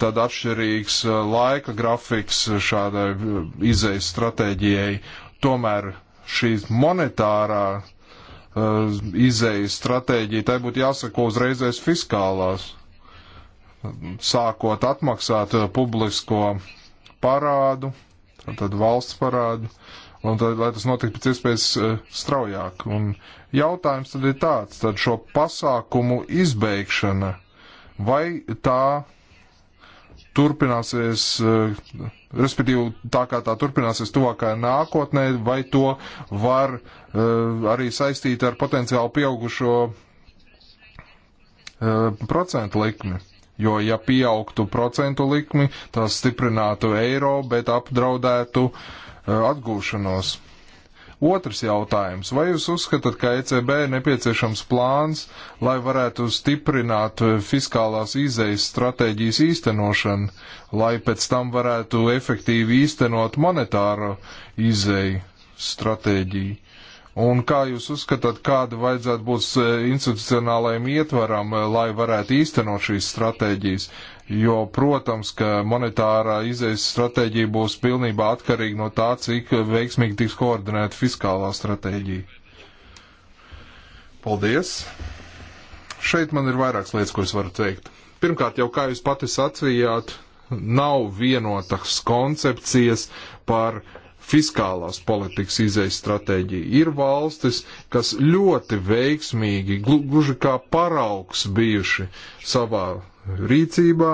tad atšķirīgs eh, laika grafiks šādai eh, izējas stratēģijai. Tomēr šīs monetārā uh, izējas stratēģija, tai būtu jāsako uzreizēs fiskālās, sākot atmaksāt publisko parādu, tad valsts parādu, uh, un tad, lai tas notiktu pēc iespējas eh, straujāk. Un jautājums tad ir tāds, tad šo pasākumu izbeigšana, vai tā turpināsies, eh, respektīvi tā kā tā turpināsies tuvākajā nākotnē, vai to var eh, arī saistīt ar potenciāli pieaugušo procentu likmi. Jo, ja pieaugtu procentu likmi, tas stiprinātu eiro, bet apdraudētu uh, Uh, atgūšanos. Otrs jautājums. Vai jūs uzskatāt, ka ECB ir nepieciešams plāns, lai varētu stiprināt uh, fiskālās izejas stratēģijas īstenošanu, lai pēc tam varētu efektīvi īstenot monetāro izeju stratēģiju? Un kā jūs uzskatāt, kāda vajadzētu būt uh, institucionālajiem ietvaram, lai varētu īstenot šīs stratēģijas? jo, protams, ka monetārā izejas stratēģija būs pilnībā atkarīga no tā, cik veiksmīgi tiks koordinēta fiskālā stratēģija. Paldies! Šeit man ir vairākas lietas, ko es varu teikt. Pirmkārt, jau kā jūs pati sacījāt, nav vienotas koncepcijas par fiskālās politikas izējas stratēģiju. Ir valstis, kas ļoti veiksmīgi, gluži kā paraugs bijuši savā rīcībā,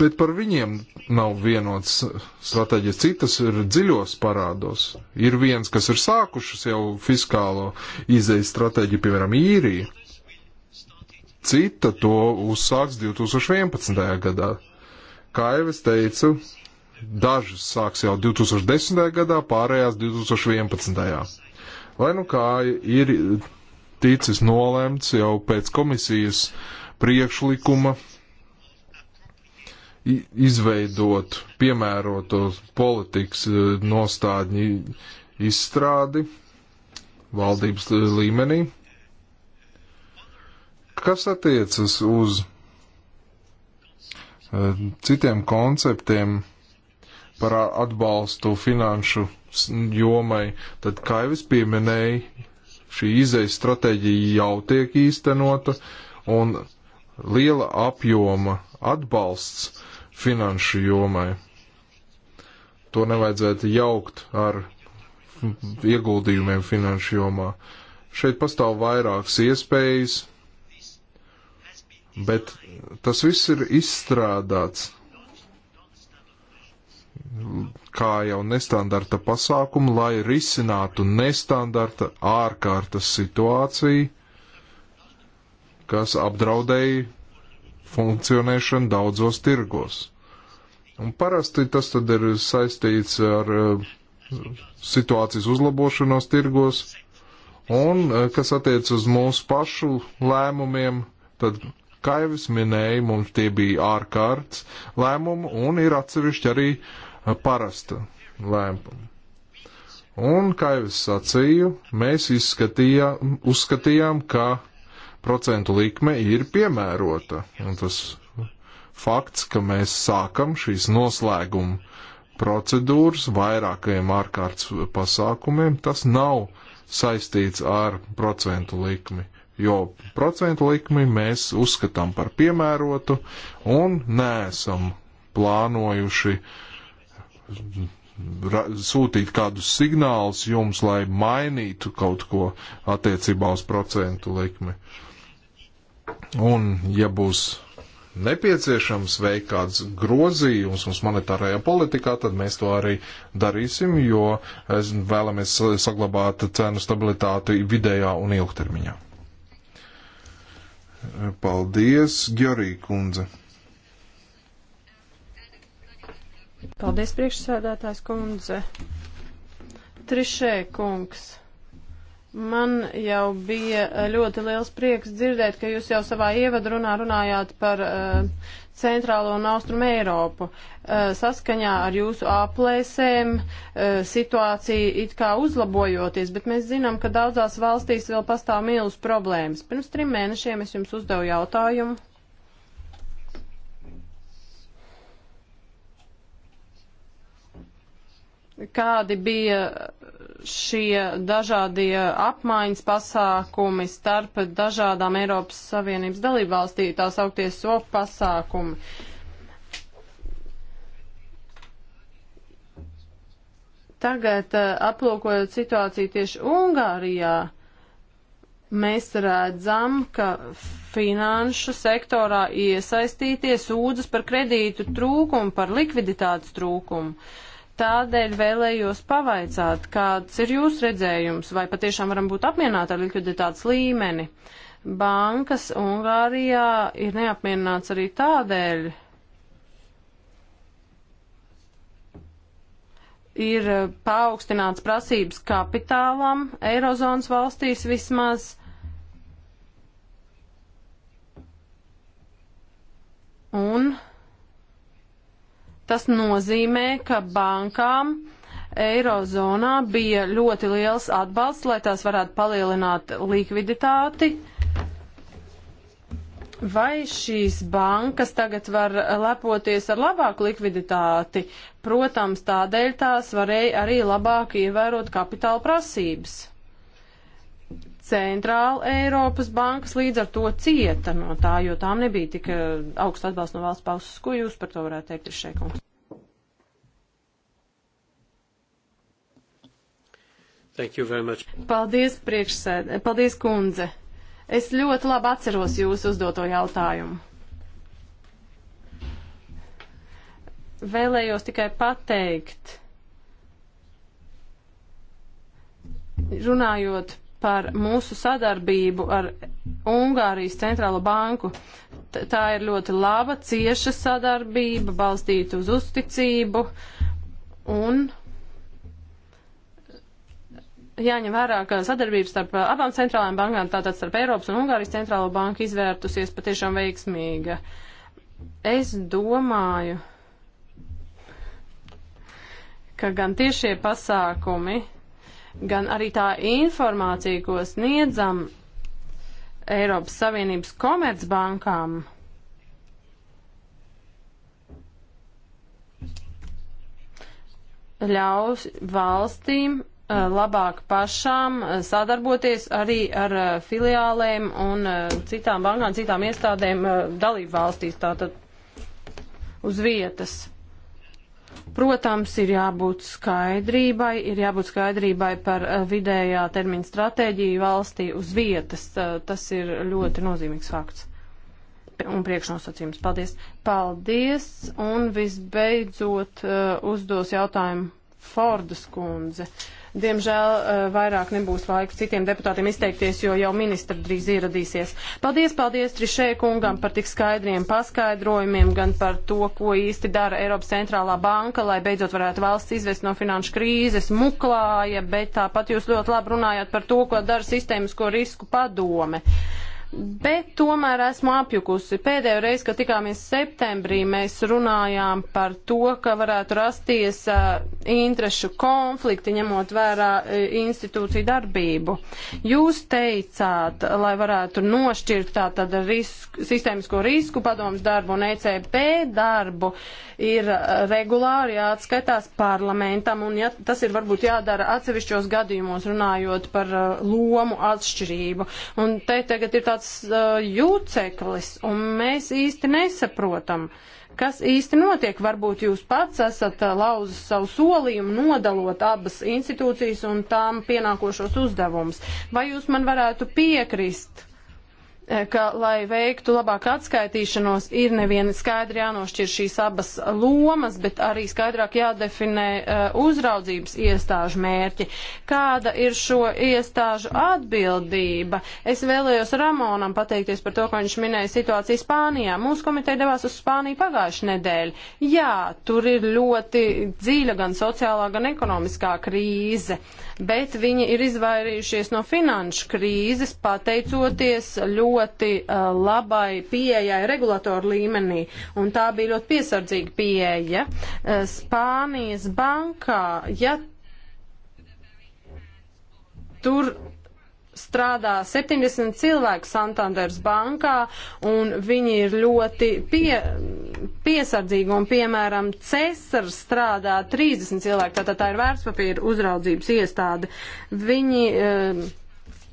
bet par viņiem nav vienots stratēģijas. Citas ir dziļos parādos. Ir viens, kas ir sākušas jau fiskālo izējas stratēģiju, piemēram, īrija. Cita to uzsāks 2011. gadā. Kā jau es teicu, dažas sāks jau 2010. gadā, pārējās 2011. Lai nu kā ir ticis nolēmts jau pēc komisijas priekšlikuma izveidot piemēroto politikas e, nostādņu izstrādi valdības līmenī. Kas attiecas uz e, citiem konceptiem par atbalstu finanšu jomai, tad, kā jau es pieminēju, Šī izejas stratēģija jau tiek īstenota un liela apjoma atbalsts finanšu jomai. To nevajadzētu jaukt ar ieguldījumiem finanšu jomā. Šeit pastāv vairākas iespējas, bet tas viss ir izstrādāts kā jau nestandarta pasākumu, lai risinātu nestandarta ārkārtas situāciju, kas apdraudēja funkcionēšanu daudzos tirgos. Un parasti tas tad ir saistīts ar eh, situācijas uzlabošanos tirgos, un eh, kas attiec uz mūsu pašu lēmumiem, tad kā jau es minēju, mums tie bija ārkārtas lēmumi un ir atsevišķi arī uh, parasta lēmuma. Un, kā jau es sacīju, mēs izskatījā, uzskatījām, ka procentu likme ir piemērota. Un tas fakts, ka mēs sākam šīs noslēguma procedūras vairākajiem ārkārtas pasākumiem, tas nav saistīts ar procentu likmi, jo procentu likmi mēs uzskatām par piemērotu un neesam plānojuši uh, sūtīt kādus signālus jums, lai mainītu kaut ko attiecībā uz procentu likmi. Un, ja būs nepieciešams veikt kāds grozījums mums monetārajā politikā, tad mēs to arī darīsim, jo vēlamies saglabāt cenu stabilitāti vidējā un ilgtermiņā. Paldies, Gjorī kundze! Paldies, priekšsēdētājs kundze. Trišē kungs. Man jau bija eh, ļoti liels prieks dzirdēt, ka jūs jau savā ievadrunā runājāt par uh, centrālo un austrumu Eiropu. Uh, saskaņā ar jūsu aplēsēm uh, situācija it kā uzlabojoties, bet mēs zinām, ka daudzās valstīs vēl pastāv milz problēmas. Pirms trim mēnešiem es jums uzdevu jautājumu kādi bija šie dažādie apmaiņas pasākumi starp dažādām Eiropas Savienības dalībvalstī, tā sauktie SOP pasākumi. Tagad eh, aplūkojot situāciju tieši Ungārijā, mēs redzam, ka finanšu sektorā iesaistīties sūdzas par kredītu trūkumu, par likviditātes trūkumu. Uh, Tādēļ vēlējos pavaicāt, kāds ir jūsu redzējums, vai patiešām varam būt apmierināti ar likviditātes līmeni. Bankas Ungārijā ir neapmierināts arī tādēļ, ir paaugstināts prasības kapitālam Eirozonas valstīs vismaz. Un Tas nozīmē, ka bankām Eirozonā bija ļoti liels atbalsts, lai tās varētu palielināt likviditāti. Vai šīs bankas tagad var lepoties ar labāku likviditāti? Protams, tādēļ tās varēja arī labāk ievērot kapitāla prasības. Centrāla Eiropas bankas līdz ar to cieta no tā, jo tām nebija tik eh, augsts atbalsts no valsts puses. Ko jūs par to varētu teikt, Rišēkungs? Paldies, priekšsēd... Paldies, kundze. Es ļoti labi atceros jūsu uzdoto jautājumu. Vēlējos tikai pateikt, runājot par mūsu sadarbību ar Ungārijas centrālo banku. T tā ir ļoti laba, cieša sadarbība, balstīta uz uzticību un jāņem vērā, ka sadarbības starp abām centrālajām bankām, tātad starp Eiropas un Ungārijas centrālo banku izvērtusies patiešām veiksmīga. Es domāju, ka gan tiešie pasākumi gan arī tā informācija, ko sniedzam Eiropas Savienības komercbankām. ļaus valstīm eh, labāk pašām eh, sadarboties arī ar eh, filiālēm un citām bankām, citām iestādēm dalību valstīs, tātad uz vietas. Protams, ir jābūt skaidrībai, ir jābūt skaidrībai par eh, vidējā termiņa stratēģiju valstī uz vietas. Eh, tas ir ļoti nozīmīgs fakts un priekšnosacījums. Paldies! Paldies! Un visbeidzot eh, uzdos jautājumu Fordas kundze. Uh, Diemžēl eh, vairāk nebūs laika citiem deputātiem izteikties, jo jau ministra drīz ieradīsies. Paldies, paldies Trišē kungam par tik skaidriem paskaidrojumiem, gan par to, ko īsti dara Eiropas centrālā banka, lai beidzot varētu valsts izvest no finanšu krīzes muklāja, bet tāpat jūs ļoti labi runājāt par to, ko dara sistēmas, ko risku padome. Bet tomēr esmu apjukusi. Pēdējo reizi, kad tikāmies septembrī, mēs runājām par to, ka varētu rasties uh, interešu konflikti, ņemot vērā uh, institūciju darbību. Jūs teicāt, lai varētu nošķirt tā tad risku, sistēmisko risku padomus darbu un ECB darbu, ir eh, regulāri jāatskaitās parlamentam, un ja, tas ir varbūt jādara atsevišķos gadījumos, runājot par uh, lomu atšķirību. Un te tagad ir tāds tāds uh, jūceklis, un mēs īsti nesaprotam, kas īsti notiek. Varbūt jūs pats esat uh, lauzis savu solījumu, nodalot abas institūcijas un tām pienākošos uzdevumus. Vai jūs man varētu piekrist? ka, lai veiktu labāku atskaitīšanos, ir neviena skaidri jānošķir šīs abas lomas, bet arī skaidrāk jādefinē uh, uzraudzības iestāžu mērķi. Kāda ir šo iestāžu atbildība? Es vēlējos Ramonam pateikties par to, ka viņš minēja situāciju Spānijā. Mūsu komiteja devās uz Spāniju pagājuši nedēļu. Jā, tur ir ļoti dziļa gan sociālā, gan ekonomiskā krīze. Uh, bet viņi ir izvairījušies no finanšu krīzes pateicoties ļoti uh, labai pieejai regulatoru līmenī, un tā bija ļoti piesardzīga pieeja. Uh, Spānijas bankā, ja tur strādā 70 cilvēku Santanders bankā, un viņi ir ļoti pie, piesardzīgi, un piemēram Cesar strādā 30 cilvēku, tātad tā ir vērtspapīra uzraudzības iestāde. Viņi, uh,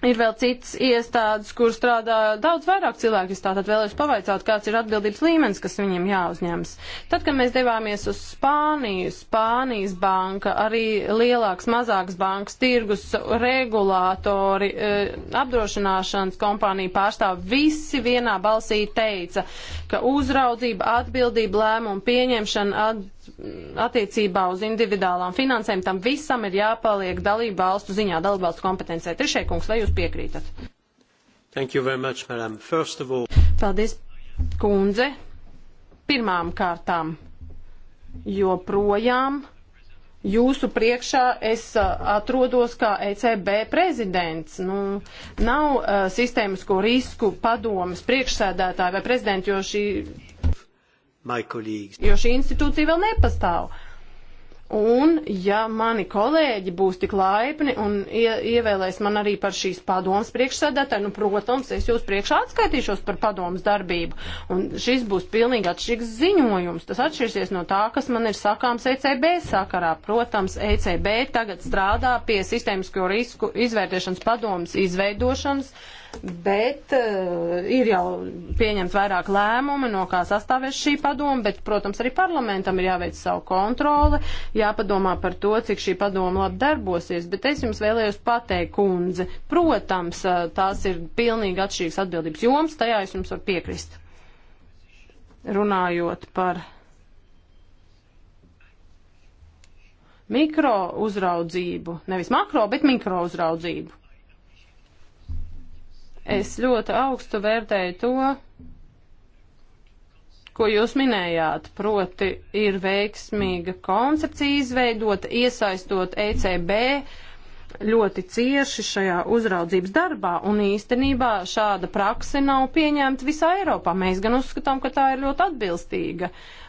Ir vēl citas iestādes, kur strādā daudz vairāk cilvēku. Es tātad vēlēšu pavaicāt, kāds ir atbildības līmenis, kas viņiem jāuzņemas. Tad, kad mēs devāmies uz Spāniju, Spānijas banka, arī lielāks, mazāks bankas, tirgus, regulātori, eh, apdrošināšanas kompānija pārstāv visi vienā balsī teica, ka uzraudzība, atbildība, lēmumu pieņemšana, atbildība attiecībā uz individuālām finansēm, tam visam ir jāpaliek dalību valstu ziņā, dalību valstu kompetencē. Trešie kungs, vai jūs piekrītat? Thank you very much, madam. First of all. Paldies, kundze. Pirmām kārtām joprojām jūsu priekšā es atrodos kā ECB prezidents. Nu, nav uh, sistēmas, ko risku padomas priekšsēdētāji vai prezidenti, jo šī Jo šī institūcija vēl nepastāv. Un, ja mani kolēģi būs tik laipni un ie, ievēlēs man arī par šīs padomas priekšsēdētāju, nu, protams, es jūs priekšā atskaitīšos par padomas darbību. Un šis būs pilnīgi atšķirīgs ziņojums. Tas atšķirsies no tā, kas man ir sakāms ECB sakarā. Protams, ECB tagad strādā pie sistēmisko risku izvērtēšanas padomas izveidošanas. Uh, bet uh, ir jau pieņemt vairāk lēmumi, no kā sastāvēs šī padoma, bet, protams, arī parlamentam ir jāveic savu kontroli, jāpadomā par to, cik šī padoma labi darbosies, bet es jums vēlējos pateikt, kundze, protams, uh, tās ir pilnīgi atšķirīgas atbildības joms, tajā es jums varu piekrist. Runājot par mikro uzraudzību, nevis makro, bet mikro uzraudzību Es ļoti augstu vērtēju to, ko jūs minējāt, proti ir veiksmīga koncepcija izveidota, iesaistot ECB ļoti cieši šajā uzraudzības darbā, un īstenībā šāda prakse nav pieņemta visā Eiropā. Mēs gan uzskatām, ka tā ir ļoti atbilstīga. Uh,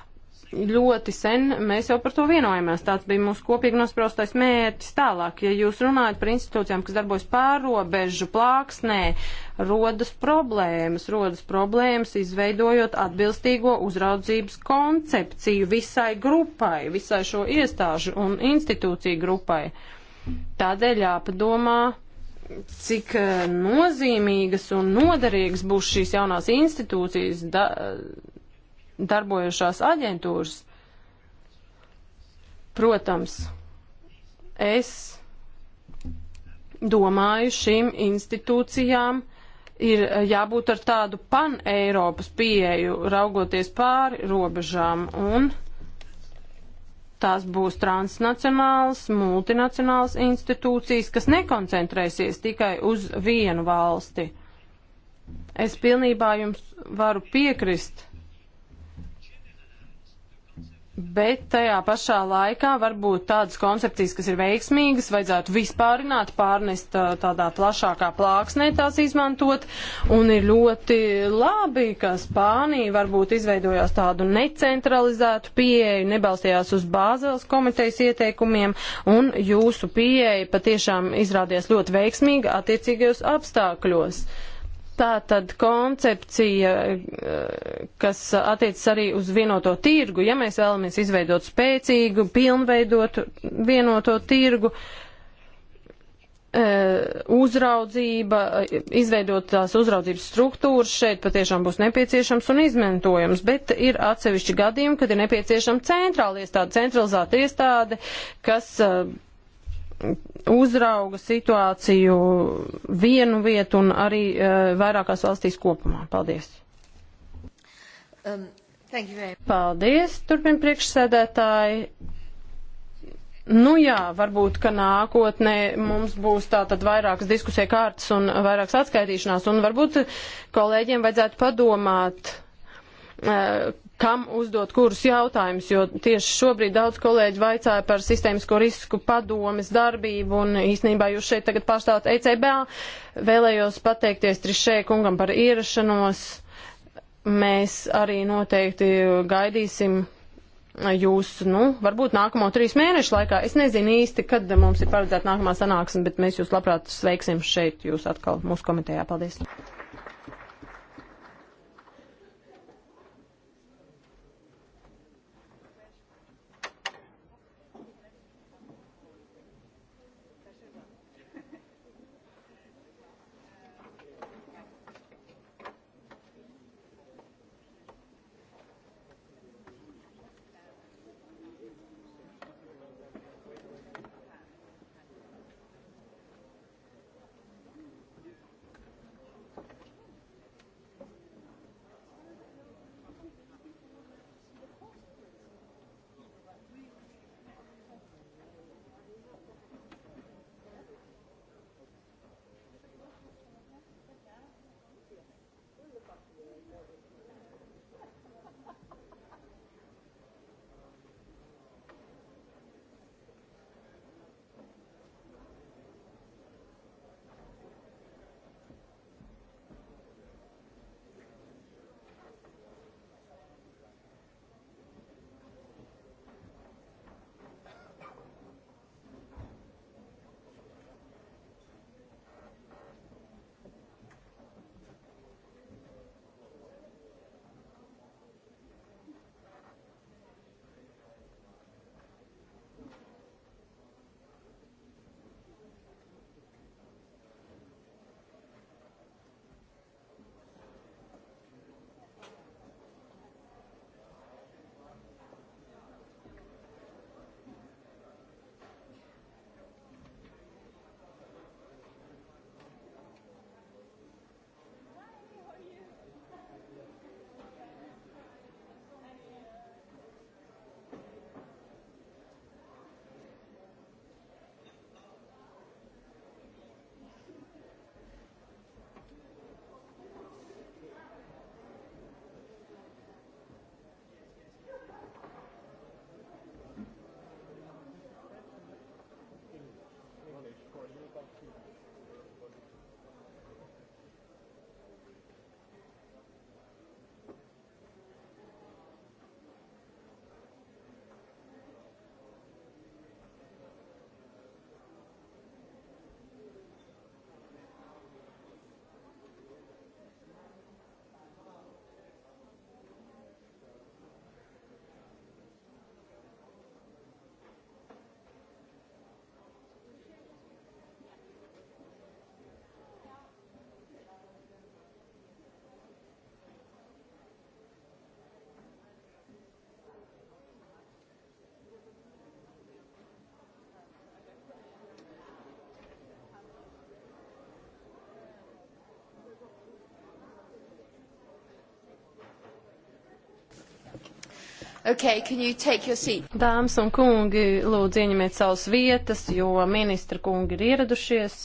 ļoti sen mēs jau par to vienojāmies. Tāds bija mūsu kopīgi nospraustais mērķis tālāk. Ja jūs runājat par institūcijām, kas darbojas pārobežu plāksnē, rodas problēmas, rodas problēmas izveidojot atbilstīgo uzraudzības koncepciju visai grupai, visai šo iestāžu un institūciju grupai. Tādēļ jāpadomā, cik eh, nozīmīgas un noderīgas būs šīs jaunās institūcijas. Da, darbojušās aģentūras. Protams, es domāju, šīm institūcijām ir jābūt ar tādu pan-Eiropas pieeju, raugoties pāri robežām, un tās būs transnacionāls, multinacionāls institūcijas, kas nekoncentrēsies tikai uz vienu valsti. Es pilnībā jums varu piekrist Bet tajā pašā laikā varbūt tādas koncepcijas, kas ir veiksmīgas, vajadzētu vispārināt, pārnest tādā plašākā plāksnē tās izmantot. Un ir ļoti labi, ka Spānija varbūt izveidojās tādu necentralizētu pieeju, nebalstījās uz Bāzeles komitejas ieteikumiem, un jūsu pieeja patiešām izrādījās ļoti veiksmīga attiecīgajos apstākļos. Uh, Tā tad koncepcija, eh, kas attiecas arī uz vienoto tirgu, ja mēs vēlamies izveidot spēcīgu, pilnveidotu vienoto tirgu, eh, uzraudzība, izveidot tās uzraudzības struktūras šeit patiešām būs nepieciešams un izmantojams, bet ir atsevišķi gadījumi, kad ir nepieciešama centrāla iestāde, centralizēta iestāde, kas eh, uzrauga situāciju vienu vietu un arī uh, vairākās valstīs kopumā. Paldies! Um, Paldies, turpin priekšsēdētāji. Nu jā, varbūt, ka nākotnē mums būs tātad vairākas diskusija kārtas un vairākas atskaitīšanās, un varbūt kolēģiem vajadzētu padomāt, uh, kam uzdot kurus jautājumus, jo tieši šobrīd daudz kolēģi vaicāja par sistēmisko risku padomes darbību, un īstenībā jūs šeit tagad pārstāvat ECB. Vēlējos pateikties Trišē kungam par ierašanos. Mēs arī noteikti gaidīsim jūs, nu, varbūt nākamo trīs mēnešu laikā. Es nezinu īsti, kad mums ir paredzēta nākamā sanāksme, bet mēs jūs labprāt sveiksim šeit, jūs atkal mūsu komitejā. Paldies! Okay, can you take your seat? Dāmas un kungi, lūdzu ieņemiet savas vietas, jo ministra kungi ir ieradušies.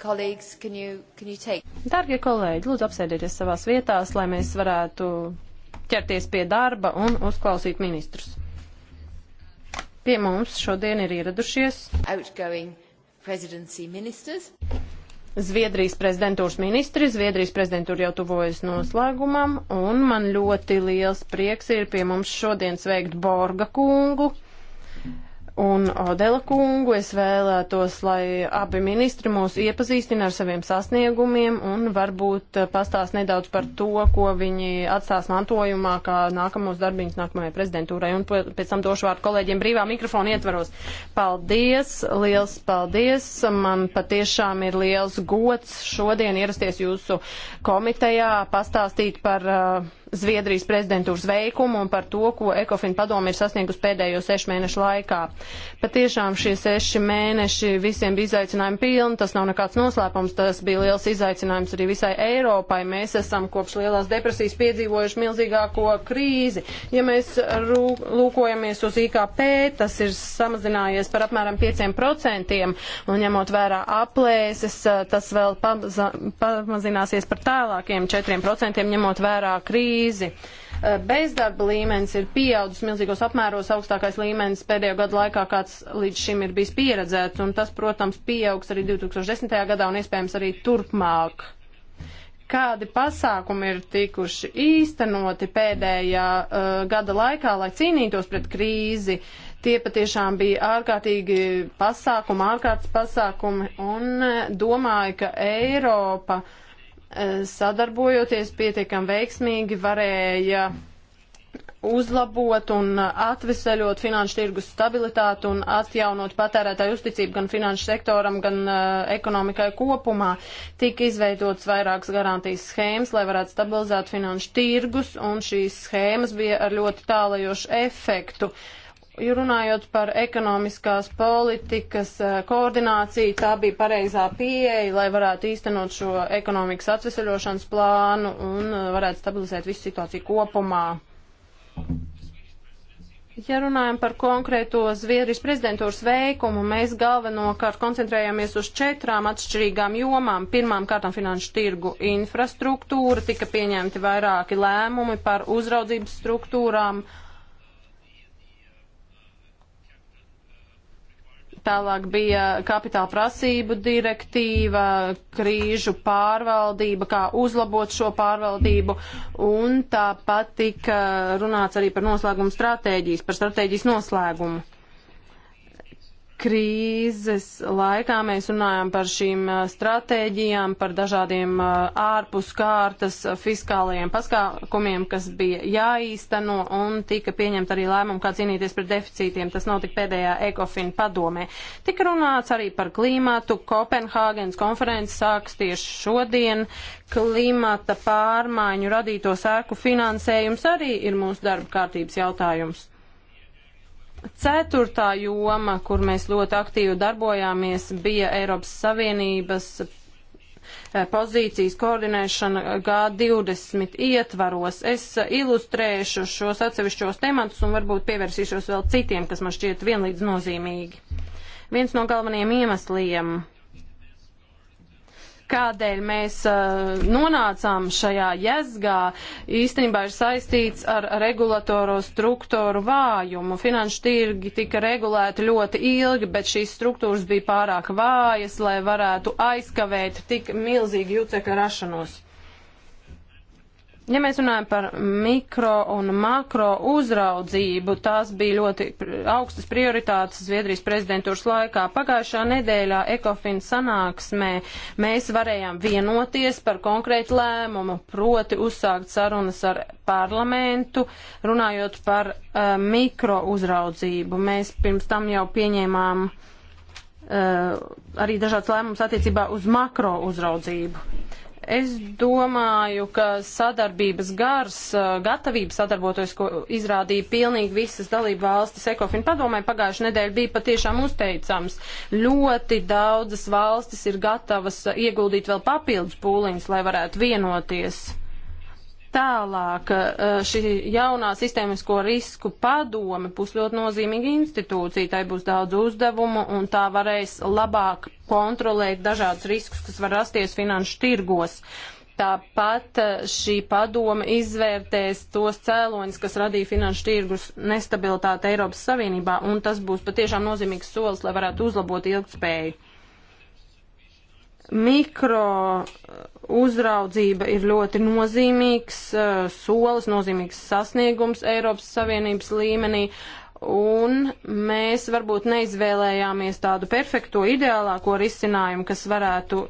Colleagues, can you, can you take... Dargie kolēģi, lūdzu apsēdieties savās vietās, lai mēs varētu ķerties pie darba un uzklausīt ministrus. Pie mums šodien ir ieradušies outgoing presidency ministers Zviedrijas prezidentūras ministri. Zviedrijas prezidentūra jau tuvojas noslēgumam, un man ļoti liels prieks ir pie mums šodien sveikt Borga kungu un Odela kungu. Es vēlētos, lai abi ministri mūs iepazīstina ar saviem sasniegumiem un varbūt pastāst nedaudz par to, ko viņi atstās mantojumā, kā nākamos darbiņus nākamajai prezidentūrai. Un pēc tam došu vārdu kolēģiem brīvā mikrofona ietvaros. Paldies, liels paldies. Man patiešām ir liels gods šodien ierasties jūsu komitejā, pastāstīt par uh, Zviedrijas prezidentūras veikumu un par to, ko Ekofin padomu ir sasniegusi pēdējo sešu mēnešu laikā. Patiešām šie seši mēneši visiem bija izaicinājumi pilni, tas nav nekāds noslēpums, tas bija liels izaicinājums arī visai Eiropai. Mēs esam kopš lielās depresijas piedzīvojuši milzīgāko krīzi. Ja mēs lūkojamies uz IKP, tas ir samazinājies par apmēram 5% un ņemot vērā aplēses, tas vēl pamaza, pamazināsies par tālākiem 4% ņemot vērā krīzi krīzi. Eh, bezdarba līmenis ir pieaudzis milzīgos apmēros, augstākais līmenis pēdējo gadu laikā, kāds līdz šim ir bijis pieredzēts, un tas, protams, pieaugs arī 2010. gadā un iespējams arī turpmāk. Kādi pasākumi ir tikuši īstenoti pēdējā uh, gada laikā, lai cīnītos pret krīzi? Uh, tie patiešām bija ārkārtīgi pasākumi, ārkārtas pasākumi, un eh, domāju, ka Eiropa uh, E, sadarbojoties pietiekam veiksmīgi varēja uzlabot un atveseļot finanšu tirgus stabilitāti un atjaunot patērētāju uzticību gan finanšu sektoram, gan uh, ekonomikai kopumā. Tika izveidots vairākas garantijas schēmas, lai varētu stabilizēt finanšu tirgus, un šīs schēmas bija ar ļoti tālajošu efektu. Uh, runājot par ekonomiskās politikas eh, koordināciju, tā bija pareizā pieeja, lai varētu īstenot šo ekonomikas atvesaļošanas plānu un eh, varētu stabilizēt visu situāciju kopumā. Ja runājam par konkrēto Zviedrijas prezidentūras veikumu, mēs galvenokārt koncentrējāmies uz četrām atšķirīgām jomām. Pirmām kārtām finanšu tirgu infrastruktūra, tika pieņemti vairāki lēmumi par uzraudzības struktūrām, uh, Tālāk bija kapitāla prasību direktīva, krīžu pārvaldība, kā uzlabot šo pārvaldību. Un tāpat tika runāts arī par noslēgumu stratēģijas, par stratēģijas noslēgumu krīzes laikā mēs runājam par šīm stratēģijām, par dažādiem ārpus kārtas fiskālajiem paskākumiem, kas bija jāīsteno un tika pieņemta arī lēmuma, kā cīnīties pret deficītiem. Tas notika pēdējā ECOFIN padomē. Tika runāts arī par klimatu. Kopenhāgens konferences sāks tieši šodien. Klimata pārmaiņu radīto sēku finansējums arī ir mūsu darba kārtības jautājums. Ceturtā joma, kur mēs ļoti aktīvi darbojāmies, bija Eiropas Savienības eh, pozīcijas koordinēšana G20 ietvaros. Es ilustrēšu šos atsevišķos tematus un varbūt pievērsīšos vēl citiem, kas man šķiet vienlīdz nozīmīgi. Viens no galvenajiem iemesliem kādēļ mēs uh, nonācām šajā jezgā, īstenībā ir saistīts ar regulatoro struktūru vājumu. Finanšu tirgi tika regulēti ļoti ilgi, bet šīs struktūras bija pārāk vājas, lai varētu aizkavēt tik milzīgu jucekļu rašanos. Ja mēs runājam par mikro un makro uzraudzību, tās bija ļoti augstas prioritātes Zviedrijas prezidentūras laikā. Pagājušā nedēļā Ekofin sanāksmē mēs varējām vienoties par konkrētu lēmumu, proti uzsākt sarunas ar parlamentu, runājot par uh, mikro uzraudzību. Mēs pirms tam jau pieņēmām uh, arī dažāds lēmums attiecībā uz makro uzraudzību. Es domāju, ka sadarbības gars, gatavība sadarboties, ko izrādīja pilnīgi visas dalību valstis Ekofin padomē pagājušajā nedēļā, bija patiešām uzteicams. Ļoti daudzas valstis ir gatavas ieguldīt vēl papildus pūliņus, lai varētu vienoties. Tālāk eh, šī jaunā sistēmisko risku padome būs ļoti nozīmīga institūcija, tai būs daudz uzdevumu un tā varēs labāk kontrolēt dažādus riskus, kas var rasties finanšu tirgos. Tāpat eh, šī padoma izvērtēs tos cēloņus, kas radīja finanšu tirgus nestabilitāti Eiropas Savienībā, un tas būs patiešām nozīmīgs solis, lai varētu uzlabot ilgtspēju. Mikro Uzraudzība ir ļoti nozīmīgs uh, solis, nozīmīgs sasniegums Eiropas Savienības līmenī, un mēs varbūt neizvēlējāmies tādu perfekto ideālāko risinājumu, kas varētu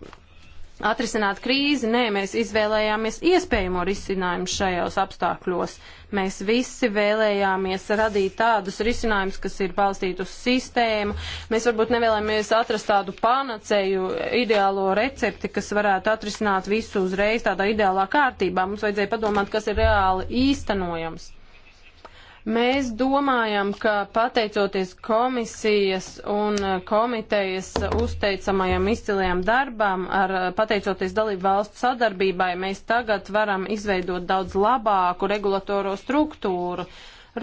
atrisināt krīzi, nē, mēs izvēlējāmies iespējamo risinājumu šajos apstākļos. Mēs visi vēlējāmies radīt tādus risinājumus, kas ir balstīti uz sistēmu. Mēs varbūt nevēlamies atrast tādu panaceju, ideālo recepti, kas varētu atrisināt visu uzreiz tādā ideālā kārtībā. Mums vajadzēja padomāt, kas ir reāli īstenojams. Mēs domājam, ka pateicoties komisijas un e, komitejas uzteicamajam izcilajam darbam, ar, e, pateicoties dalību valstu sadarbībai, mēs tagad varam izveidot daudz labāku regulatoro struktūru.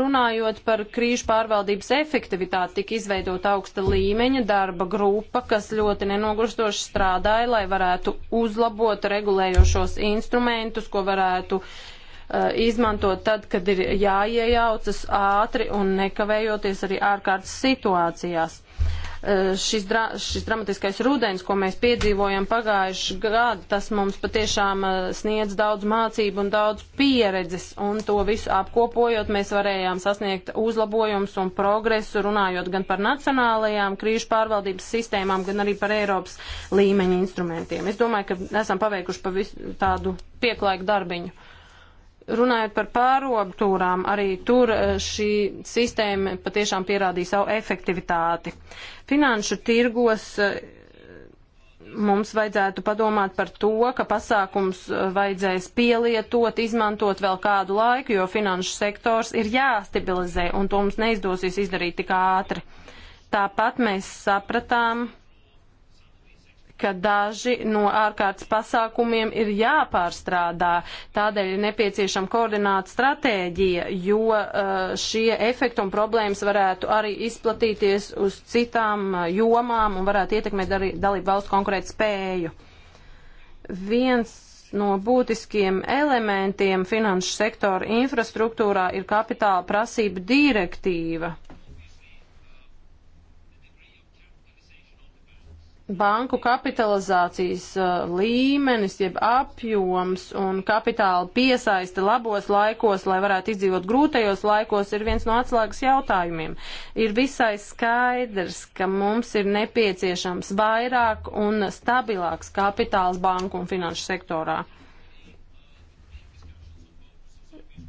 Runājot par krīžu pārvaldības efektivitāti, tika izveidota augsta līmeņa darba grupa, kas ļoti nenogurstoši strādāja, lai varētu uzlabot regulējošos instrumentus, ko varētu uh, Uh, izmantot tad, kad ir jāiejaucas ātri un nekavējoties arī ārkārtas situācijās. Uh, šis, dra šis dramatiskais rudens, ko mēs piedzīvojam pagājuši gadu, tas mums patiešām uh, sniedz daudz mācību un daudz pieredzes, un to visu apkopojot, mēs varējām sasniegt uzlabojums un progresu, runājot gan par nacionālajām krīžu pārvaldības sistēmām, gan arī par Eiropas līmeņa instrumentiem. Es domāju, ka esam paveikuši pa visu tādu pieklaiku darbiņu. Runājot par pārobtūrām, arī tur eh, šī sistēma patiešām pierādīja savu efektivitāti. Finanšu tirgos eh, mums vajadzētu padomāt par to, ka pasākums eh, vajadzēs pielietot, izmantot vēl kādu laiku, jo finanšu sektors ir jāstabilizē, un to mums neizdosies izdarīt tik ātri. Tāpat mēs sapratām, uh, ka daži no ārkārtas pasākumiem ir jāpārstrādā. Tādēļ ir nepieciešama koordināta stratēģija, jo uh, šie efekti un problēmas varētu arī izplatīties uz citām uh, jomām un varētu ietekmēt arī dalību valstu konkurēt spēju. Viens no būtiskiem elementiem finanšu sektora infrastruktūrā ir kapitāla prasība direktīva banku kapitalizācijas uh, līmenis, jeb apjoms un kapitāla piesaiste labos laikos, lai varētu izdzīvot grūtajos laikos, ir viens no atslēgas jautājumiem. Ir visai skaidrs, ka mums ir nepieciešams vairāk un stabilāks kapitāls banku un finanšu sektorā.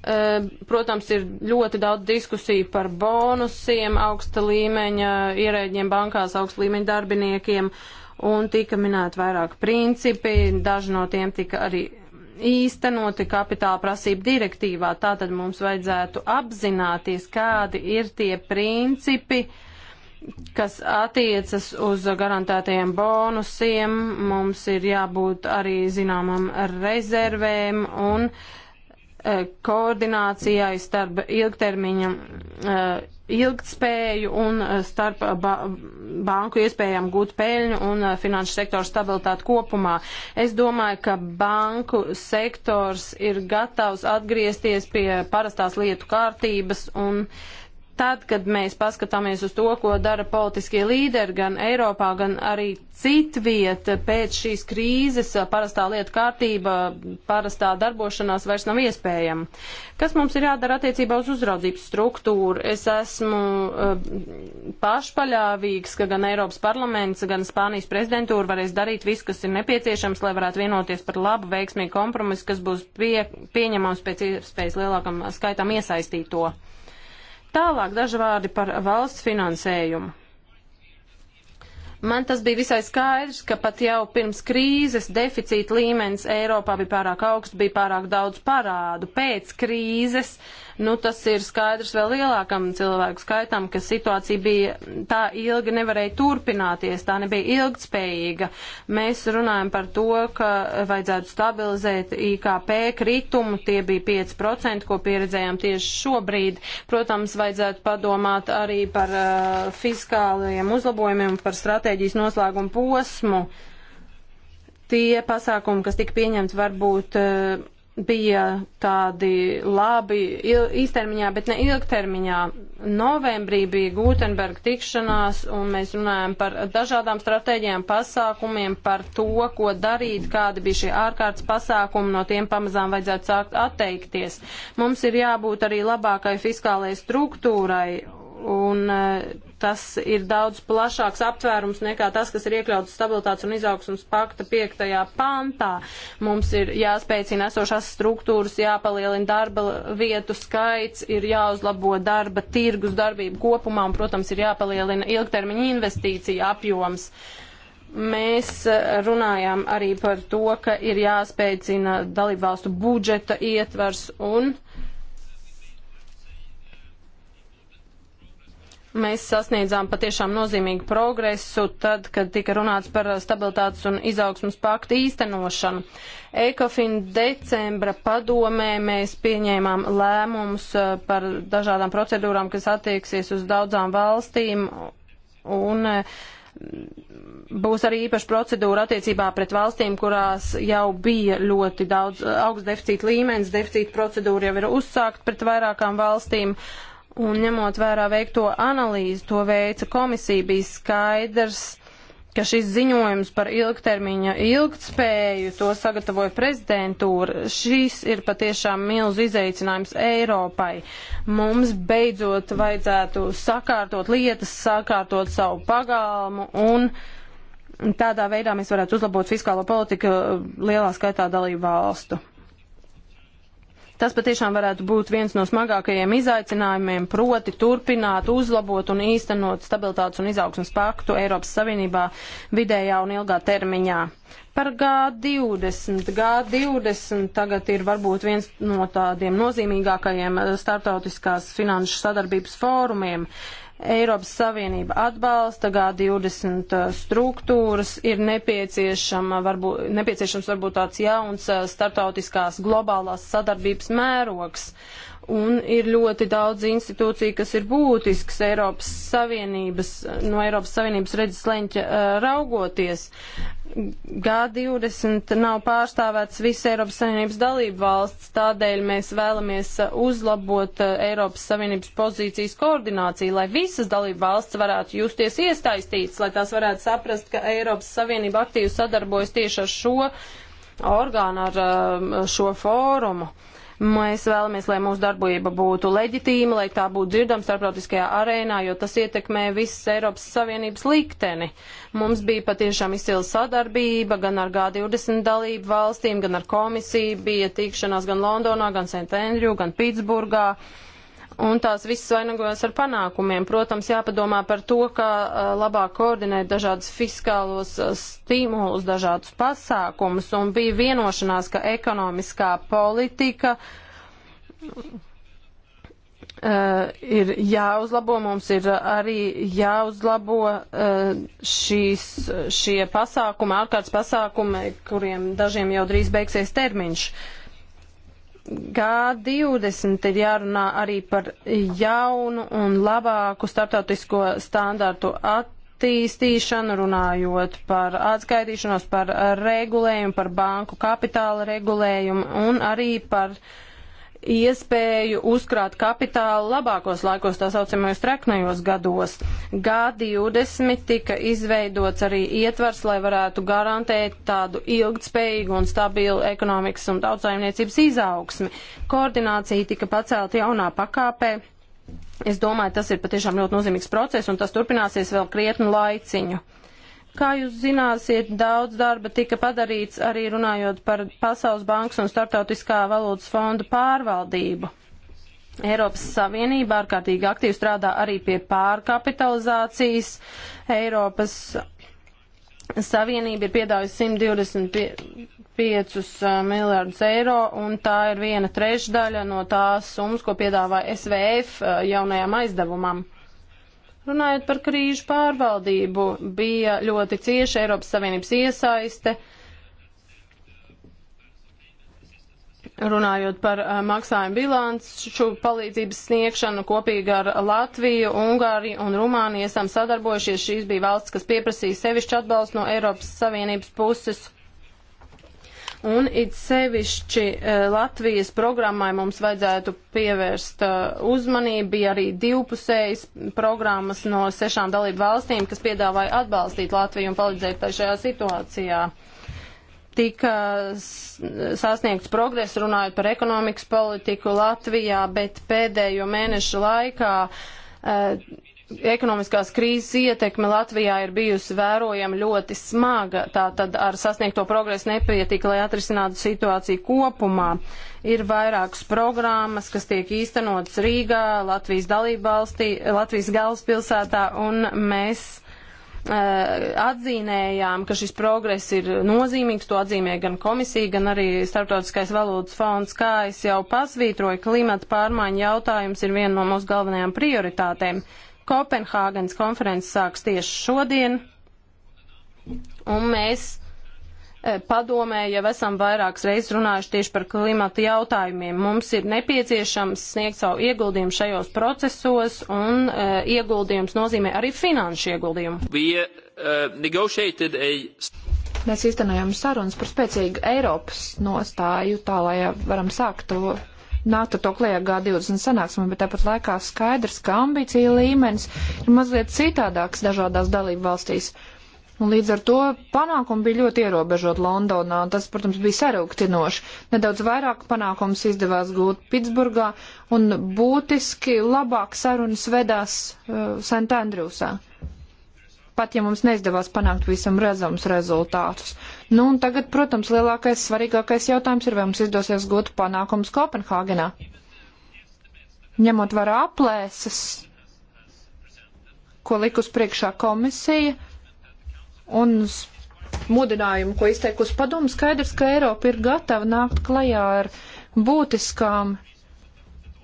Ehm, protams, ir ļoti daudz diskusiju par bonusiem, augsta līmeņa ierēģiem bankās, augsta līmeņa darbiniekiem, un tika minēti vairāk principi, daži no tiem tika arī īstenoti kapitāla prasību direktīvā. Tātad mums vajadzētu apzināties, kādi ir tie principi, kas attiecas uz garantētajiem bonusiem. Mums ir jābūt arī zināmam rezervēm un uh, E, koordinācijai starp ilgtermiņa e, ilgtspēju un e, starp ba banku iespējām gūt peļņu un finanšu sektoru stabilitāti kopumā. Es domāju, ka banku sektors ir gatavs atgriezties pie parastās lietu kārtības un uh, Tad, kad mēs paskatāmies uz to, ko dara politiskie līderi gan Eiropā, gan arī citvieta pēc šīs krīzes, parastā lietu kārtība, parastā darbošanās vairs nav iespējama. Kas mums ir jādara attiecībā uz uzraudzības struktūru? Es esmu uh, pašpaļāvīgs, ka gan Eiropas parlaments, gan Spānijas prezidentūra varēs darīt visu, kas ir nepieciešams, lai varētu vienoties par labu, veiksmīgu kompromisu, kas būs pie, pieņemams pēc iespējas lielākam skaitam iesaistīto. Tālāk daži vārdi par valsts finansējumu. Man tas bija visai skaidrs, ka pat jau pirms krīzes deficīta līmenis Eiropā bija pārāk augsts, bija pārāk daudz parādu. Pēc krīzes uh, nu tas ir skaidrs vēl lielākam cilvēku skaitam, ka situācija bija tā ilgi nevarēja turpināties, tā nebija ilgtspējīga. Mēs runājam par to, ka vajadzētu stabilizēt IKP kritumu, tie bija 5%, ko pieredzējām tieši šobrīd. Protams, vajadzētu padomāt arī par uh, fiskālajiem uzlabojumiem, par stratēģijas noslēgumu posmu. Tie pasākumi, kas tika pieņemti, varbūt uh, bija tādi labi īstermiņā, bet ne ilgtermiņā. Novembrī bija Gutenberga tikšanās, un mēs runājām par dažādām stratēģijām, pasākumiem, par to, ko darīt, kādi bija šie ārkārtas pasākumi, no tiem pamazām vajadzētu sākt atteikties. Mums ir jābūt arī labākai fiskālajai struktūrai, un eh, tas ir daudz plašāks aptvērums nekā tas, kas ir iekļauts stabilitātes un izaugsmas pakta piektajā pantā. Mums ir jāspēcina esošās struktūras, jāpalielina darba vietu skaits, ir jāuzlabo darba tirgus darbību kopumā un, protams, ir jāpalielina ilgtermiņa investīcija apjoms mēs eh, runājām arī par to, ka ir jāspēcina dalībvalstu budžeta ietvars un Mēs sasniedzām patiešām nozīmīgu progresu tad, kad tika runāts par stabilitātes un izaugsmas paktu īstenošanu. Ekofin decembra padomē mēs pieņēmām lēmumus eh, par dažādām procedūrām, kas attieksies uz daudzām valstīm un eh, būs arī īpaša procedūra attiecībā pret valstīm, kurās jau bija ļoti daudz eh, augsts deficīta līmenis. Deficīta procedūra jau ir uzsākt pret vairākām valstīm. Uh, Un ņemot vērā veikto analīzi, to veica komisija, bija skaidrs, ka šis ziņojums par ilgtermiņa ilgtspēju, to sagatavoja prezidentūra, šis ir patiešām milz izaicinājums Eiropai. Mums beidzot vajadzētu sakārtot lietas, sakārtot savu pagalmu un tādā veidā mēs varētu uzlabot fiskālo politiku lielā skaitā dalību valstu. Tas patiešām varētu būt viens no smagākajiem izaicinājumiem, proti turpināt, uzlabot un īstenot stabilitātes un izaugsmas paktu Eiropas Savienībā vidējā un ilgā termiņā. Par G20. G20 tagad ir varbūt viens no tādiem nozīmīgākajiem starptautiskās finanšu sadarbības fórumiem. Uh, Eiropas Savienība atbalsta G20 uh, struktūras, ir nepieciešama, varbūt, nepieciešams varbūt tāds jauns uh, starptautiskās globālās sadarbības mērogs. Uh, un ir ļoti daudz institūciju, kas ir būtisks Eiropas Savienības, no Eiropas Savienības redzes leņķa uh, raugoties. G20 nav pārstāvēts viss Eiropas Savienības dalību valsts, tādēļ mēs vēlamies uzlabot Eiropas Savienības pozīcijas koordināciju, lai visas dalību valsts varētu justies iesaistītas, lai tās varētu saprast, ka Eiropas Savienība aktīvi sadarbojas tieši ar šo orgānu, ar šo fórumu. Uh, Mēs vēlamies, lai mūsu darbība būtu leģitīma, lai tā būtu dzirdama starptautiskajā arēnā, jo tas ietekmē visas Eiropas Savienības likteni. Mums bija patiešām izcila sadarbība gan ar G20 dalību valstīm, gan ar komisiju, bija tikšanās gan Londonā, gan St. Andrew, gan Pitsburgā. Uh, un tās visas vainagojas ar panākumiem. Protams, jāpadomā par to, kā labāk koordinēt dažādus fiskālos stimulus, dažādus pasākumus, un bija vienošanās, ka ekonomiskā politika uh, ir jāuzlabo, mums ir arī jāuzlabo uh, šīs, šie pasākumi, ārkārtas pasākumi, kuriem dažiem jau drīz beigsies termiņš. Uh, G20 ir jārunā arī par jaunu un labāku starptautisko standārtu attīstīšanu, runājot par atskaitīšanos, par regulējumu, par banku kapitāla regulējumu un arī par uh, iespēju uzkrāt kapitālu labākos laikos, tā saucamajos treknajos gados. G20 tika izveidots arī ietvars, lai varētu garantēt tādu ilgtspējīgu un stabilu ekonomikas un tautsājumniecības izaugsmi. Koordinācija tika pacelta jaunā pakāpē. Es domāju, tas ir patiešām ļoti nozīmīgs process, un tas turpināsies vēl krietnu laiciņu. Kā jūs zināsiet, daudz darba tika padarīts arī runājot par Pasaules bankas un Startautiskā valūtas fonda pārvaldību. Eiropas Savienība ārkārtīgi aktīvi strādā arī pie pārkapitalizācijas. Eiropas Savienība ir piedāvājusi 125 eh, miljārdus eiro, un tā ir viena trešdaļa no tās summas, ko piedāvāja SVF eh, jaunajam aizdevumam. Runājot par krīžu pārvaldību, bija ļoti cieša Eiropas Savienības iesaiste. Runājot par eh, maksājumu bilanču palīdzības sniegšanu kopīgi ar Latviju, Ungāriju un Rumāniju esam sadarbojušies. Šīs bija valsts, kas pieprasīja sevišķu atbalstu no Eiropas Savienības puses. Un it sevišķi eh, Latvijas programmai mums vajadzētu pievērst eh, uzmanību. Bija arī divpusējas programmas no sešām dalību valstīm, kas piedāvāja atbalstīt Latviju un palīdzēt tai šajā situācijā. Tika sasniegts progress runājot par ekonomikas politiku Latvijā, bet pēdējo mēnešu laikā uh, Ekonomiskās krīzes ietekme Latvijā ir bijusi vērojama ļoti smaga, tātad ar sasniegto progresu nepietika, lai atrisinātu situāciju kopumā. Ir vairākas programmas, kas tiek īstenotas Rīgā, Latvijas dalībvalstī, Latvijas galvaspilsētā, un mēs uh, atzīmējām, ka šis progress ir nozīmīgs, to atzīmē gan komisija, gan arī Startautiskais valūtas fonds, kā es jau pasvītroju, klimata pārmaiņu jautājums ir viena no mūsu galvenajām prioritātēm. Uh, Kopenhāgenes konferences sāks tieši šodien, un mēs e, padomē jau esam vairākas reizes runājuši tieši par klimata jautājumiem. Mums ir nepieciešams sniegt savu ieguldījumu šajos procesos, un uh, ieguldījums nozīmē arī finanšu ieguldījumu. We, uh, a... Mēs iztenojam sarunas par spēcīgu Eiropas nostāju, tā lai varam sākt to nākt ar to klējā G20 sanāksmē, bet tāpat laikā skaidrs, ka ambīcija līmenis ir mazliet citādāks dažādās dalību valstīs. Un līdz ar to panākumi bija ļoti ierobežot Londonā, un tas, protams, bija sarūktinoši. Nedaudz vairāk panākums izdevās gūt Pitsburgā, un būtiski labāk sarunas vedās uh, St. Andrewsā pat ja mums neizdevās panākt visam redzams rezultātus. Nu, un tagad, protams, lielākais, svarīgākais jautājums ir, vai mums izdosies gūt panākums Kopenhāgenā. Ņemot vērā aplēses, ko likus priekšā komisija, un mudinājumu, ko izteikusi padomu, skaidrs, ka Eiropa ir gatava nākt klajā ar būtiskām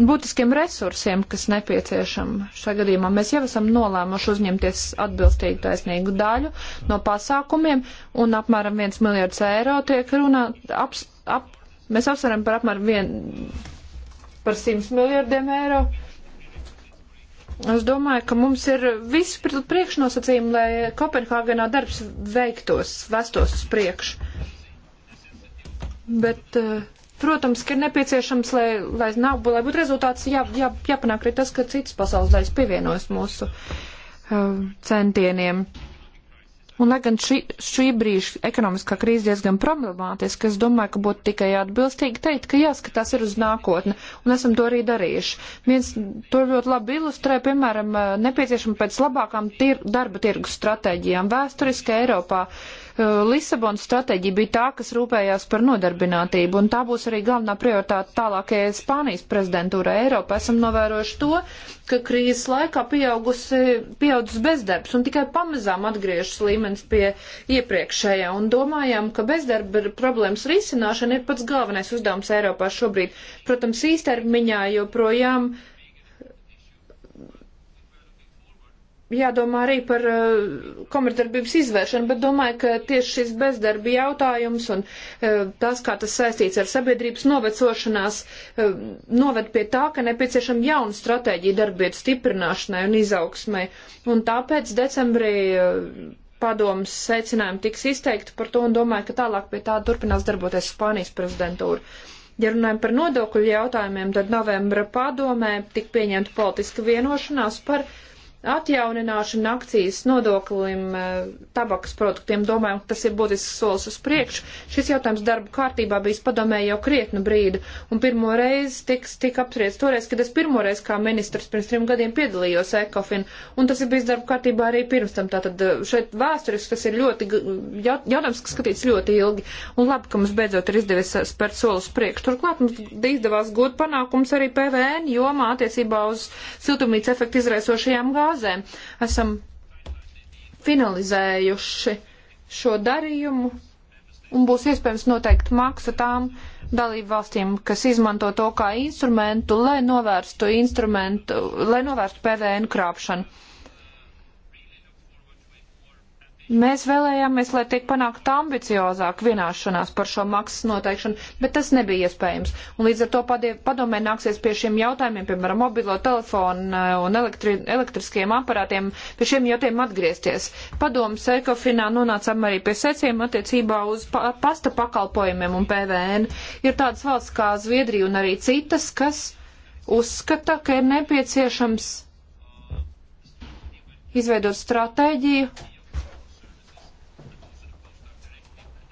būtiskiem resursiem, kas nepieciešama šajā gadījumā. Mēs jau esam nolēmuši uzņemties atbilstīgu taisnīgu daļu no pasākumiem, un apmēram 1 miljards eiro tiek runā, ap, ap, mēs apsveram par apmēram 1, par 100 miljardiem eiro. Es domāju, ka mums ir visi priekšnosacījumi, lai Kopenhāgenā darbs veiktos, vestos uz priekšu. Bet uh, Protams, ka ir nepieciešams, lai, lai, nav, lai būtu rezultāts, jā, jā, jāpanāk arī tas, ka citas pasaules daļas pievienojas mūsu uh, centieniem. Un, lai gan šī, šī brīža ekonomiskā krīze diezgan problemātiska, es domāju, ka būtu tikai atbilstīgi teikt, ka jāskatās ir uz nākotni, un esam to arī darījuši. Viens to ļoti labi ilustrē, piemēram, nepieciešama pēc labākām tir, darba tirgus stratēģijām vēsturiski Eiropā. Uh, Eh, Lisabonas stratēģija bija tā, kas rūpējās par nodarbinātību, un tā būs arī galvenā prioritāte tālākajai Spānijas prezidentūrai Eiropā. Esam novērojuši to, ka krīzes laikā pieaudzis bezdarbs un tikai pamazām atgriežas līmenis pie iepriekšējā, un domājām, ka bezdarba problēmas risināšana ir pats galvenais uzdevums Eiropā šobrīd. Protams, īstermiņā joprojām. Uh, jādomā arī par uh, komercdarbības izvēršanu, bet domāju, ka tieši šis bezdarbi jautājums un uh, tas, kā tas saistīts ar sabiedrības novecošanās, uh, noved pie tā, ka nepieciešama jauna stratēģija darbietu stiprināšanai un izaugsmai. Un tāpēc decembrī padomas secinājumi tiks izteikti par to un domāju, ka tālāk pie tā turpinās darboties Spānijas prezidentūra. Ja runājam par nodokļu jautājumiem, tad novembra padomē tika pieņemta politiska vienošanās par uh, atjaunināšanu akcijas nodoklim eh, tabakas produktiem. Domājam, ka tas ir būtisks solis uz priekšu. Šis jautājums darba kārtībā bijis padomē jau krietnu brīdi, un pirmo reizi tiks, tika apspriests toreiz, kad es pirmo reizi kā ministrs pirms trim gadiem piedalījos ECOFIN, un tas ir bijis darba kārtībā arī pirms tam. Tātad eh, šeit vēsturiski tas ir ļoti, jautājums, kas skatīts ļoti ilgi, un labi, ka mums beidzot ir izdevies spērt solis priekšu. Turklāt mums izdevās gūt panākums arī PVN jomā attiecībā uz siltumnīca efektu izraisošajām gāzēm fāzēm esam finalizējuši šo darījumu un būs iespējams noteikt maksa tām dalību valstīm, kas izmanto to kā instrumentu, lai novērstu, instrumentu, lai novērstu PVN krāpšanu. Mēs vēlējāmies, lai tiek panākt ambiciozāk vienāšanās par šo maksas noteikšanu, bet tas nebija iespējams. Un līdz ar to padomē nāksies pie šiem jautājumiem, piemēram, mobilo telefonu e, un elektri, elektriskiem aparātiem, pie šiem jautājumiem atgriezties. Padomas ekofinā nonācām arī pie seciem attiecībā uz pa pasta pakalpojumiem un PVN. Ir tādas valsts kā Zviedrija un arī citas, kas uzskata, ka ir nepieciešams izveidot stratēģiju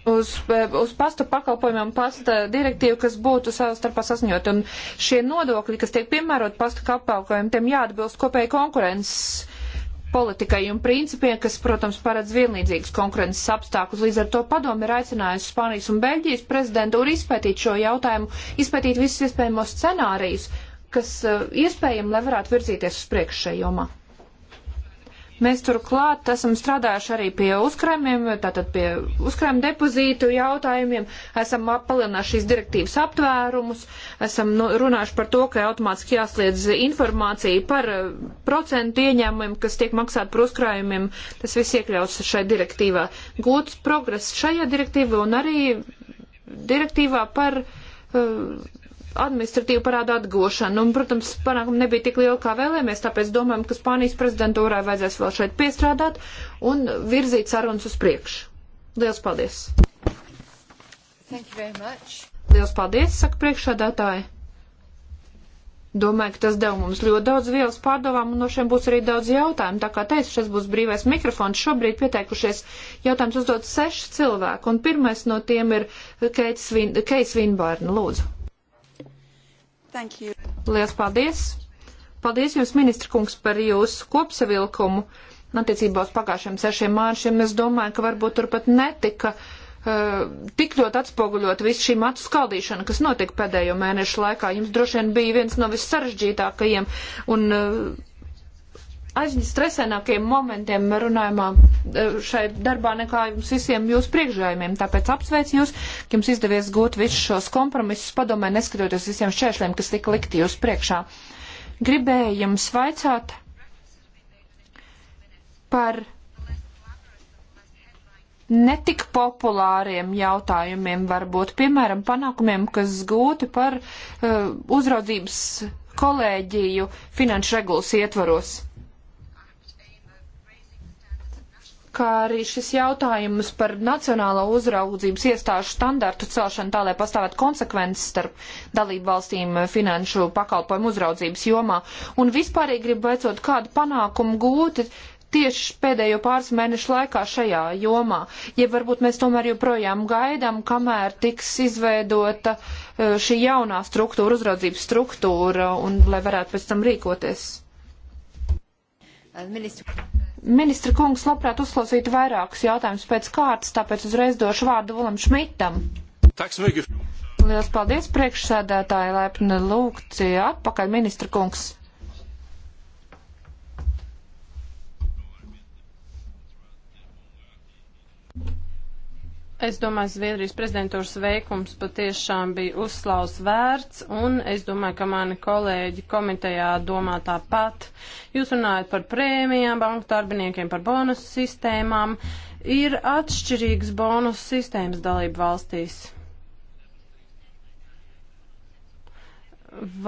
uz, uz pastu pakalpojumiem pasta direktīvu, kas būtu savstarpā sasņot. Un šie nodokļi, kas tiek piemērot pastu pakalpojumiem, tiem jāatbilst kopēji konkurences politikai un principiem, kas, protams, paredz vienlīdzīgas konkurences apstākļus. Līdz ar to padomi ir aicinājusi Spānijas un Beļģijas prezidentūru izpētīt šo jautājumu, izpētīt visus iespējamos scenārijus, kas uh, iespējami, lai varētu virzīties uz priekšu šajā jomā. Mēs turklāt esam strādājuši arī pie uzkrājumiem, tātad pie uzkrājuma depozītu jautājumiem, esam palielinājuši šīs direktīvas aptvērumus, esam nu, runājuši par to, ka automātiski jāsliedz informācija par eh, procentu ieņēmumiem, kas tiek maksāt par uzkrājumiem. Tas viss iekļauts šai direktīvā. Gūts progress šajā direktīvā un arī direktīvā par. Uh, administratīvu parādu atgūšanu. Un, protams, panākumi nebija tik lieli, kā vēlējāmies, tāpēc domājam, ka Spānijas prezidentūrai vajadzēs vēl šeit piestrādāt un virzīt sarunas uz priekšu. Lielas paldies! Lielas paldies, saka priekšādātāji. Domāju, ka tas deva mums ļoti daudz vielas pārdomām, un no šiem būs arī daudz jautājumu. Tā kā teicu, šis būs brīvais mikrofons. Šobrīd pieteikušies jautājums uzdot seši cilvēki, un pirmais no tiem ir Keits Vinbārna. Lūdzu. Lielas paldies! Paldies jums, ministra kungs, par jūsu kopsavilkumu attiecībā uz pagājušiem sešiem māršiem. Es domāju, ka varbūt turpat netika eh, tik ļoti atspoguļot visu šī matu skaldīšanu, kas notika pēdējo mēnešu laikā. Jums droši vien bija viens no vissaržģītākajiem un uh, aizstresenākiem momentiem runājumā e, šai darbā nekā jums visiem jūsu priekšgājumiem. Tāpēc apsveicu jūs, ka jums izdevies gūt visus šos kompromisus padomē, neskatoties visiem šķēršļiem, kas tika likti jūs priekšā. Gribēju jums vaicāt par netik populāriem jautājumiem, varbūt, piemēram, panākumiem, kas gūti par uh, uzraudzības kolēģiju finanšu regulas ietvaros kā arī šis jautājums par nacionālo uzraudzības iestāžu standartu celšanu tā, lai pastāvētu konsekvences starp dalību valstīm finanšu pakalpojumu uzraudzības jomā. Un vispārīgi gribu veicot, kādu panākumu gūti tieši pēdējo pāris mēnešu laikā šajā jomā. Ja varbūt mēs tomēr joprojām gaidām, kamēr tiks izveidota e, šī jaunā struktūra, uzraudzības struktūra, un lai varētu pēc tam rīkoties. Ministru. Ministra kungs labprāt uzklausītu vairākus jautājumus pēc kārtas, tāpēc uzreiz došu vārdu Vulam Šmitam. Liels paldies priekšsēdētāji, laipni lūgti atpakaļ ministra kungs. Es domāju, Zviedrijas prezidentūras veikums patiešām bija uzslaus vērts, un es domāju, ka mani kolēģi komitejā domā tāpat. Jūs runājat par prēmijām, banku darbiniekiem, par bonusu sistēmām. Ir atšķirīgas bonusu sistēmas dalību valstīs.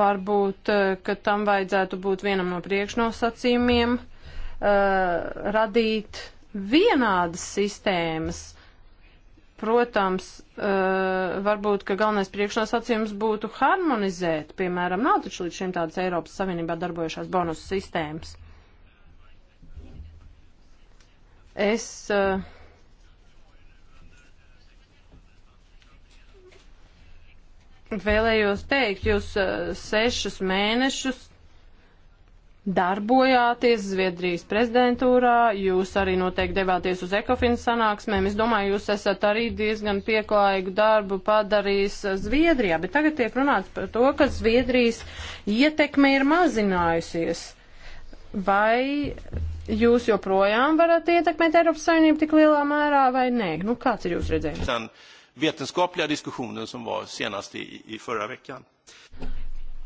Varbūt, ka tam vajadzētu būt vienam no priekšnosacījumiem, uh, radīt vienādas sistēmas Protams, eh, varbūt, ka galvenais priekšnosacījums būtu harmonizēt, piemēram, nav taču līdz šim tādas Eiropas Savienībā darbojušās bonusu sistēmas. Es uh, Vēlējos teikt, jūs eh, sešus mēnešus darbojāties Zviedrijas prezidentūrā, jūs arī noteikti devāties uz Ekofinu sanāksmēm. Es domāju, jūs esat arī diezgan pieklājīgu darbu padarījis Zviedrijā, bet tagad tiek runāts par to, ka Zviedrijas ietekme ir mazinājusies. Vai jūs joprojām varat ietekmēt Eiropas Savienību tik lielā mērā vai nē? Nu, kāds ir jūsu redzējums? vetenskapliga diskussionen som var senast i, i förra veckan.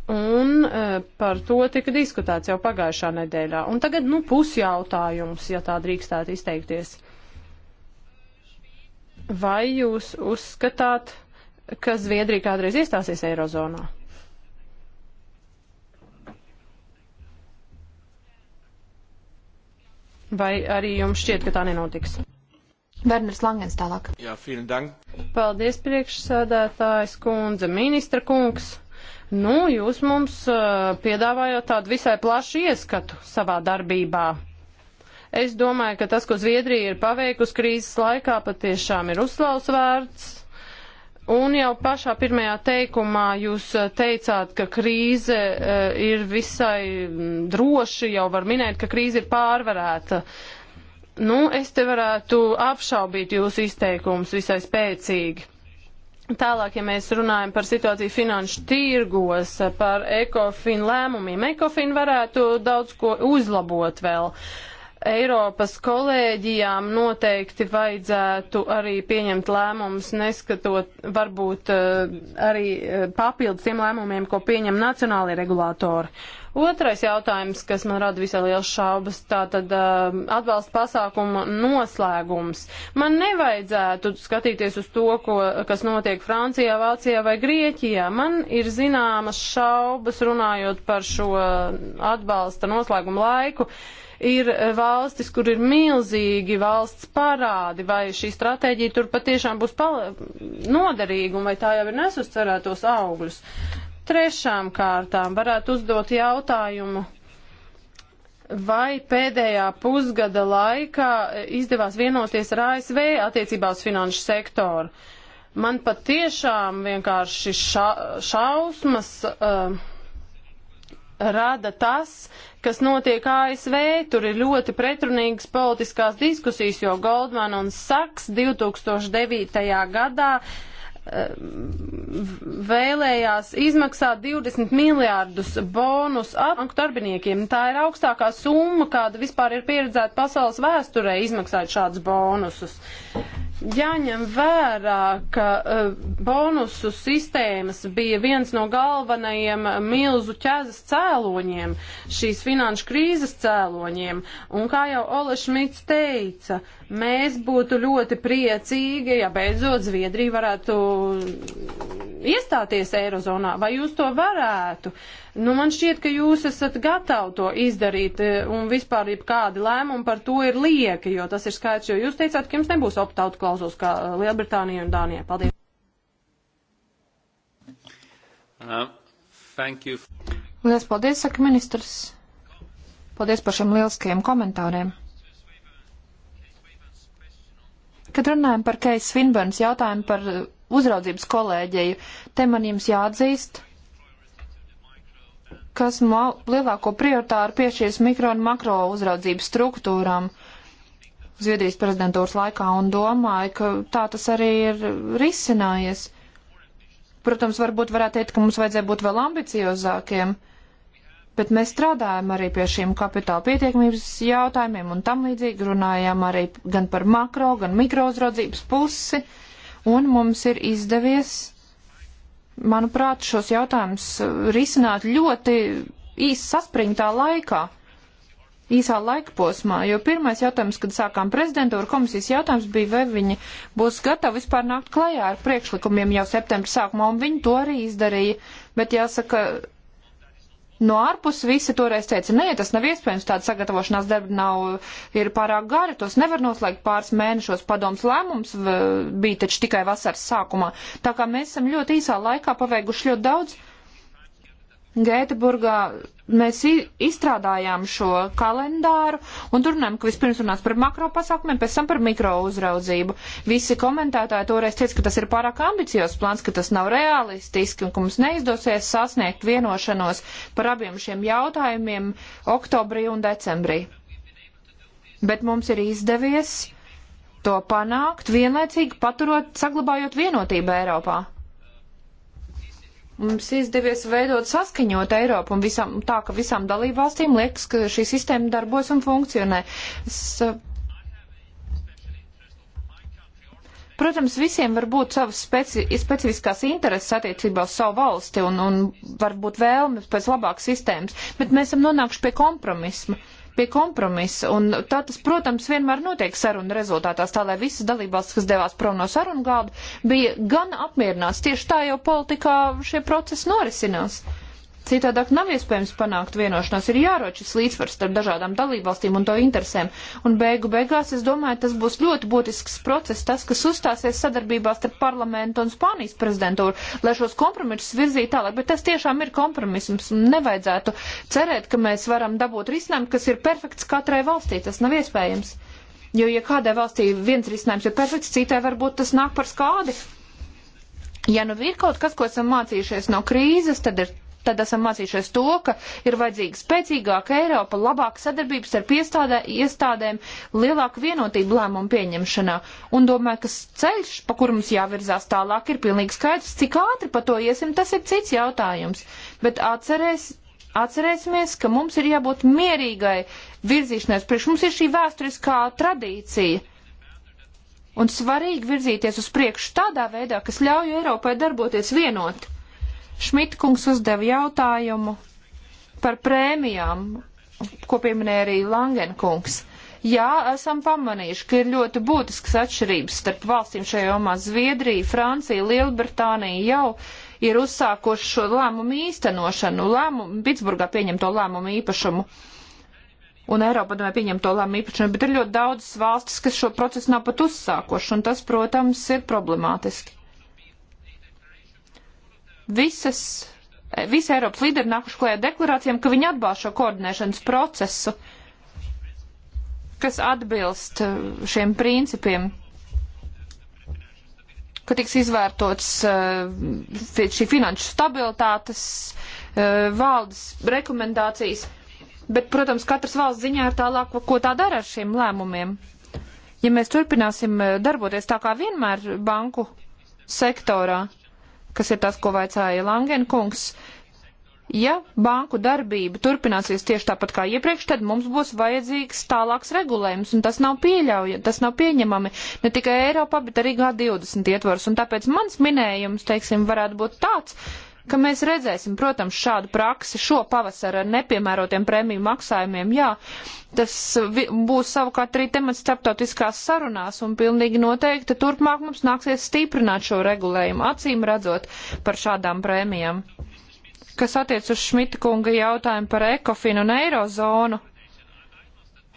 Un e, par to tika diskutēts jau pagājušā nedēļā. Un tagad, nu, pusjautājums, ja tā drīkstētu izteikties. Vai jūs uzskatāt, ka Zviedrija kādreiz iestāsies Eirozonā? Vai arī jums šķiet, ka tā nenotiks? Werners Langens tālāk. Jā, vielen dank. Paldies, priekšsēdētājs kundze, ministra kungs. Nu, jūs mums eh, piedāvājāt tādu visai plašu ieskatu savā darbībā. Es domāju, ka tas, ko Zviedrija ir paveikusi krīzes laikā, patiešām ir uzslavs vērts. Un jau pašā pirmajā teikumā jūs eh, teicāt, ka krīze eh, ir visai mm, droši, jau var minēt, ka krīze ir pārvarēta. Nu, es te varētu apšaubīt jūsu izteikumus visai spēcīgi. Tālāk, ja mēs runājam par situāciju finanšu tirgos, par ekofinu lēmumiem, ekofinu varētu daudz ko uzlabot vēl. Eiropas kolēģijām noteikti vajadzētu arī pieņemt lēmumus, neskatot varbūt eh, arī eh, papildus tiem lēmumiem, ko pieņem nacionālie regulātori. Otrais jautājums, kas man rada visai liels šaubas, tā tad uh, um, atbalsta pasākuma noslēgums. Man nevajadzētu skatīties uz to, ko, kas notiek Francijā, Vācijā vai Grieķijā. Man ir zināmas šaubas runājot par šo atbalsta noslēgumu laiku. Ir valstis, kur ir milzīgi valsts parādi, vai šī stratēģija tur patiešām būs noderīga un vai tā jau ir nesuscerētos augļus. Uh, Trešām kārtām varētu uzdot jautājumu, vai pēdējā pusgada laikā izdevās vienoties ar ASV attiecībā uz finanšu sektoru. Man pat tiešām vienkārši ša šausmas. Uh, rada tas, kas notiek ASV. Tur ir ļoti pretrunīgas politiskās diskusijas, jo Goldman un Saks 2009. gadā uh, vēlējās izmaksāt 20 miljārdus bonus banku darbiniekiem. Tā ir augstākā summa, kāda vispār ir pieredzēta pasaules vēsturē izmaksāt šādus bonusus. Uh, Jāņem vērā, ka uh, bonusu sistēmas bija viens no galvenajiem milzu ķēzes cēloņiem, šīs finanšu krīzes cēloņiem. Un kā jau Ole Šmits teica, mēs būtu ļoti priecīgi, ja beidzot Zviedrija varētu iestāties Eirozonā. Vai jūs to varētu? Nu, man šķiet, ka jūs esat gatavi to izdarīt, e, un vispār jebkādi lēmumi par to ir lieki, jo tas ir skaidrs, jo jūs teicāt, ka jums nebūs optautu klauzulas kā eh, Lielbritānija un Dānija. Paldies! Uh, Lielas paldies, saka ministrs. Paldies par šiem lieliskajiem komentāriem. Kad runājam par Keis Svinbērns jautājumu par eh, uzraudzības kolēģiju, te man jums jāatzīst, ka esmu lielāko prioritāru piešies mikro un makro uzraudzības struktūrām Zviedrijas prezidentūras laikā un domāju, ka tā tas arī ir risinājies. Protams, varbūt varētu teikt, ka mums vajadzēja būt vēl ambiciozākiem, bet mēs strādājam arī pie šīm kapitāla pietiekamības jautājumiem un tam līdzīgi runājām arī gan par makro, gan mikrouzraudzības pusi, un mums ir izdevies, manuprāt, šos jautājumus risināt ļoti īsi saspringtā laikā īsā laika posmā, jo pirmais jautājums, kad sākām prezidentūru komisijas jautājums bija, vai viņi būs gatavi vispār nākt klajā ar priekšlikumiem jau septembra sākumā, un viņi to arī izdarīja. Bet jāsaka, No ārpuses visi toreiz teica, nē, tas nav iespējams, tāda sagatavošanās darba nav, ir pārāk gara, tos nevar noslēgt pāris mēnešos, padoms lēmums bija taču tikai vasaras sākumā. Tā kā mēs esam ļoti īsā laikā paveikuši ļoti daudz, Gēteburgā mēs izstrādājām šo kalendāru un tur runājam, ka vispirms runās par makro pasākumiem, pēc tam par mikro uzraudzību. Visi komentētāji toreiz teica, ka tas ir pārāk ambiciozs plāns, ka tas nav realistiski un ka mums neizdosies sasniegt vienošanos par abiem šiem jautājumiem oktobrī un decembrī. Bet mums ir izdevies to panākt vienlaicīgi paturot, saglabājot vienotību Eiropā. Mums izdevies veidot saskaņot Eiropu un visam, tā, ka visām dalībvalstīm liekas, ka šī sistēma darbos un funkcionē. Es, Protams, visiem var būt savas speci specifiskās intereses attiecībā uz savu valsti un, un varbūt vēlmes pēc labākas sistēmas, bet mēs esam nonākuši pie kompromisma. Uh, pie kompromisa. Un tā tas, protams, vienmēr notiek saruna rezultātās, tā lai visas dalībvalstis, kas devās prom no sarunu galda, bija gan apmierināts. Tieši tā jau politikā šie procesi norisinās. Uh, Citādāk nav iespējams panākt vienošanos. Ir jāroč šis līdzsvars starp dažādām dalībvalstīm un to interesēm. Un beigu beigās, es domāju, tas būs ļoti būtisks process, tas, kas uzstāsies sadarbībā starp parlamentu un Spānijas prezidentūru, lai šos kompromisus virzītu tālāk. Bet tas tiešām ir kompromisms. Nevajadzētu cerēt, ka mēs varam dabūt risinājumu, kas ir perfekts katrai valstī. Tas nav iespējams. Jo, ja kādai valstī viens risinājums ir perfekts, citai varbūt tas nāk par skādi. Ja nu ir kaut kas, ko esam mācījušies no krīzes, tad ir tad esam mācījušies to, ka ir vajadzīga spēcīgāka Eiropa, labāka sadarbības ar piestādē, iestādēm, lielāka vienotība lēmumu pieņemšanā. Un domāju, ka ceļš, pa kur mums jāvirzās tālāk, ir pilnīgi skaidrs, cik ātri pa to iesim, tas ir cits jautājums. Bet atcerēs, atcerēsimies, ka mums ir jābūt mierīgai virzīšanās priekš. Mums ir šī vēsturiskā tradīcija un svarīgi virzīties uz priekšu tādā veidā, kas ļauj Eiropai darboties vienot. Šmitkungs uzdeva jautājumu par prēmijām, ko pieminēja arī Langenkungs. Jā, esam pamanījuši, ka ir ļoti būtiskas atšķirības starp valstīm šajā jomā. Zviedrija, Francija, Lielbritānija jau ir uzsākuši šo lēmumu īstenošanu, lēmumu, Pitsburgā pieņemto lēmumu īpašumu. Un Eiropa, domāju, pieņem to lēmumu īpašumu, bet ir ļoti daudzas valstis, kas šo procesu nav pat uzsākuši, un tas, protams, ir problemātiski visas, visi Eiropas līderi nākuši klajā deklarācijām, ka viņi atbalsta šo koordinēšanas procesu, kas atbilst uh, šiem principiem ka tiks izvērtots uh, šī finanšu stabilitātes uh, valdes rekomendācijas, bet, protams, katras valsts ziņā ir tālāk, ko tā dara ar šiem lēmumiem. Ja mēs turpināsim darboties tā kā vienmēr banku sektorā, kas ir tas, ko vaicāja Langenkungs. Ja banku darbība turpināsies tieši tāpat kā iepriekš, tad mums būs vajadzīgs tālāks regulējums, un tas nav pieļauja, tas nav pieņemami ne tikai Eiropā, bet arī G20 ietvars, un tāpēc mans minējums, teiksim, varētu būt tāds, ka mēs redzēsim, protams, šādu praksi šo pavasaru ar nepiemērotiem prēmiju maksājumiem, jā, tas būs savukārt arī temats starptautiskās sarunās un pilnīgi noteikti turpmāk mums nāksies stiprināt šo regulējumu, acīm redzot par šādām prēmijām. Kas attiec uz Šmita kunga jautājumu par ekofinu un eirozonu,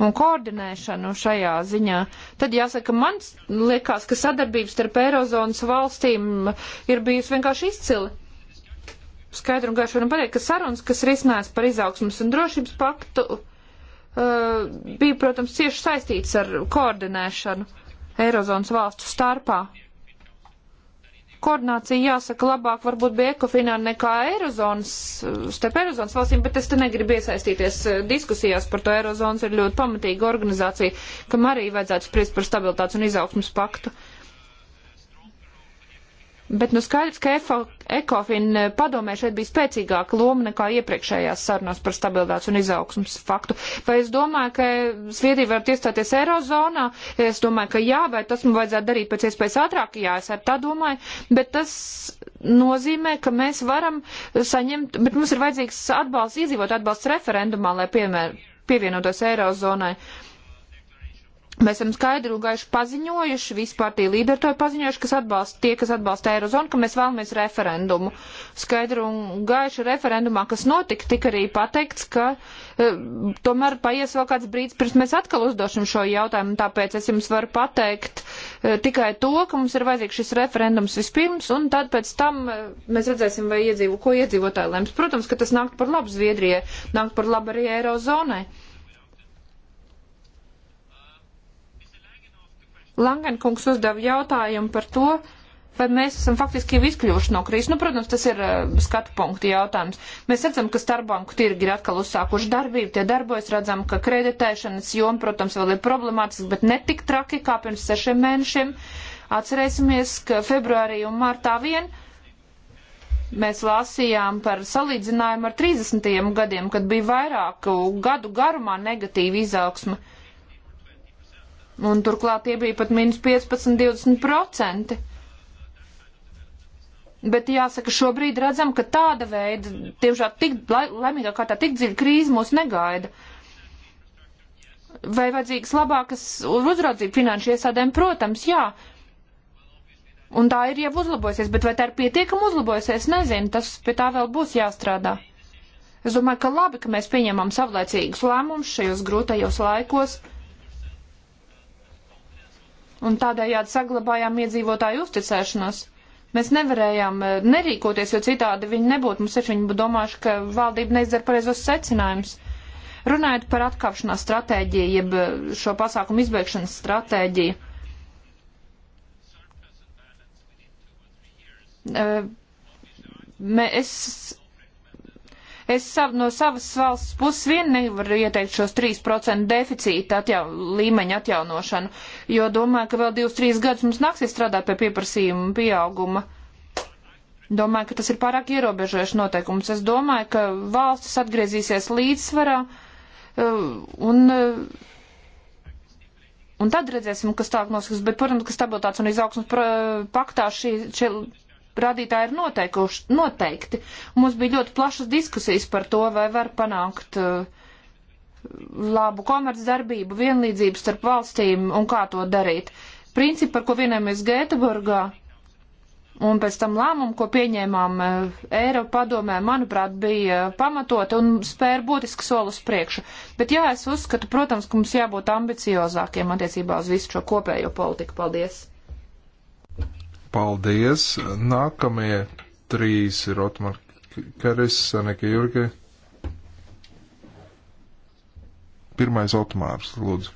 un koordinēšanu šajā ziņā, tad jāsaka, man liekas, ka sadarbības starp Eirozonas valstīm ir bijusi vienkārši izcila skaidru un garšu varam pateikt, ka sarunas, kas risinās par izaugsmas un drošības paktu, uh, bija, protams, cieši saistīts ar koordinēšanu Eirozonas valstu starpā. Koordinācija jāsaka labāk varbūt bija ekofinā nekā Eirozonas, eh, starp Eirozonas valstīm, bet es te negribu iesaistīties eh, diskusijās par to. Eirozonas ir ļoti pamatīga organizācija, kam arī vajadzētu spriest par stabilitātes un izaugsmas paktu. Uh, Bet nu skaidrs, ka ECOFIN eh, padomē šeit bija spēcīgāka loma nekā iepriekšējās sarunās par stabilitātes un izaugsmas faktu. Vai es domāju, ka Sviedrija var iestāties Eirozonā? Es domāju, ka jā, vai tas mums vajadzētu darīt pēc iespējas ātrāk? Jā, es ar tā domāju, bet tas nozīmē, ka mēs varam saņemt, bet mums ir vajadzīgs atbalsts, iedzīvot atbalsts referendumā, lai piemēr, pievienotos Eirozonai. Uh, Mēs esam skaidri un gaiši paziņojuši, vispārtīja līderi to ir paziņojuši, kas atbalsta tie, kas atbalsta Eirozonu, ka mēs vēlamies referendumu. Skaidri un gaiši referendumā, kas notika, tika arī pateikts, ka e, tomēr paies vēl kāds brīdis, pirms mēs atkal uzdošam šo jautājumu, tāpēc es jums varu pateikt e, tikai to, ka mums ir vajadzīgs šis referendums vispirms, un tad pēc tam e, mēs redzēsim, vai iedzīvo, ko iedzīvotāji lems. Protams, ka tas nāk par labu Zviedrijai, nāk par labu arī Eirozonai. Langenkungs uzdeva jautājumu par to, vai mēs esam faktiski jau izkļuvuši no krīzes. Nu, protams, tas ir uh, skatu punktu jautājums. Mēs redzam, ka starpbanku tirgi ir atkal uzsākuši darbību, tie darbojas, redzam, ka kreditēšanas joma, protams, vēl ir problemātiski, bet ne tik traki kā pirms sešiem mēnešiem. Atcerēsimies, ka februārī un martā vien mēs lasījām par salīdzinājumu ar 30. gadiem, kad bija vairāku gadu garumā negatīva izaugsme. Uh, Un turklāt tie bija pat mīnus 15-20%. Bet jāsaka, šobrīd redzam, ka tāda veida, tiemžēl tik, laimīgā kārtā, tik dziļa krīze mūs negaida. Vai vajadzīgas labākas uzraudzība finanšu iestādēm? Protams, jā. Un tā ir jau uzlabojusies, bet vai tā ir pietiekami uzlabojusies, nezinu, tas pie tā vēl būs jāstrādā. Es domāju, ka labi, ka mēs pieņemam savlaicīgus lēmumus šajos grūtajos laikos un tādējādi saglabājām iedzīvotāju uzticēšanos. Mēs nevarējām eh, nerīkoties, jo citādi viņi nebūtu. Mums ir viņi domājuši, ka valdība neizdara pareizos secinājumus. Runājot par atkāpšanās stratēģiju, jeb eh, šo pasākumu izbeigšanas stratēģiju. Eh, Mē, es Es sav, no savas valsts puses vien nevaru ieteikt šos 3% deficīta atjau, līmeņa atjaunošanu, jo domāju, ka vēl 2-3 gadus mums nāksies strādāt pie pieprasījuma pieauguma. Domāju, ka tas ir pārāk ierobežojuši noteikums. Es domāju, ka valstis atgriezīsies līdzsvarā uh, un uh, Un tad redzēsim, kas tālāk notiks. Bet, protams, ka stabilitātes un izaugsmas paktā šī, šie rādītāji ir noteikti. Mums bija ļoti plašas diskusijas par to, vai var panākt uh, labu komercdarbību, vienlīdzību starp valstīm un kā to darīt. Principi, par ko vienojamies Gēteburgā un pēc tam lēmumu, ko pieņēmām uh, Eiropa padomē, manuprāt, bija pamatoti un spēr būtiski solus priekšu. Bet jā, es uzskatu, protams, ka mums jābūt ambiciozākiem attiecībā uz visu šo kopējo politiku. Paldies! Paldies! Nākamie trīs ir Otmar Karis, Saneka Jurge. Pirmais Otmārs, lūdzu.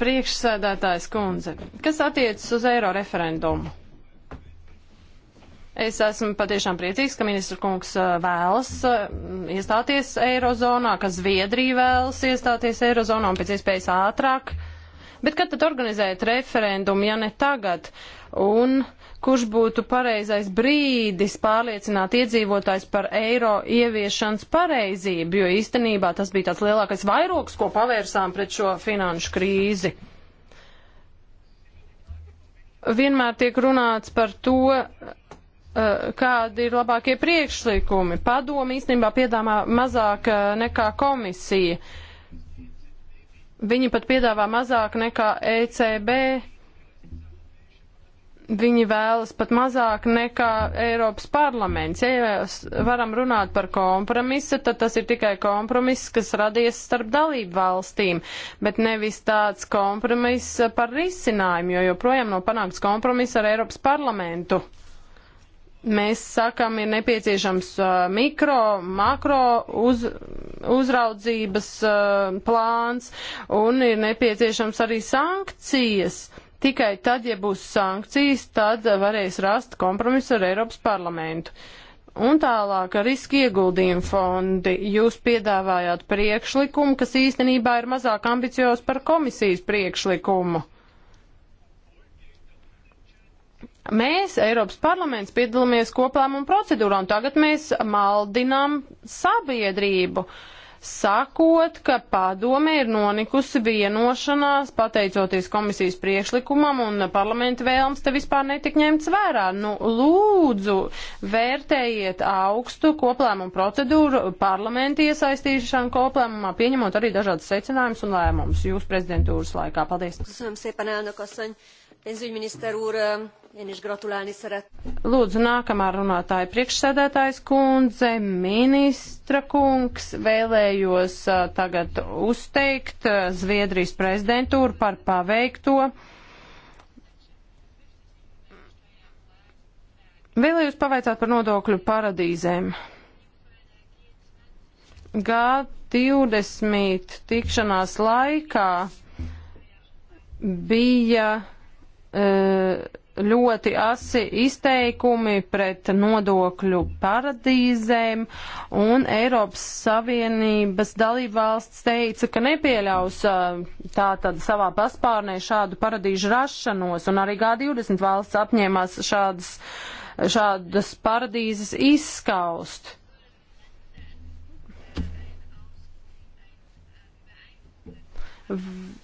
Priekšsēdētājs kundze, kas attiecas uz eiro referendumu? Es esmu patiešām priecīgs, ka ministra kungs uh, vēlas uh, iestāties Eirozonā, ka Zviedrija vēlas iestāties Eirozonā un pēc iespējas ātrāk. Uh, Bet kad tad organizēt referendumu, ja ne tagad? Un kurš būtu pareizais brīdis pārliecināt iedzīvotājs par eiro ieviešanas pareizību, jo īstenībā tas bija tāds lielākais vairoks, ko pavērsām pret šo finanšu krīzi. Vienmēr tiek runāts par to, eh, kādi ir labākie priekšlikumi. Padomi īstenībā piedāvā mazāk eh, nekā komisija. Uh, Viņi pat piedāvā mazāk nekā ECB. Viņi vēlas pat mazāk nekā Eiropas parlaments. Ja mēs varam runāt par kompromisu, tad tas ir tikai kompromiss, kas radies starp dalību valstīm, bet nevis tāds kompromiss par risinājumu, jo joprojām nav no panākts kompromiss ar Eiropas parlamentu mēs sakam, ir nepieciešams uh, mikro, makro uz, uzraudzības uh, plāns un ir nepieciešams arī sankcijas. Tikai tad, ja būs sankcijas, tad varēs rast kompromisu ar Eiropas parlamentu. Un tālāk ar riski ieguldījumu fondi. Jūs piedāvājāt priekšlikumu, kas īstenībā ir mazāk ambiciozs par komisijas priekšlikumu. Uh, Mēs, Eiropas parlaments, piedalāmies koplēmumu procedūrā, un tagad mēs maldinām sabiedrību. Uh, sakot, ka padome ir nonikusi vienošanās, pateicoties komisijas priekšlikumam, un parlamenta vēlms te vispār netika ņemts vērā. Nu, lūdzu, vērtējiet augstu koplēmumu procedūru, parlamenta iesaistīšanu koplēmumā, pieņemot arī dažādas secinājumus un lēmumus jūsu prezidentūras laikā. Paldies! Pénzügyminiszter úr, én is gratulálni szeret. Lūdzu, nākamā runātāja priekšsēdētājs kundze, ministra kungs, vēlējos tagad uzteikt Zviedrijas prezidentūru par paveikto. Vēlējos pavaicāt par nodokļu paradīzēm. G20 tikšanās laikā bija E, ļoti asi izteikumi pret nodokļu paradīzēm, un Eiropas Savienības dalībvalsts teica, ka nepieļaus e, tā tad savā paspārnē šādu paradīžu rašanos, un arī G20 valsts apņēmās šādas, šādas paradīzes izskaust.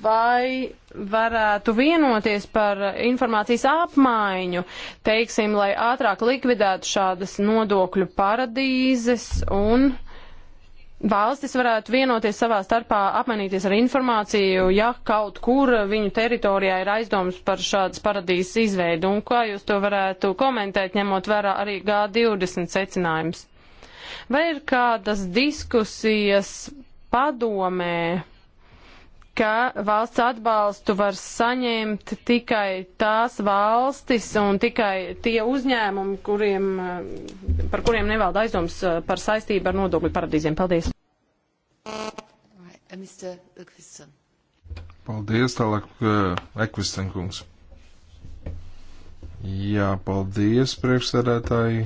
vai varētu vienoties par informācijas apmaiņu, teiksim, lai ātrāk likvidētu šādas nodokļu paradīzes un valstis varētu vienoties savā starpā, apmainīties ar informāciju, ja kaut kur viņu teritorijā ir aizdomas par šādas paradīzes izveidu, un kā jūs to varētu komentēt, ņemot vērā arī G20 secinājums. Vai ir kādas diskusijas padomē ka valsts atbalstu var saņemt tikai tās valstis un tikai tie uzņēmumi, kuriem, eh, par kuriem nevalda aizdoms eh, par saistību ar nodokļu paradīziem. Paldies! Uh, paldies, tālāk uh, Ekvisten kungs. Jā, paldies, priekšsēdētāji.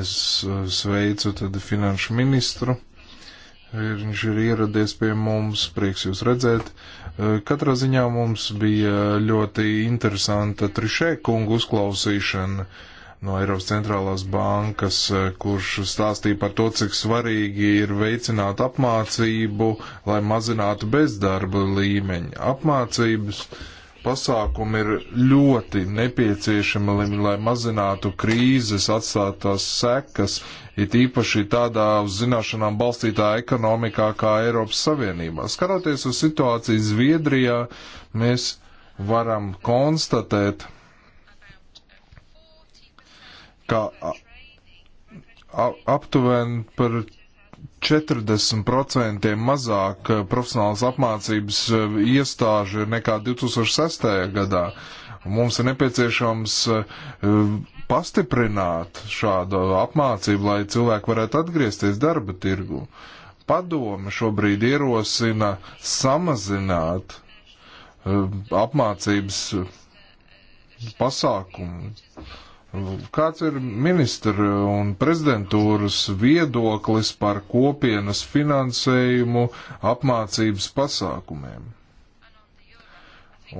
Es uh, sveicu tad finanšu ministru Viņš ir ieradies pie mums, prieks jūs redzēt. E, katrā ziņā mums bija ļoti interesanta trišē kungu uzklausīšana no Eiropas centrālās bankas, e, kurš stāstīja par to, cik svarīgi ir veicināt apmācību, lai mazinātu bezdarba līmeņu. Apmācības uh, pasākumi ir ļoti nepieciešami, lai mazinātu krīzes atstātās sekas, it īpaši tādā uz zināšanām balstītā ekonomikā kā Eiropas Savienībā. Skatoties uz situāciju Zviedrijā, mēs varam konstatēt, ka aptuveni par 40% mazāk eh, profesionālas apmācības eh, iestāžu nekā 2006. gadā. Mums ir nepieciešams eh, pastiprināt šādu apmācību, lai cilvēki varētu atgriezties darba tirgu. Padome šobrīd ierosina samazināt apmācības pasākumu Kāds ir ministra un prezidentūras viedoklis par kopienas finansējumu apmācības pasākumiem?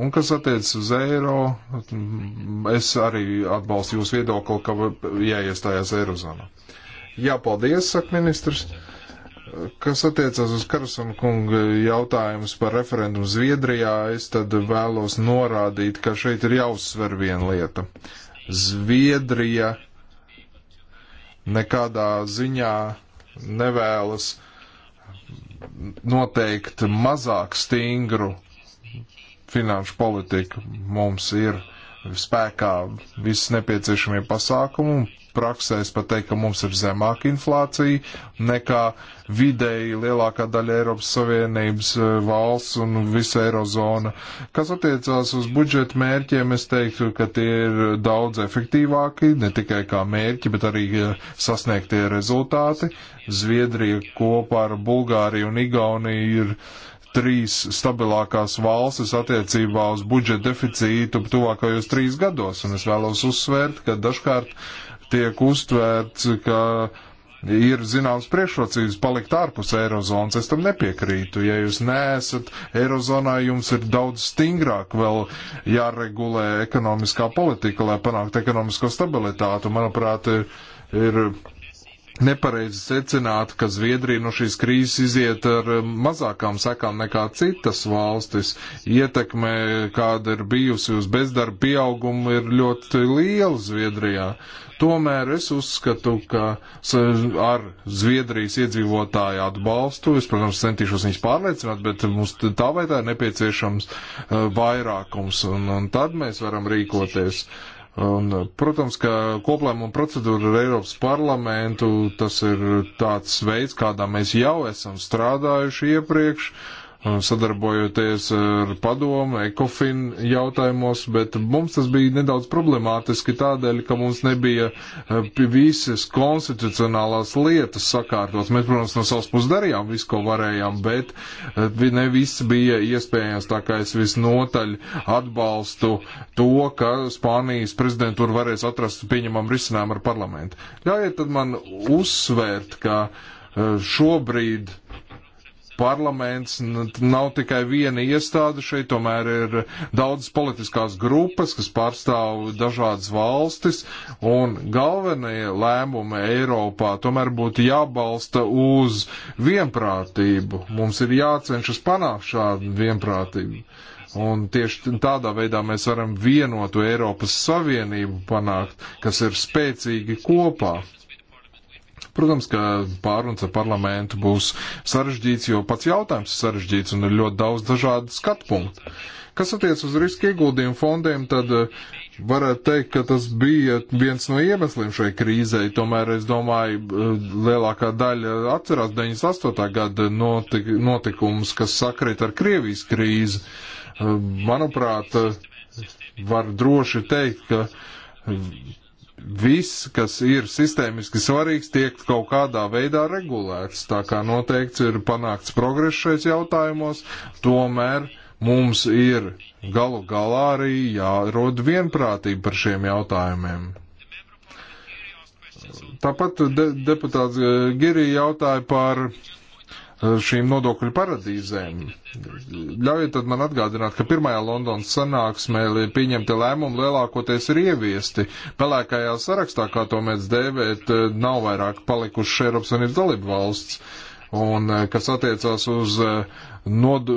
Un kas attiecas uz eiro, es arī atbalstu jūsu viedokli, ka jāiestājās Eirozonā. Jā, paldies, saka ministrs. Kas attiecas uz Karasam kunga jautājumus par referendumu Zviedrijā, es tad vēlos norādīt, ka šeit ir jāuzsver viena lieta. Uh, Zviedrija nekādā ziņā nevēlas noteikt mazāk stingru finanšu politiku. Mums ir spēkā viss nepieciešamie pasākumi, praksē es pat teiktu, ka mums ir zemāka inflācija nekā vidēji lielākā daļa Eiropas Savienības eh, valsts un visa Eirozona. Kas attiecās uz budžeta mērķiem, es teiktu, ka tie ir daudz efektīvāki, ne tikai kā mērķi, bet arī eh, sasniegtie rezultāti. Zviedrija kopā ar Bulgāriju un Igauniju ir trīs stabilākās valstis attiecībā uz budžeta deficītu tuvākajos trīs gados. Un es vēlos uzsvērt, ka dažkārt tiek uztvērts, ka ir zināms priekšrocības palikt ārpus Eirozonas. Es tam nepiekrītu. Ja jūs neesat Eirozonā, jums ir daudz stingrāk vēl jāregulē ekonomiskā politika, lai panāktu ekonomisko stabilitātu. Manuprāt, ir nepareizi secināt, ka Zviedrija no šīs krīzes iziet ar um, mazākām sekām nekā citas valstis. Ietekme, kāda ir bijusi uz bezdarba pieaugumu, ir ļoti liela Zviedrijā. Tomēr es uzskatu, ka ar Zviedrijas iedzīvotāju atbalstu, es, protams, centīšos viņus pārliecināt, bet mums tā vai tā ir nepieciešams uh, vairākums, un, un tad mēs varam rīkoties. Uh, Un, protams, ka koplēmuma procedūra ar Eiropas parlamentu tas ir tāds veids, kādā mēs jau esam strādājuši iepriekš. Uh, sadarbojoties ar padomu, ekofin jautājumos, bet mums tas bija nedaudz problemātiski tādēļ, ka mums nebija eh, visas konstitucionālās lietas sakārtotas. Mēs, protams, no savas puses darījām visu, ko varējām, bet eh, ne viss bija iespējams, tā kā es visnotaļ atbalstu to, ka Spānijas prezidentūra varēs atrast pieņemam risinājumu ar parlamentu. Ļaujiet tad man uzsvērt, ka eh, šobrīd parlaments nav tikai viena iestāde šeit, tomēr ir daudzas politiskās grupas, kas pārstāv dažādas valstis, un galvenie lēmumi Eiropā tomēr būtu jābalsta uz vienprātību. Mums ir jācenšas panākt šādu vienprātību. Un tieši tādā veidā mēs varam vienotu Eiropas Savienību panākt, kas ir spēcīgi kopā. Protams, ka pārunas ar parlamentu būs sarežģīts, jo pats jautājums ir sarežģīts un ir ļoti daudz dažādu skatu punktu. Kas attiec uz riska ieguldījumu fondiem, tad eh, varētu teikt, ka tas bija viens no iemesliem šai krīzei. Tomēr es domāju, eh, lielākā daļa atcerās 98. gada notik notikumus, kas sakrit ar Krievijas krīzi. Eh, manuprāt, var droši teikt, ka viss, kas ir sistēmiski svarīgs, tiek kaut kādā veidā regulēts. Tā kā noteikts ir panākts progress šais jautājumos, tomēr mums ir galu galā arī jārod vienprātība par šiem jautājumiem. Tāpat de deputāts Girī jautāja par Eh, šīm nodokļu paradīzēm. Ļaujiet tad man atgādināt, ka pirmajā Londonas sanāksmē pieņemti lēmumi lielākoties ir ieviesti. Pelēkajā sarakstā, kā to mēs dēvēt, eh, nav vairāk palikušas Eiropas Savienības dalību valsts. Un eh, kas attiecās uz nod,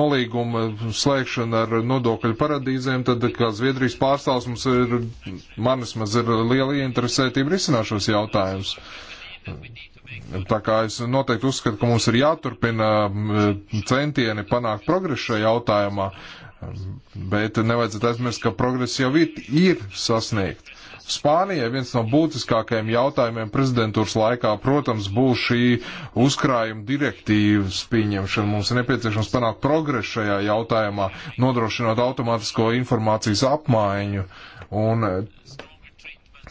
nolīguma slēgšanu ar nodokļu paradīzēm, tad kā Zviedrijas pārstāvs mums ir, manis maz ir liela interesētība risināt šos jautājumus. Tā kā es noteikti uzskatu, ka mums ir jāturpina centieni panākt progresu šajā jautājumā, bet nevajadzētu aizmirst, ka progress jau ir, ir sasniegt. Spānijai viens no būtiskākajiem jautājumiem prezidentūras laikā, protams, būs šī uzkrājuma direktīvas pieņemšana. Mums ir nepieciešams panākt progresu šajā jautājumā, nodrošinot automātisko informācijas apmaiņu. Un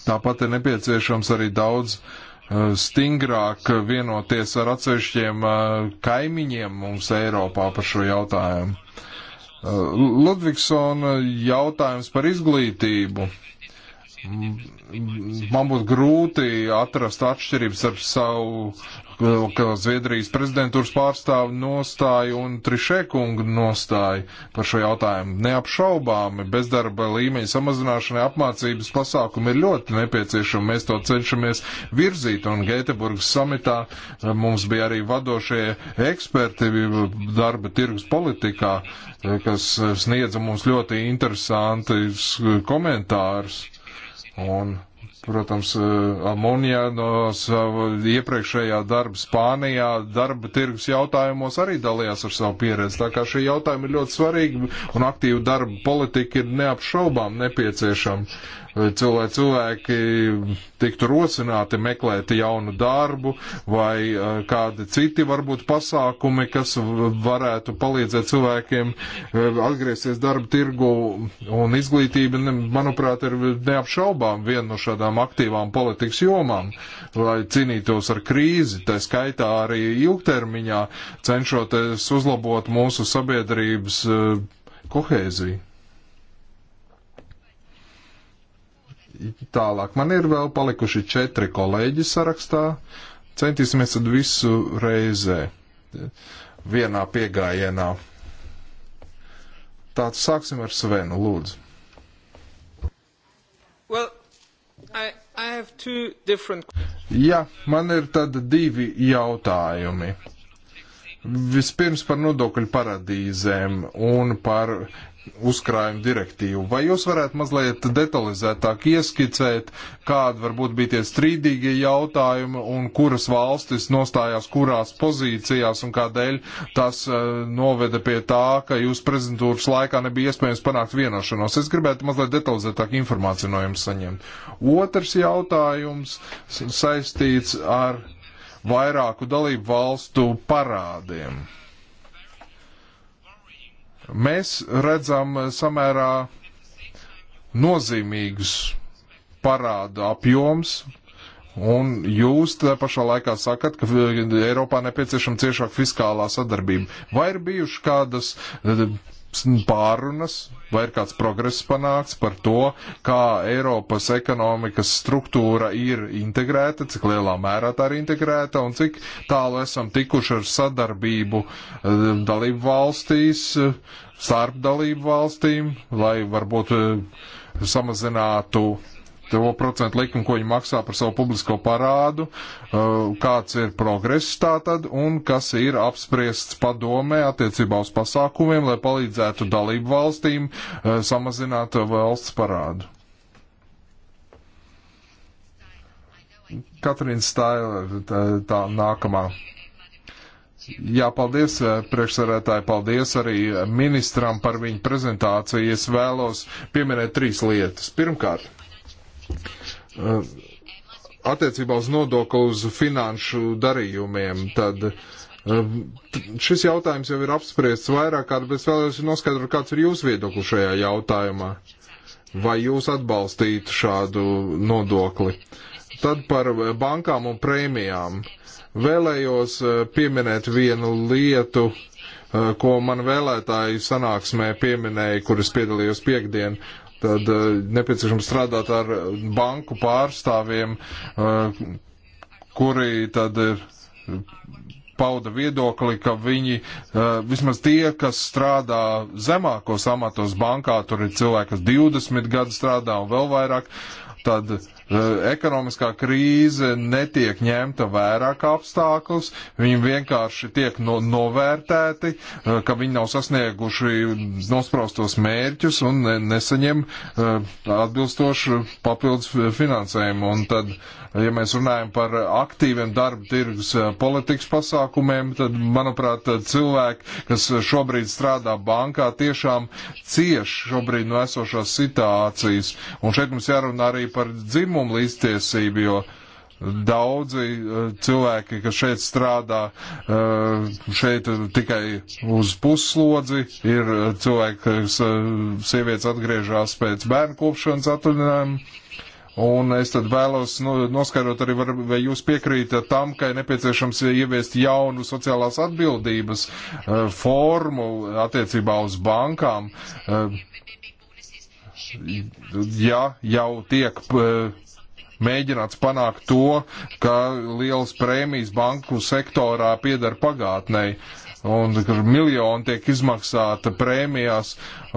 tāpat ir nepieciešams arī daudz uh, Eh, stingrāk vienoties ar atsevišķiem eh, kaimiņiem mums Eiropā par šo jautājumu. Eh, Ludvigsona jautājums par izglītību. Mm, man būtu grūti atrast atšķirības ar savu Zviedrijas prezidentūras pārstāvu nostāju un Trišekungu nostāju par šo jautājumu. Neapšaubāmi bezdarba līmeņa samazināšanai apmācības pasākumi ir ļoti nepieciešami. Mēs to cenšamies virzīt un Gēteburgas samitā eh, mums bija arī vadošie eksperti darba tirgus politikā, eh, kas sniedza mums ļoti interesantus komentārus. Un, protams, eh, Amunija no sava iepriekšējā darba Spānijā darba tirgus jautājumos arī dalījās ar savu pieredzi. Tā kā šie jautājumi ir ļoti svarīgi un aktīva darba politika ir neapšaubām nepieciešama cilvēki, cilvēki tiktu rosināti meklēt jaunu darbu vai eh, kādi citi varbūt pasākumi, kas varētu palīdzēt cilvēkiem eh, atgriezties darba tirgu un izglītība, manuprāt, ir neapšaubām viena no šādām aktīvām politikas jomām, lai cīnītos ar krīzi, tā skaitā arī ilgtermiņā cenšoties uzlabot mūsu sabiedrības eh, kohēziju. Tālāk man ir vēl palikuši četri kolēģi sarakstā. Centīsimies tad visu reizē, vienā piegājienā. Tātad sāksim ar Svenu, lūdzu. Well, I, I different... Jā, man ir tad divi jautājumi. Vispirms par nodokļu paradīzēm un par uzkrājuma direktīvu. Vai jūs varētu mazliet detalizētāk ieskicēt, kādi varbūt bija tie strīdīgie jautājumi un kuras valstis nostājās kurās pozīcijās un kādēļ tas uh, noveda pie tā, ka jūs prezidentūras laikā nebija iespējams panākt vienošanos? Es gribētu mazliet detalizētāk informāciju no jums saņemt. Otrs jautājums saistīts ar vairāku dalību valstu parādiem. Mēs redzam eh, samērā nozīmīgus parādu apjoms, un jūs tā pašā laikā sakat, ka eh, Eiropā nepieciešama ciešāka fiskālā sadarbība. Vai ir bijuši kādas eh, pārunas, vai ir kāds progress panāks par to, kā Eiropas ekonomikas struktūra ir integrēta, cik lielā mērā tā ir integrēta un cik tālu esam tikuši ar sadarbību eh, dalību valstīs, eh, starp dalību valstīm, lai varbūt eh, samazinātu to procentu likmi, ko viņi maksā par savu publisko parādu, uh, kāds ir progress tātad un kas ir apspriests padomē attiecībā uz pasākumiem, lai palīdzētu dalību valstīm uh, samazināt valsts parādu. Katrīna Stāla tā, tā nākamā. Jā, paldies uh, priekšsarētāji, paldies arī ministram par viņu prezentāciju. Es vēlos pieminēt trīs lietas. Pirmkārt, Uh, attiecībā uz nodokli uz finanšu darījumiem, tad uh, šis jautājums jau ir apspriests vairāk kārt, bet vēlējos noskaidrot, kāds ir jūsu viedoklis šajā jautājumā. Vai jūs atbalstītu šādu nodokli? Tad par bankām un prēmijām. Vēlējos uh, pieminēt vienu lietu, ko man vēlētāju sanāksmē pieminēja, kuras piedalījos piekdien, Tad eh, nepieciešams strādāt ar banku pārstāvjiem, eh, kuri tad ir eh, pauda viedokli, ka viņi, vismaz tie, kas strādā zemākos amatos bankā, tur ir cilvēki, kas 20 gadu strādā un vēl vairāk, tad uh, ekonomiskā krīze netiek ņemta vērā kā apstākļus, viņi vienkārši tiek no, novērtēti, uh, ka viņi nav sasnieguši nospraustos mērķus un ne, nesaņem uh, atbilstošu papildus finansējumu. Un tad, ja mēs runājam par aktīviem darba tirgus politikas pasākumiem, tad, manuprāt, cilvēki, kas šobrīd strādā bankā, tiešām cieš šobrīd no esošās situācijas. Un šeit mums jārunā arī par dzimumu līdztiesību, jo daudzi eh, cilvēki, kas šeit strādā, eh, šeit tikai uz puslodzi, ir eh, cilvēki, kas sievietes atgriežas pēc bērnu kopšanas atvaļinājuma. Un es tad vēlos nu, noskaidrot arī, var, vai jūs piekrītat tam, ka ir nepieciešams ieviest jaunu sociālās atbildības uh, formu attiecībā uz bankām. Uh, ja jau tiek mēģināts panākt to, ka liels prēmijas banku sektorā piedara pagātnei. Un miljoni tiek izmaksāta prēmijās,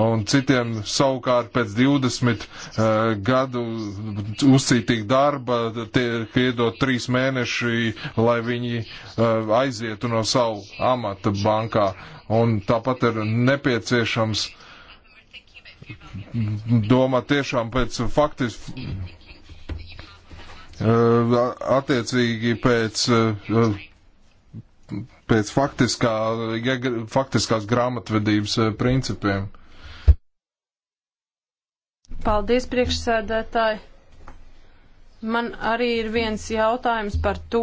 un citiem savukārt pēc 20 uh, eh, gadu uzcītīga darba tiek iedot 3 mēneši, lai viņi uh, aizietu no savu amata bankā. Un tāpat ir nepieciešams uh, domāt tiešām pēc faktiski eh, attiecīgi pēc, eh, pēc faktiskā, faktiskās grāmatvedības eh, principiem. Paldies, priekšsēdētāji. Man arī ir viens jautājums par to,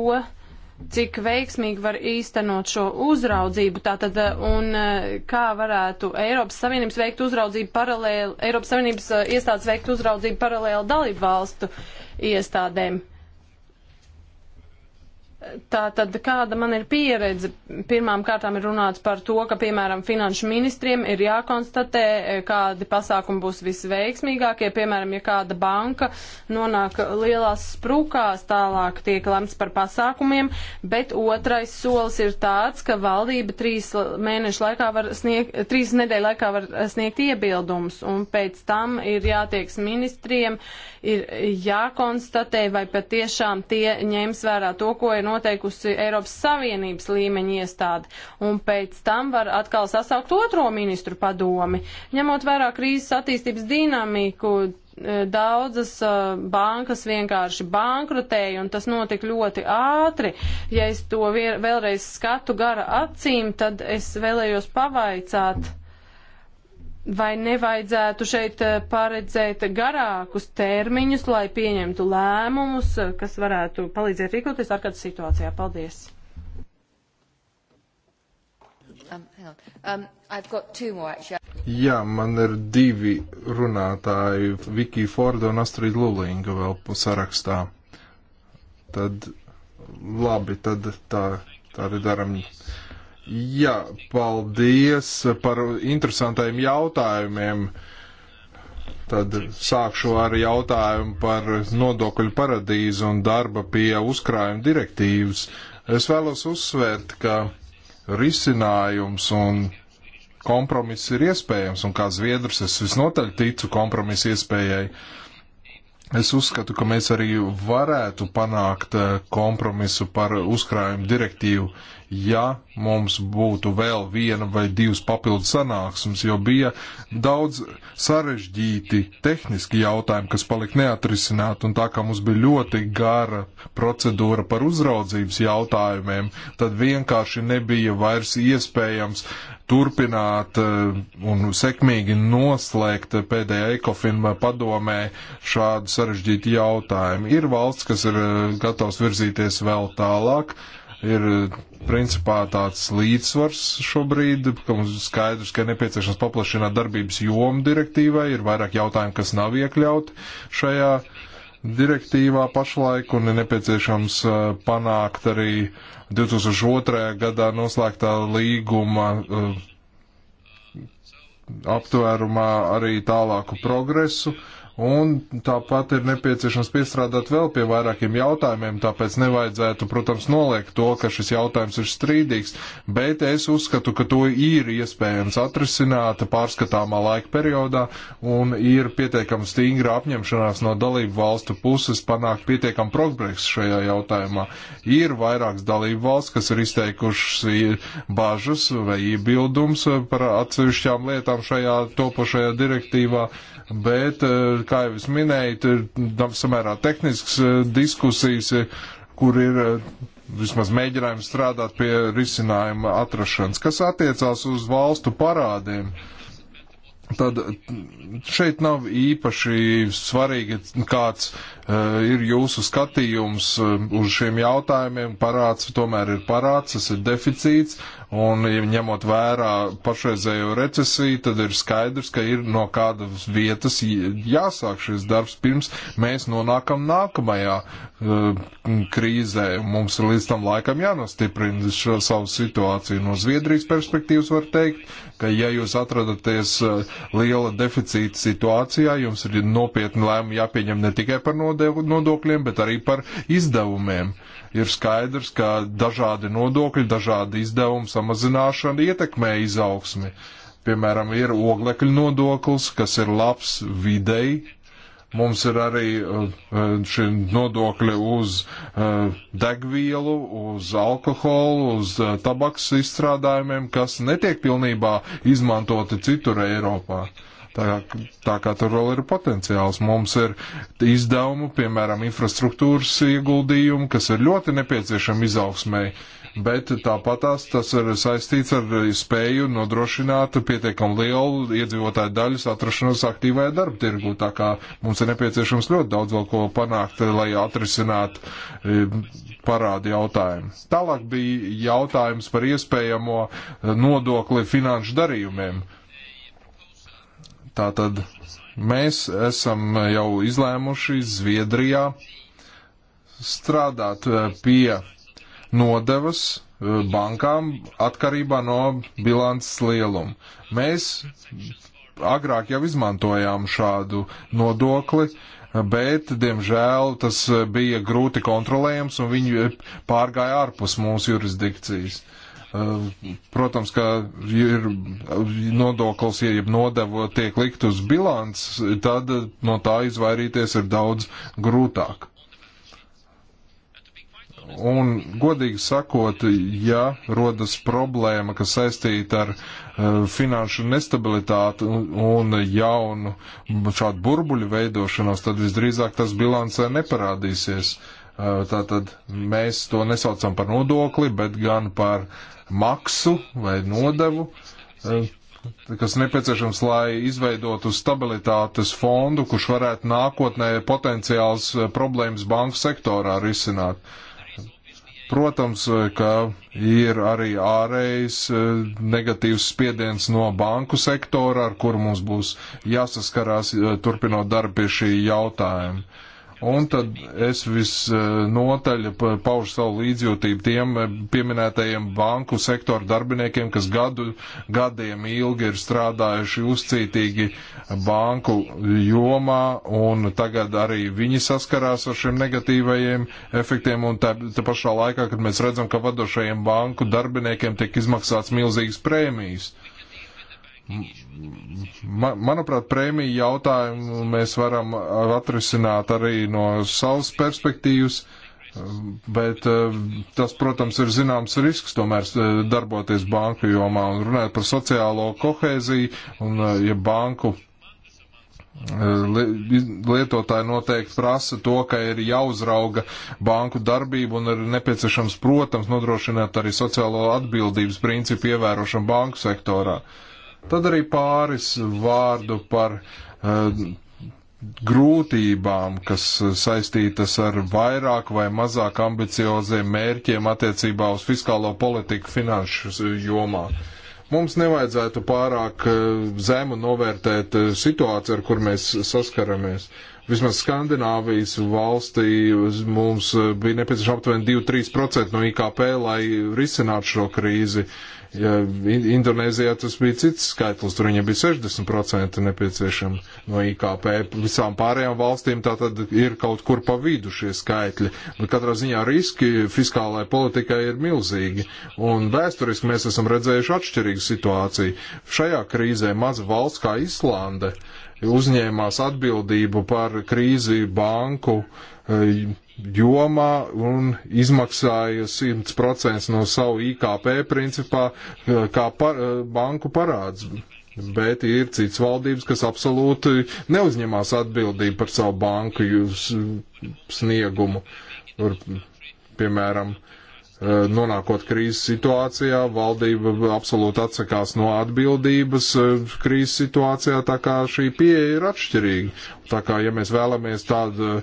cik veiksmīgi var īstenot šo uzraudzību, tātad, eh, un eh, kā varētu Eiropas Savienības veikt uzraudzību paralēli, Eiropas Savienības eh, iestādes veikt uzraudzību paralēli dalību valstu iestādēm. Uh, Tā tad kāda man ir pieredze? Pirmām kārtām ir runāts par to, ka, piemēram, finanšu ministriem ir jākonstatē, kādi pasākumi būs visveiksmīgākie. Piemēram, ja kāda banka nonāk lielās sprūkās, tālāk tiek lemts par pasākumiem, bet otrais solis ir tāds, ka valdība trīs mēnešu laikā var sniegt, trīs nedēļu laikā var sniegt iebildumus, un pēc tam ir jātieks ministriem, ir jākonstatē, vai patiešām tie ņems vērā to, ko ir noticis noteikusi Eiropas Savienības līmeņa iestāde, un pēc tam var atkal sasaukt otro ministru padomi. Ņemot vērā krīzes attīstības dinamiku, e, daudzas e, bankas vienkārši bankrotēja, un tas notika ļoti ātri. Ja es to vēlreiz skatu gara acīm, tad es vēlējos pavaicāt vai nevajadzētu šeit eh, paredzēt garākus termiņus, lai pieņemtu lēmumus, eh, kas varētu palīdzēt rīkoties ārkārtas situācijā? Paldies! Um, um, more, Jā, man ir divi runātāji, Viki Forda un Astrid Lulinga vēl sarakstā. Tad labi, tad tā, tā arī daram. Uh, Jā, paldies par interesantajiem jautājumiem. Tad sākšu ar jautājumu par nodokļu paradīzu un darba pie uzkrājuma direktīvas. Es vēlos uzsvērt, ka risinājums un kompromiss ir iespējams, un kā zviedrs es visnotaļ ticu kompromisu iespējai. Es uzskatu, ka mēs arī varētu panākt eh, kompromisu par uzkrājumu direktīvu, ja mums būtu vēl viena vai divas papildu sanāksmes, jo bija daudz sarežģīti tehniski jautājumi, kas palika neatrisināti, un tā kā mums bija ļoti gara procedūra par uzraudzības jautājumiem, tad vienkārši nebija vairs iespējams turpināt eh, un sekmīgi noslēgt pēdējā ekofina padomē šādu sarežģītu jautājumu. Ir valsts, kas ir eh, gatavs virzīties vēl tālāk, ir principā tāds līdzsvars šobrīd, ka mums skaidrs, ka ir nepieciešams paplašināt darbības jomu direktīvai, ir vairāk jautājumu, kas nav iekļauti šajā direktīvā pašlaik, un ir nepieciešams uh, panākt arī 2002. gadā noslēgtā līguma uh, aptvērumā arī tālāku progresu. Uh, Un tāpat ir nepieciešams piestrādāt vēl pie vairākiem jautājumiem, tāpēc nevajadzētu, protams, noliegt to, ka šis jautājums ir strīdīgs, bet es uzskatu, ka to ir iespējams atrisināt pārskatāmā laika periodā un ir pietiekami stingra apņemšanās no dalību valstu puses panākt pietiekam progresu šajā jautājumā. Ir vairākas dalību valsts, kas ir izteikušas bažas vai iebildums par atsevišķām lietām šajā topošajā direktīvā bet, eh, kā jau es minēju, ir nu, samērā tehnisks eh, diskusijas, eh, kur ir vismaz mēģinājums strādāt pie risinājuma atrašanas, kas attiecās uz valstu parādiem. Tad mm, šeit nav īpaši svarīgi kāds uh, Eh, ir jūsu skatījums eh, uz šiem jautājumiem? Parāds tomēr ir parāds, tas ir deficīts, un ja ņemot vērā pašreizējo recesiju, tad ir skaidrs, ka ir no kādas vietas jāsāk šis darbs pirms mēs nonākam nākamajā uh, krīzē. Mums ir līdz tam laikam jānostiprina šo savu situāciju. No Zviedrijas perspektīvas var teikt, ka ja jūs atradaties liela deficīta situācijā, jums ir nopietni lēmumi jāpieņem ne tikai par nodokļu, nodokļiem, bet arī par izdevumiem. Ir skaidrs, ka dažādi nodokļi, dažādi izdevumi samazināšana ietekmē izaugsmi. Piemēram, ir oglekļu nodoklis, kas ir labs videi. Mums ir arī uh, uh, šī nodokļa uz uh, degvielu, uz alkoholu, uz tabaks izstrādājumiem, kas netiek pilnībā izmantoti citur Eiropā. Uh, Tā, tā kā tur vēl ir potenciāls. Mums ir izdevumu, piemēram, infrastruktūras ieguldījumu, kas ir ļoti nepieciešami izaugsmēji, bet tāpatās tas ir saistīts ar spēju nodrošināt pietiekam lielu iedzīvotāju daļas atrašanos aktīvajā darba tirgu. Tā kā mums ir nepieciešams ļoti daudz vēl ko panākt, lai atrisināt e, parādu jautājumu. Tālāk bija jautājums par iespējamo nodokli finanšu darījumiem. Tātad mēs esam jau izlēmuši Zviedrijā strādāt eh, pie nodevas eh, bankām atkarībā no bilances lieluma. Mēs agrāk jau izmantojām šādu nodokli, eh, bet, diemžēl, tas bija grūti kontrolējams un viņi pārgāja ārpus mūsu jurisdikcijas. Uh, Um, protams, ka ir nodoklis, ja nodevo tiek likt uz bilants, tad no tā izvairīties ir daudz grūtāk. Un, godīgi sakot, ja rodas problēma, kas saistīta ar uh, finanšu nestabilitāti un, un jaunu šādu burbuļu veidošanos, tad visdrīzāk tas bilancē neparādīsies. Uh, Eh, tātad mēs to nesaucam par nodokli, bet gan par maksu vai nodevu, eh, kas nepieciešams, lai izveidotu stabilitātes fondu, kurš varētu nākotnē potenciāls eh, problēmas banku sektorā risināt. Protams, ka ir arī ārējs negatīvs spiediens no banku sektora, ar kuru mums būs jāsaskarās, turpinot darbu pie šī jautājuma. Un tad es visnotaļ paužu savu līdzjūtību tiem eh, pieminētajiem banku sektoru darbiniekiem, kas gadu, gadiem ilgi ir strādājuši uzcītīgi banku jomā, un tagad arī viņi saskarās ar šiem negatīvajiem efektiem, un te, te pašā laikā, kad mēs redzam, ka vadošajiem banku darbiniekiem tiek izmaksāts milzīgas prēmijas. Uh, Manuprāt, prēmiju jautājumu mēs varam atrisināt arī no savas perspektīvas, bet eh, tas, protams, ir zināms risks tomēr eh, darboties banku jomā un runājot par sociālo kohēziju un eh, ja banku lietotāji noteikti prasa to, ka ir jāuzrauga banku darbību un ir nepieciešams, protams, nodrošināt arī sociālo atbildības principu ievērošanu banku sektorā. Uh, Tad arī pāris vārdu par uh, grūtībām, kas saistītas ar vairāk vai mazāk ambicioziem mērķiem attiecībā uz fiskālo politiku finanšu jomā. Mums nevajadzētu pārāk eh, zemu novērtēt eh, situāciju, ar kur mēs saskaramies. Vismaz Skandināvijas valstī mums bija nepieciešama aptuveni 2-3% no IKP, lai risinātu šo krīzi. Uh, Ja Indonēzijā tas bija cits skaitlis, tur viņiem bija 60% nepieciešama no IKP. Visām pārējām valstīm tā tad ir kaut kur pa vidu šie skaitļi. Bet katrā ziņā riski fiskālai politikai ir milzīgi. Un vēsturiski mēs esam redzējuši atšķirīgu situāciju. Šajā krīzē maza valsts kā Islande uzņēmās atbildību par krīzi banku eh, jomā un izmaksāja 100% no savu IKP principā eh, kā par, eh, banku parāds. Bet ir cits valdības, kas absolūti neuzņemās atbildību par savu banku sniegumu. Tur, piemēram, eh, nonākot krīzes situācijā, valdība absolūti atsakās no atbildības krīzes situācijā, tā kā šī pieeja ir atšķirīga. Tā kā, ja mēs vēlamies tādu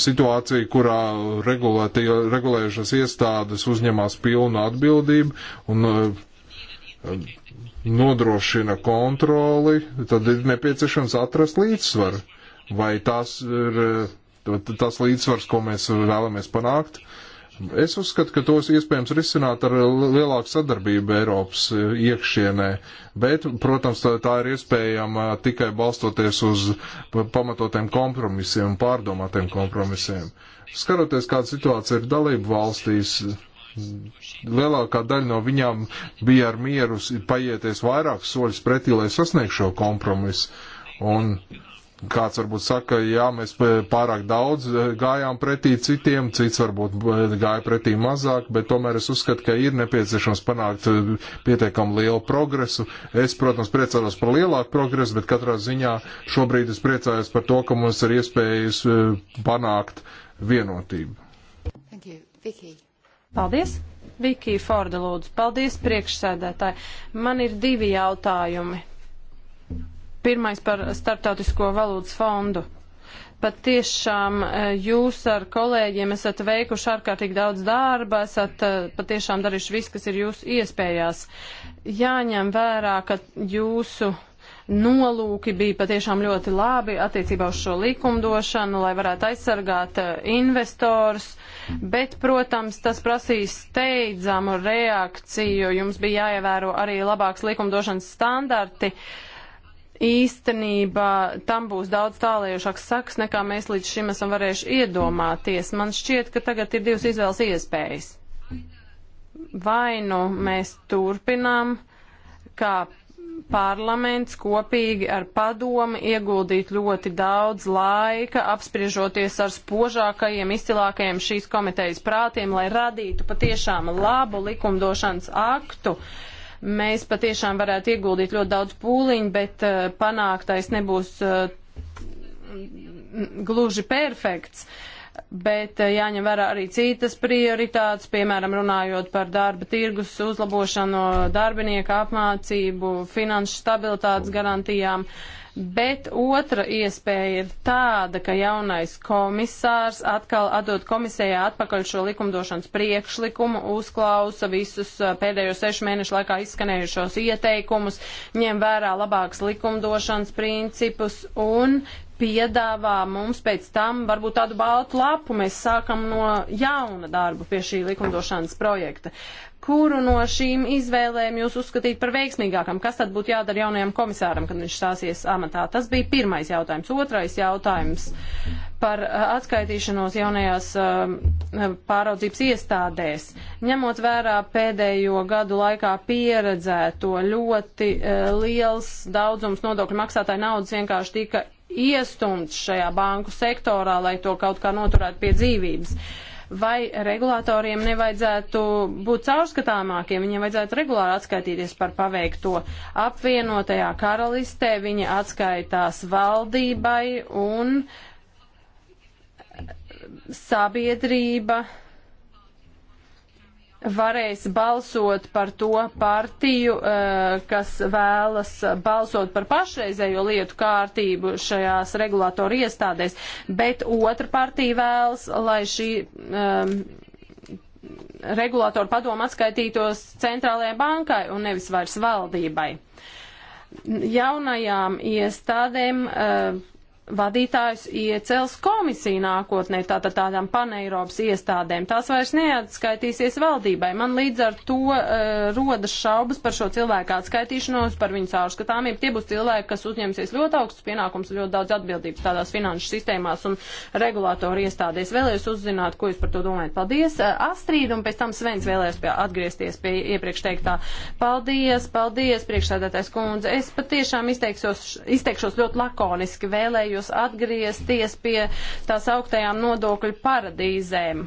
situācija, kurā regulējušas iestādes uzņemās pilnu atbildību un eh, nodrošina kontroli, tad ir nepieciešams atrast līdzsvaru. Vai tas ir eh, tas līdzsvars, ko mēs vēlamies panākt? Uh, Es uzskatu, ka tos iespējams risināt ar lielāku sadarbību Eiropas e, iekšienē, bet, protams, tā ir iespējama tikai balstoties uz pamatotiem kompromisiem un pārdomātiem kompromisiem. Skaroties, kāda situācija ir dalību valstīs, lielākā daļa no viņām bija ar mieru paieties vairākus soļus pretī, lai sasniegtu šo kompromisu. Un Kāds varbūt saka, jā, mēs pārāk daudz eh, gājām pretī citiem, cits varbūt eh, gāja pretī mazāk, bet tomēr es uzskatu, ka ir nepieciešams panākt eh, pietiekam lielu progresu. Es, protams, priecājos par lielāku progresu, bet katrā ziņā šobrīd es priecājos par to, ka mums ir iespējas panākt vienotību. Thank you. Vicky. Paldies! Vikija Forda lūdzu. Paldies priekšsēdētāji. Man ir divi jautājumi. Pirmais par Startautisko valūtas fondu pat tiešām e, jūs ar kolēģiem esat veikuši ārkārtīgi daudz darba, esat e, patiešām darījuši visu, kas ir jūsu iespējās. Jāņem vērā, ka jūsu nolūki bija patiešām ļoti labi attiecībā uz šo likumdošanu, lai varētu aizsargāt e, investors, bet, protams, tas prasīs steidzamu reakciju, jums bija jāievēro arī labāks likumdošanas standarti. Uh, īstenībā tam būs daudz tālējošāks saks, nekā mēs līdz šim esam varējuši iedomāties. Man šķiet, ka tagad ir divas izvēles iespējas. Vai nu mēs turpinām, kā parlaments kopīgi ar padomi ieguldīt ļoti daudz laika, apspriežoties ar spožākajiem, izcilākajiem šīs komitejas prātiem, lai radītu patiešām labu likumdošanas aktu, uh, Mēs patiešām varētu ieguldīt ļoti daudz pūliņu, bet uh, panāktais nebūs uh, gluži perfekts. Bet uh, jāņem vērā arī citas prioritātes, piemēram, runājot par darba tirgus uzlabošanu, darbinieku apmācību, finanšu stabilitātes garantijām. Uh, Bet otra iespēja ir tāda, ka jaunais komisārs atkal atdod komisijā atpakaļ šo likumdošanas priekšlikumu, uzklausa visus uh, pēdējo sešu mēnešu laikā izskanējušos ieteikumus, ņem vērā labāks likumdošanas principus un piedāvā mums pēc tam varbūt tādu baltu lapu. Mēs sākam no jauna darbu pie šī likumdošanas projekta kuru no šīm izvēlēm jūs uzskatīt par veiksmīgākam? Kas tad būtu jādara jaunajam komisāram, kad viņš stāsies amatā? Tas bija pirmais jautājums. Otrais jautājums par uh, atskaitīšanos jaunajās uh, pāraudzības iestādēs. Ņemot vērā pēdējo gadu laikā pieredzēto ļoti uh, liels daudzums nodokļu maksātāju naudas vienkārši tika iestumts šajā banku sektorā, lai to kaut kā noturētu pie dzīvības. Uh, vai regulātoriem nevajadzētu būt caurskatāmākiem, viņiem vajadzētu regulāri atskaitīties par paveikto. Apvienotajā karalistē viņi atskaitās valdībai un sabiedrība varēs balsot par to partiju, uh, kas vēlas balsot par pašreizējo lietu kārtību šajās regulātoru iestādēs, bet otra partija vēlas, lai šī um, regulātoru padoma atskaitītos centrālajai bankai un nevis vairs valdībai. Jaunajām iestādēm uh, vadītājus iecels komisija nākotnē, tātad tādām paneiropas iestādēm. Tās vairs neatskaitīsies valdībai. Man līdz ar to uh, rodas šaubas par šo cilvēku atskaitīšanos, par viņu caurskatāmību. Tie būs cilvēki, kas uzņemsies ļoti augstus pienākumus, ļoti daudz atbildības tādās finanšu sistēmās un regulātoru iestādēs. Vēlējos uzzināt, ko jūs par to domājat. Paldies, uh, Astrid, un pēc tam Svens vēlējos pie, atgriezties pie iepriekš teiktā. Paldies, paldies, priekšsēdētājs kundze. Es patiešām izteikšos, izteikšos ļoti lakoniski vēlēju jūs atgriezties pie tās augtajām nodokļu paradīzēm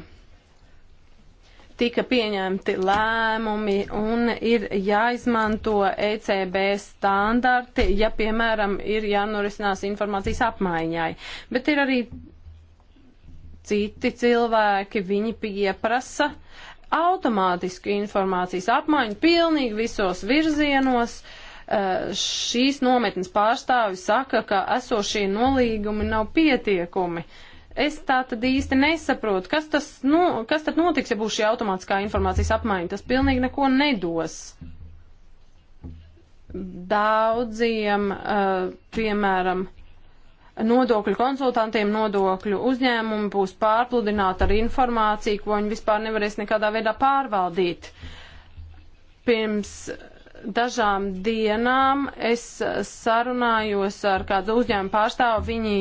tika pieņemti lēmumi un ir jāizmanto ECB standarti, ja, piemēram, ir jānorisinās informācijas apmaiņai. Bet ir arī citi cilvēki, viņi pieprasa automātisku informācijas apmaiņu pilnīgi visos virzienos. Uh, Eh, šīs nometnes pārstāvi saka, ka esošie nolīgumi nav pietiekumi. Es tā tad īsti nesaprotu, kas, tas, nu, kas tad notiks, ja būs šī automātiskā informācijas apmaiņa. Tas pilnīgi neko nedos daudziem, uh, piemēram, nodokļu konsultantiem, nodokļu uzņēmumi būs pārpludināti ar informāciju, ko viņi vispār nevarēs nekādā veidā pārvaldīt. Pirms uh, dažām dienām es sarunājos ar kādu uzņēmumu pārstāvu. Viņi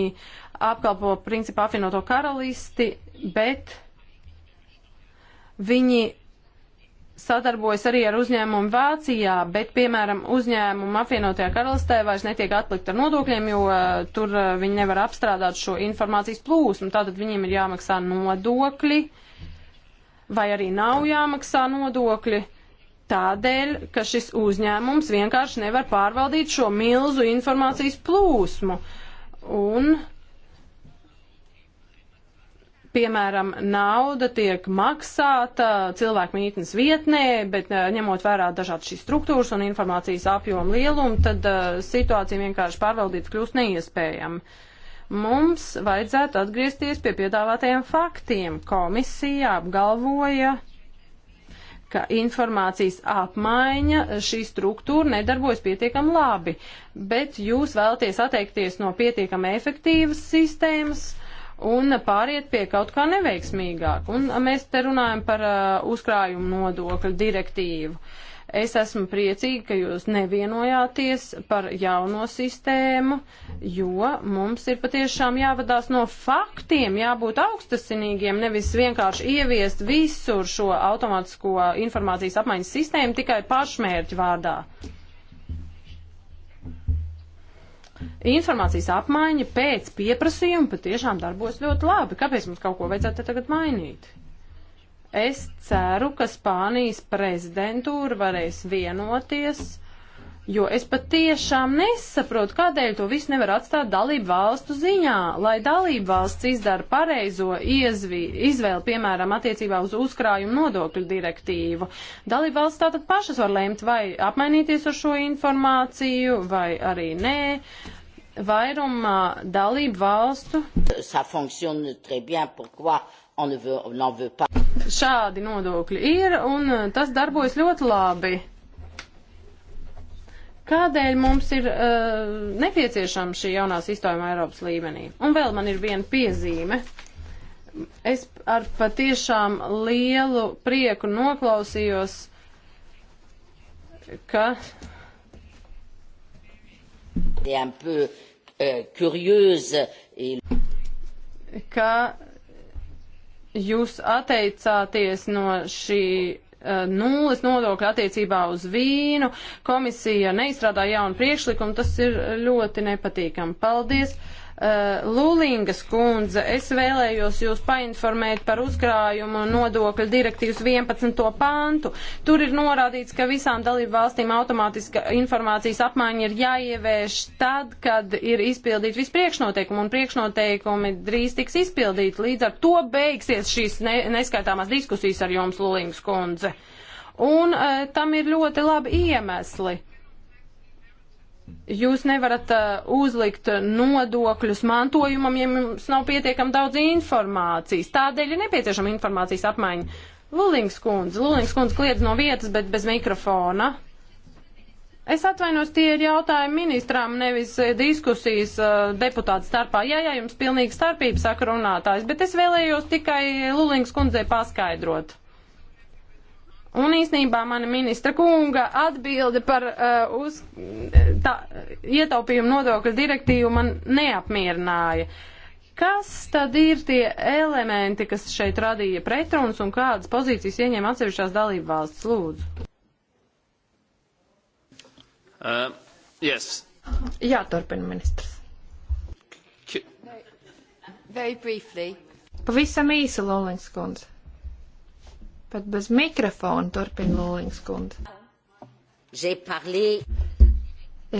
apkalpo principā apvienoto karalisti, bet viņi sadarbojas arī ar uzņēmumu Vācijā, bet, piemēram, uzņēmumu apvienotajā karalistē vairs netiek atlikt ar nodokļiem, jo uh, tur uh, viņi nevar apstrādāt šo informācijas plūsmu. Tātad viņiem ir jāmaksā nodokļi vai arī nav jāmaksā nodokļi. Uh, Tādēļ, ka šis uzņēmums vienkārši nevar pārvaldīt šo milzu informācijas plūsmu. Un, piemēram, nauda tiek maksāta cilvēku mītnes vietnē, bet eh, ņemot vērā dažādas šīs struktūras un informācijas apjomu lielumu, tad uh, situācija vienkārši pārvaldīt kļūst neiespējama mums vajadzētu atgriezties pie piedāvātajiem faktiem. Komisija apgalvoja, ka informācijas apmaiņa šī struktūra nedarbojas pietiekami labi, bet jūs vēlaties atteikties no pietiekami efektīvas sistēmas un pāriet pie kaut kā neveiksmīgāk. Un mēs te runājam par uh, uzkrājumu nodokļu direktīvu. Uh, Es esmu priecīga, ka jūs nevienojāties par jauno sistēmu, jo mums ir patiešām jāvadās no faktiem, jābūt augstasinīgiem, nevis vienkārši ieviest visur šo automātisko informācijas apmaiņas sistēmu tikai pašmērķu vārdā. Informācijas apmaiņa pēc pieprasījuma patiešām darbos ļoti labi. Kāpēc mums kaut ko vajadzētu tagad mainīt? Es ceru, ka Spānijas prezidentūra varēs vienoties, jo es patiešām nesaprotu, kādēļ to visu nevar atstāt dalību valstu ziņā, lai dalību valsts izdara pareizo iezvi, izvēli, piemēram, attiecībā uz uzkrājumu nodokļu direktīvu. Dalību valsts tātad pašas var lēmt, vai apmainīties ar šo informāciju, vai arī nē vairumā dalību valstu šādi nodokļi ir, un eh, tas darbojas ļoti labi. Kādēļ mums ir uh, nepieciešama šī jaunā sistēma Eiropas līmenī? Un vēl man ir viena piezīme. Es ar patiešām lielu prieku noklausījos, ka. Un peu, uh, curieuse et... ka Jūs atteicāties no šī eh, nulles nodokļa attiecībā uz vīnu, komisija neizstrādā jaunu priekšlikumu, tas ir ļoti nepatīkami. Paldies! Eh, Lūlingas kundze, es vēlējos jūs painformēt par uzkrājumu nodokļu direktīvas 11. pantu. Tur ir norādīts, ka visām dalību valstīm automātiska informācijas apmaiņa ir jāievērš tad, kad ir izpildīti vispriekšnoteikumi, un priekšnoteikumi drīz tiks izpildīti. Līdz ar to beigsies šīs ne neskaitāmās diskusijas ar jums, Lūlingas kundze. Un e, tam ir ļoti labi iemesli. Jūs nevarat uh, uzlikt nodokļus mantojumam, ja jums nav pietiekami daudz informācijas. Tādēļ ir nepieciešama informācijas apmaiņa. Lulings kundze, Lulings kundze kliedz no vietas, bet bez mikrofona. Es atvainos, tie ir jautājumi ministrām, nevis eh, diskusijas uh, deputātu starpā. Jā, jā, jums pilnīgi starpība saka runātājs, bet es vēlējos tikai Lulings kundzei paskaidrot. Un īsnībā mana ministra kunga atbilde par uh, uz, tā, ietaupījumu nodokļu direktīvu man neapmierināja. Kas tad ir tie elementi, kas šeit radīja pretruns un kādas pozīcijas ieņēma atsevišķās dalību valsts lūdzu? Uh, yes. Jā, turpina ministrs. K Very briefly. Pavisam īsi, Lolins kundze. Pat bez mikrofona turpina Lūlings kundze.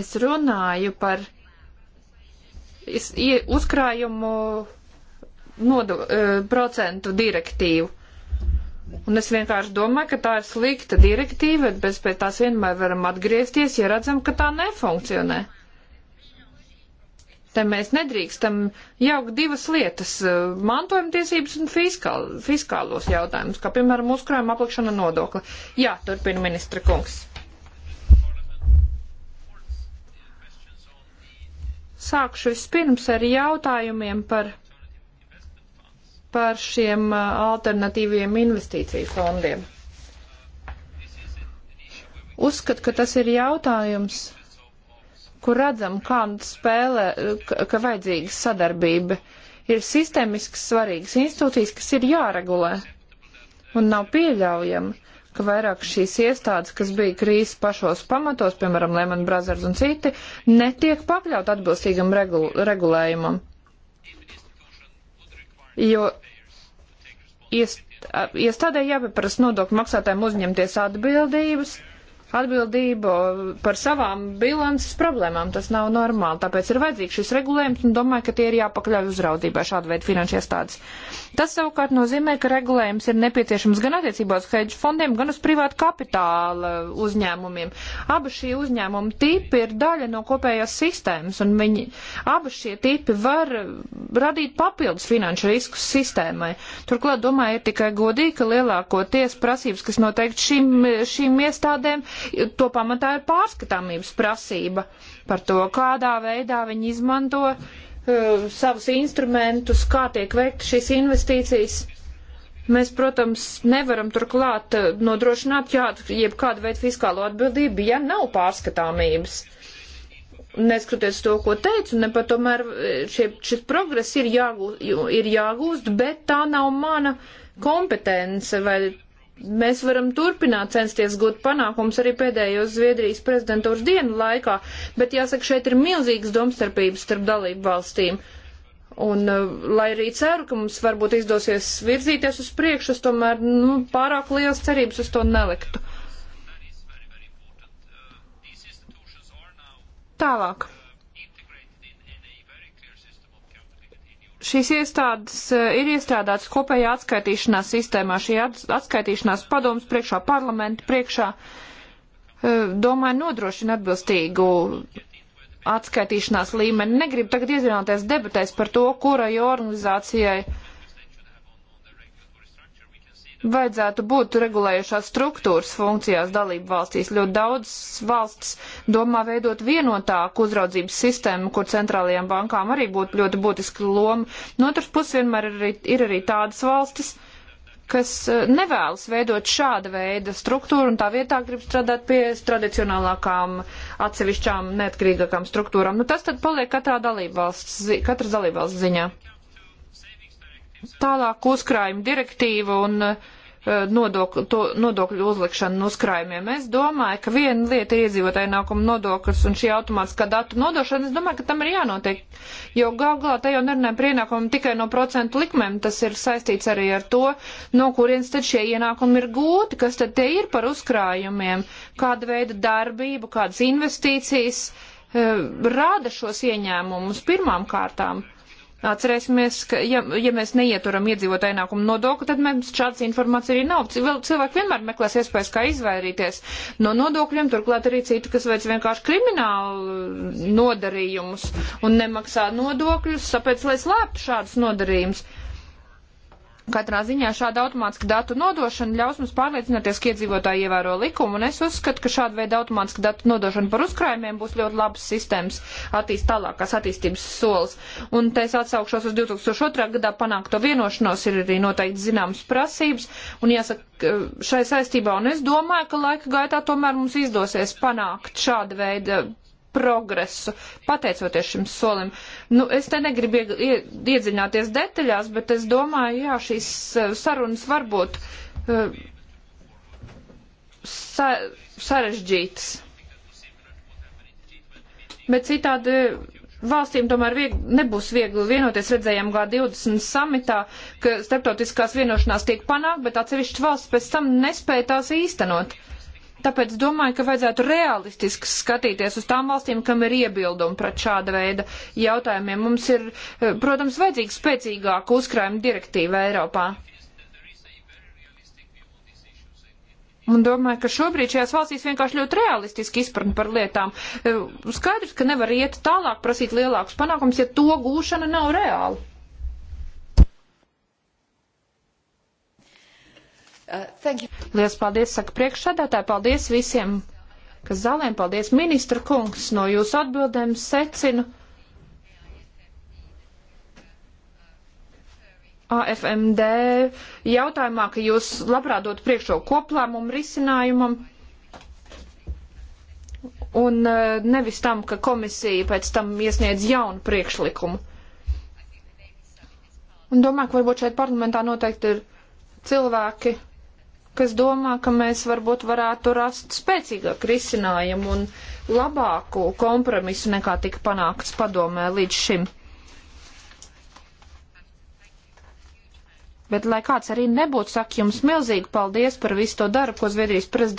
Es runāju par uzkrājumu nodu, e, procentu direktīvu. Un es vienkārši domāju, ka tā ir slikta direktīva, bet bez pēc tās vienmēr varam atgriezties, ja redzam, ka tā nefunkcionē. Te mēs nedrīkstam jaukt divas lietas - mantojumtiesības un fiskāl, fiskālos jautājumus, kā piemēram uzkrājuma aplikšana nodokli. Jā, turpina ministra kungs. Sākšu vispirms ar jautājumiem par, par šiem uh, alternatīviem investīciju fondiem. Uzskat, ka tas ir jautājums kur redzam, kā spēlē, ka, ka vajadzīga sadarbība. Ir sistēmiski svarīgas institūcijas, kas ir jāregulē. Un nav pieļaujami, ka vairāk šīs iestādes, kas bija krīzes pašos pamatos, piemēram, Lehman Brothers un citi, netiek pakļaut atbilstīgam regul regulējumam. Jo iest, iestādē jāpieprasa nodokļu maksātājiem uzņemties atbildības atbildību par savām bilances problēmām. Tas nav normāli, tāpēc ir vajadzīgs šis regulējums un domāju, ka tie ir jāpakļauj uzraudzībai šāda veida finanšu iestādes. Tas savukārt nozīmē, ka regulējums ir nepieciešams gan attiecībā uz hedge fondiem, gan uz privātu kapitāla uzņēmumiem. Abi šie uzņēmumi tipi ir daļa no kopējās sistēmas un viņi, abi šie tipi var radīt papildus finanšu riskus sistēmai. Turklāt, domāju, ir tikai godīgi, ka lielākoties prasības, kas noteikti šīm, šīm iestādēm, to pamatā ir pārskatāmības prasība par to, kādā veidā viņi izmanto uh, savus instrumentus, kā tiek veikta šīs investīcijas. Mēs, protams, nevaram turklāt uh, nodrošināt jā, jebkādu veidu fiskālo atbildību, ja nav pārskatāmības. Neskatoties to, ko teicu, ne pat tomēr uh, šie, šis progress ir, jāgū, ir jāgūst, bet tā nav mana kompetence vai mēs varam turpināt censties gūt panākums arī pēdējos Zviedrijas prezidentūras dienu laikā, bet jāsaka, šeit ir milzīgas domstarpības starp dalību valstīm. Un, uh, lai arī ceru, ka mums varbūt izdosies virzīties uz priekšu, es tomēr nu, pārāk liels cerības uz to neliktu. Tālāk. Šīs iestādes eh, ir iestrādātas kopējā atskaitīšanās sistēmā, šī atskaitīšanās padoms priekšā, parlamentu priekšā, eh, domāju, nodrošina atbilstīgu atskaitīšanās līmeni. Negribu tagad iezināties debatēs par to, kurai organizācijai uh, vajadzētu būt regulējušās struktūras funkcijās dalību valstīs. Ļoti daudz valsts domā veidot vienotāku uzraudzības sistēmu, kur centrālajām bankām arī būtu ļoti būtiska loma. No otras puses vienmēr ir arī, ir arī tādas valstis, kas eh, nevēlas veidot šāda veida struktūru un tā vietā grib strādāt pie tradicionālākām atsevišķām neatkarīgākām struktūrām. Nu, tas tad paliek katrā dalībvalsts, katras dalībvalsts ziņā. Tālāk uzkrājuma direktīva un uh, nodokļu, to, nodokļu uzlikšanu uzkrājumiem. Es domāju, ka viena lieta ir iedzīvotāja nākuma nodoklis un šī automātiskā datu nodošana. Es domāju, ka tam ir jānotiek, jo gal galā te jau nerunājam par ienākumu tikai no procentu likmēm. Tas ir saistīts arī ar to, no kurienes tad šie ienākumi ir gūti, kas tad tie ir par uzkrājumiem, kāda veida darbību, kādas investīcijas eh, rāda šos ieņēmumus pirmām kārtām. Atcerēsimies, ka ja, ja mēs neieturam iedzīvotāju ienākumu nodokli, tad mums šāds informācija arī nav. Cilvēki vienmēr meklēs iespējas, kā izvairīties no nodokļiem, turklāt arī citi, kas veic vienkārši kriminālu nodarījumus un nemaksā nodokļus, tāpēc, lai slēptu šādus nodarījumus. Katrā ziņā šāda automātiska datu nodošana ļaus mums pārliecināties, ka iedzīvotāji ievēro likumu, un es uzskatu, ka šāda veida automātiska datu nodošana par uzkrājumiem būs ļoti labs sistēmas attīst tālākās attīstības solis. Un te es atsaukšos uz 2002. gadā panākto vienošanos, ir arī noteikti zināmas prasības, un jāsaka šai saistībā, un es domāju, ka laika gaitā tomēr mums izdosies panākt šāda veida progresu, pateicoties šim solim. Nu, es te negribu iedziļināties detaļās, bet es domāju, jā, šīs eh, sarunas varbūt uh, eh, sa sarežģītas. Bet citādi Valstīm tomēr vieg nebūs viegli vienoties, redzējām G20 samitā, ka starptautiskās vienošanās tiek panākt, bet atsevišķas valsts pēc tam nespēja tās īstenot. Uh, Tāpēc domāju, ka vajadzētu realistiski skatīties uz tām valstīm, kam ir iebildumi pret šāda veida jautājumiem. Mums ir, eh, protams, vajadzīga spēcīgāka uzkrājuma direktīva Eiropā. Un domāju, ka šobrīd šajās valstīs vienkārši ļoti realistiski izpratni par lietām. Eh, skaidrs, ka nevar iet tālāk, prasīt lielākus panākumus, ja to gūšana nav reāla. Uh, Lielas paldies, saka priekšsēdētāji, paldies visiem, kas zālēm, paldies ministra kungs, no jūsu atbildēm secinu. AFMD jautājumā, ka jūs labprāt dot priekšroku koplēmumu risinājumam un uh, nevis tam, ka komisija pēc tam iesniedz jaunu priekšlikumu. Un domāju, ka varbūt šeit parlamentā noteikti ir cilvēki, kas domā, ka mēs varbūt varētu rast spēcīgāku risinājumu un labāku kompromisu nekā tika panākts padomē līdz šim. Bet, lai kāds arī nebūtu, saka jums milzīgi paldies par visu to darbu, ko Zviedrijas prezidents.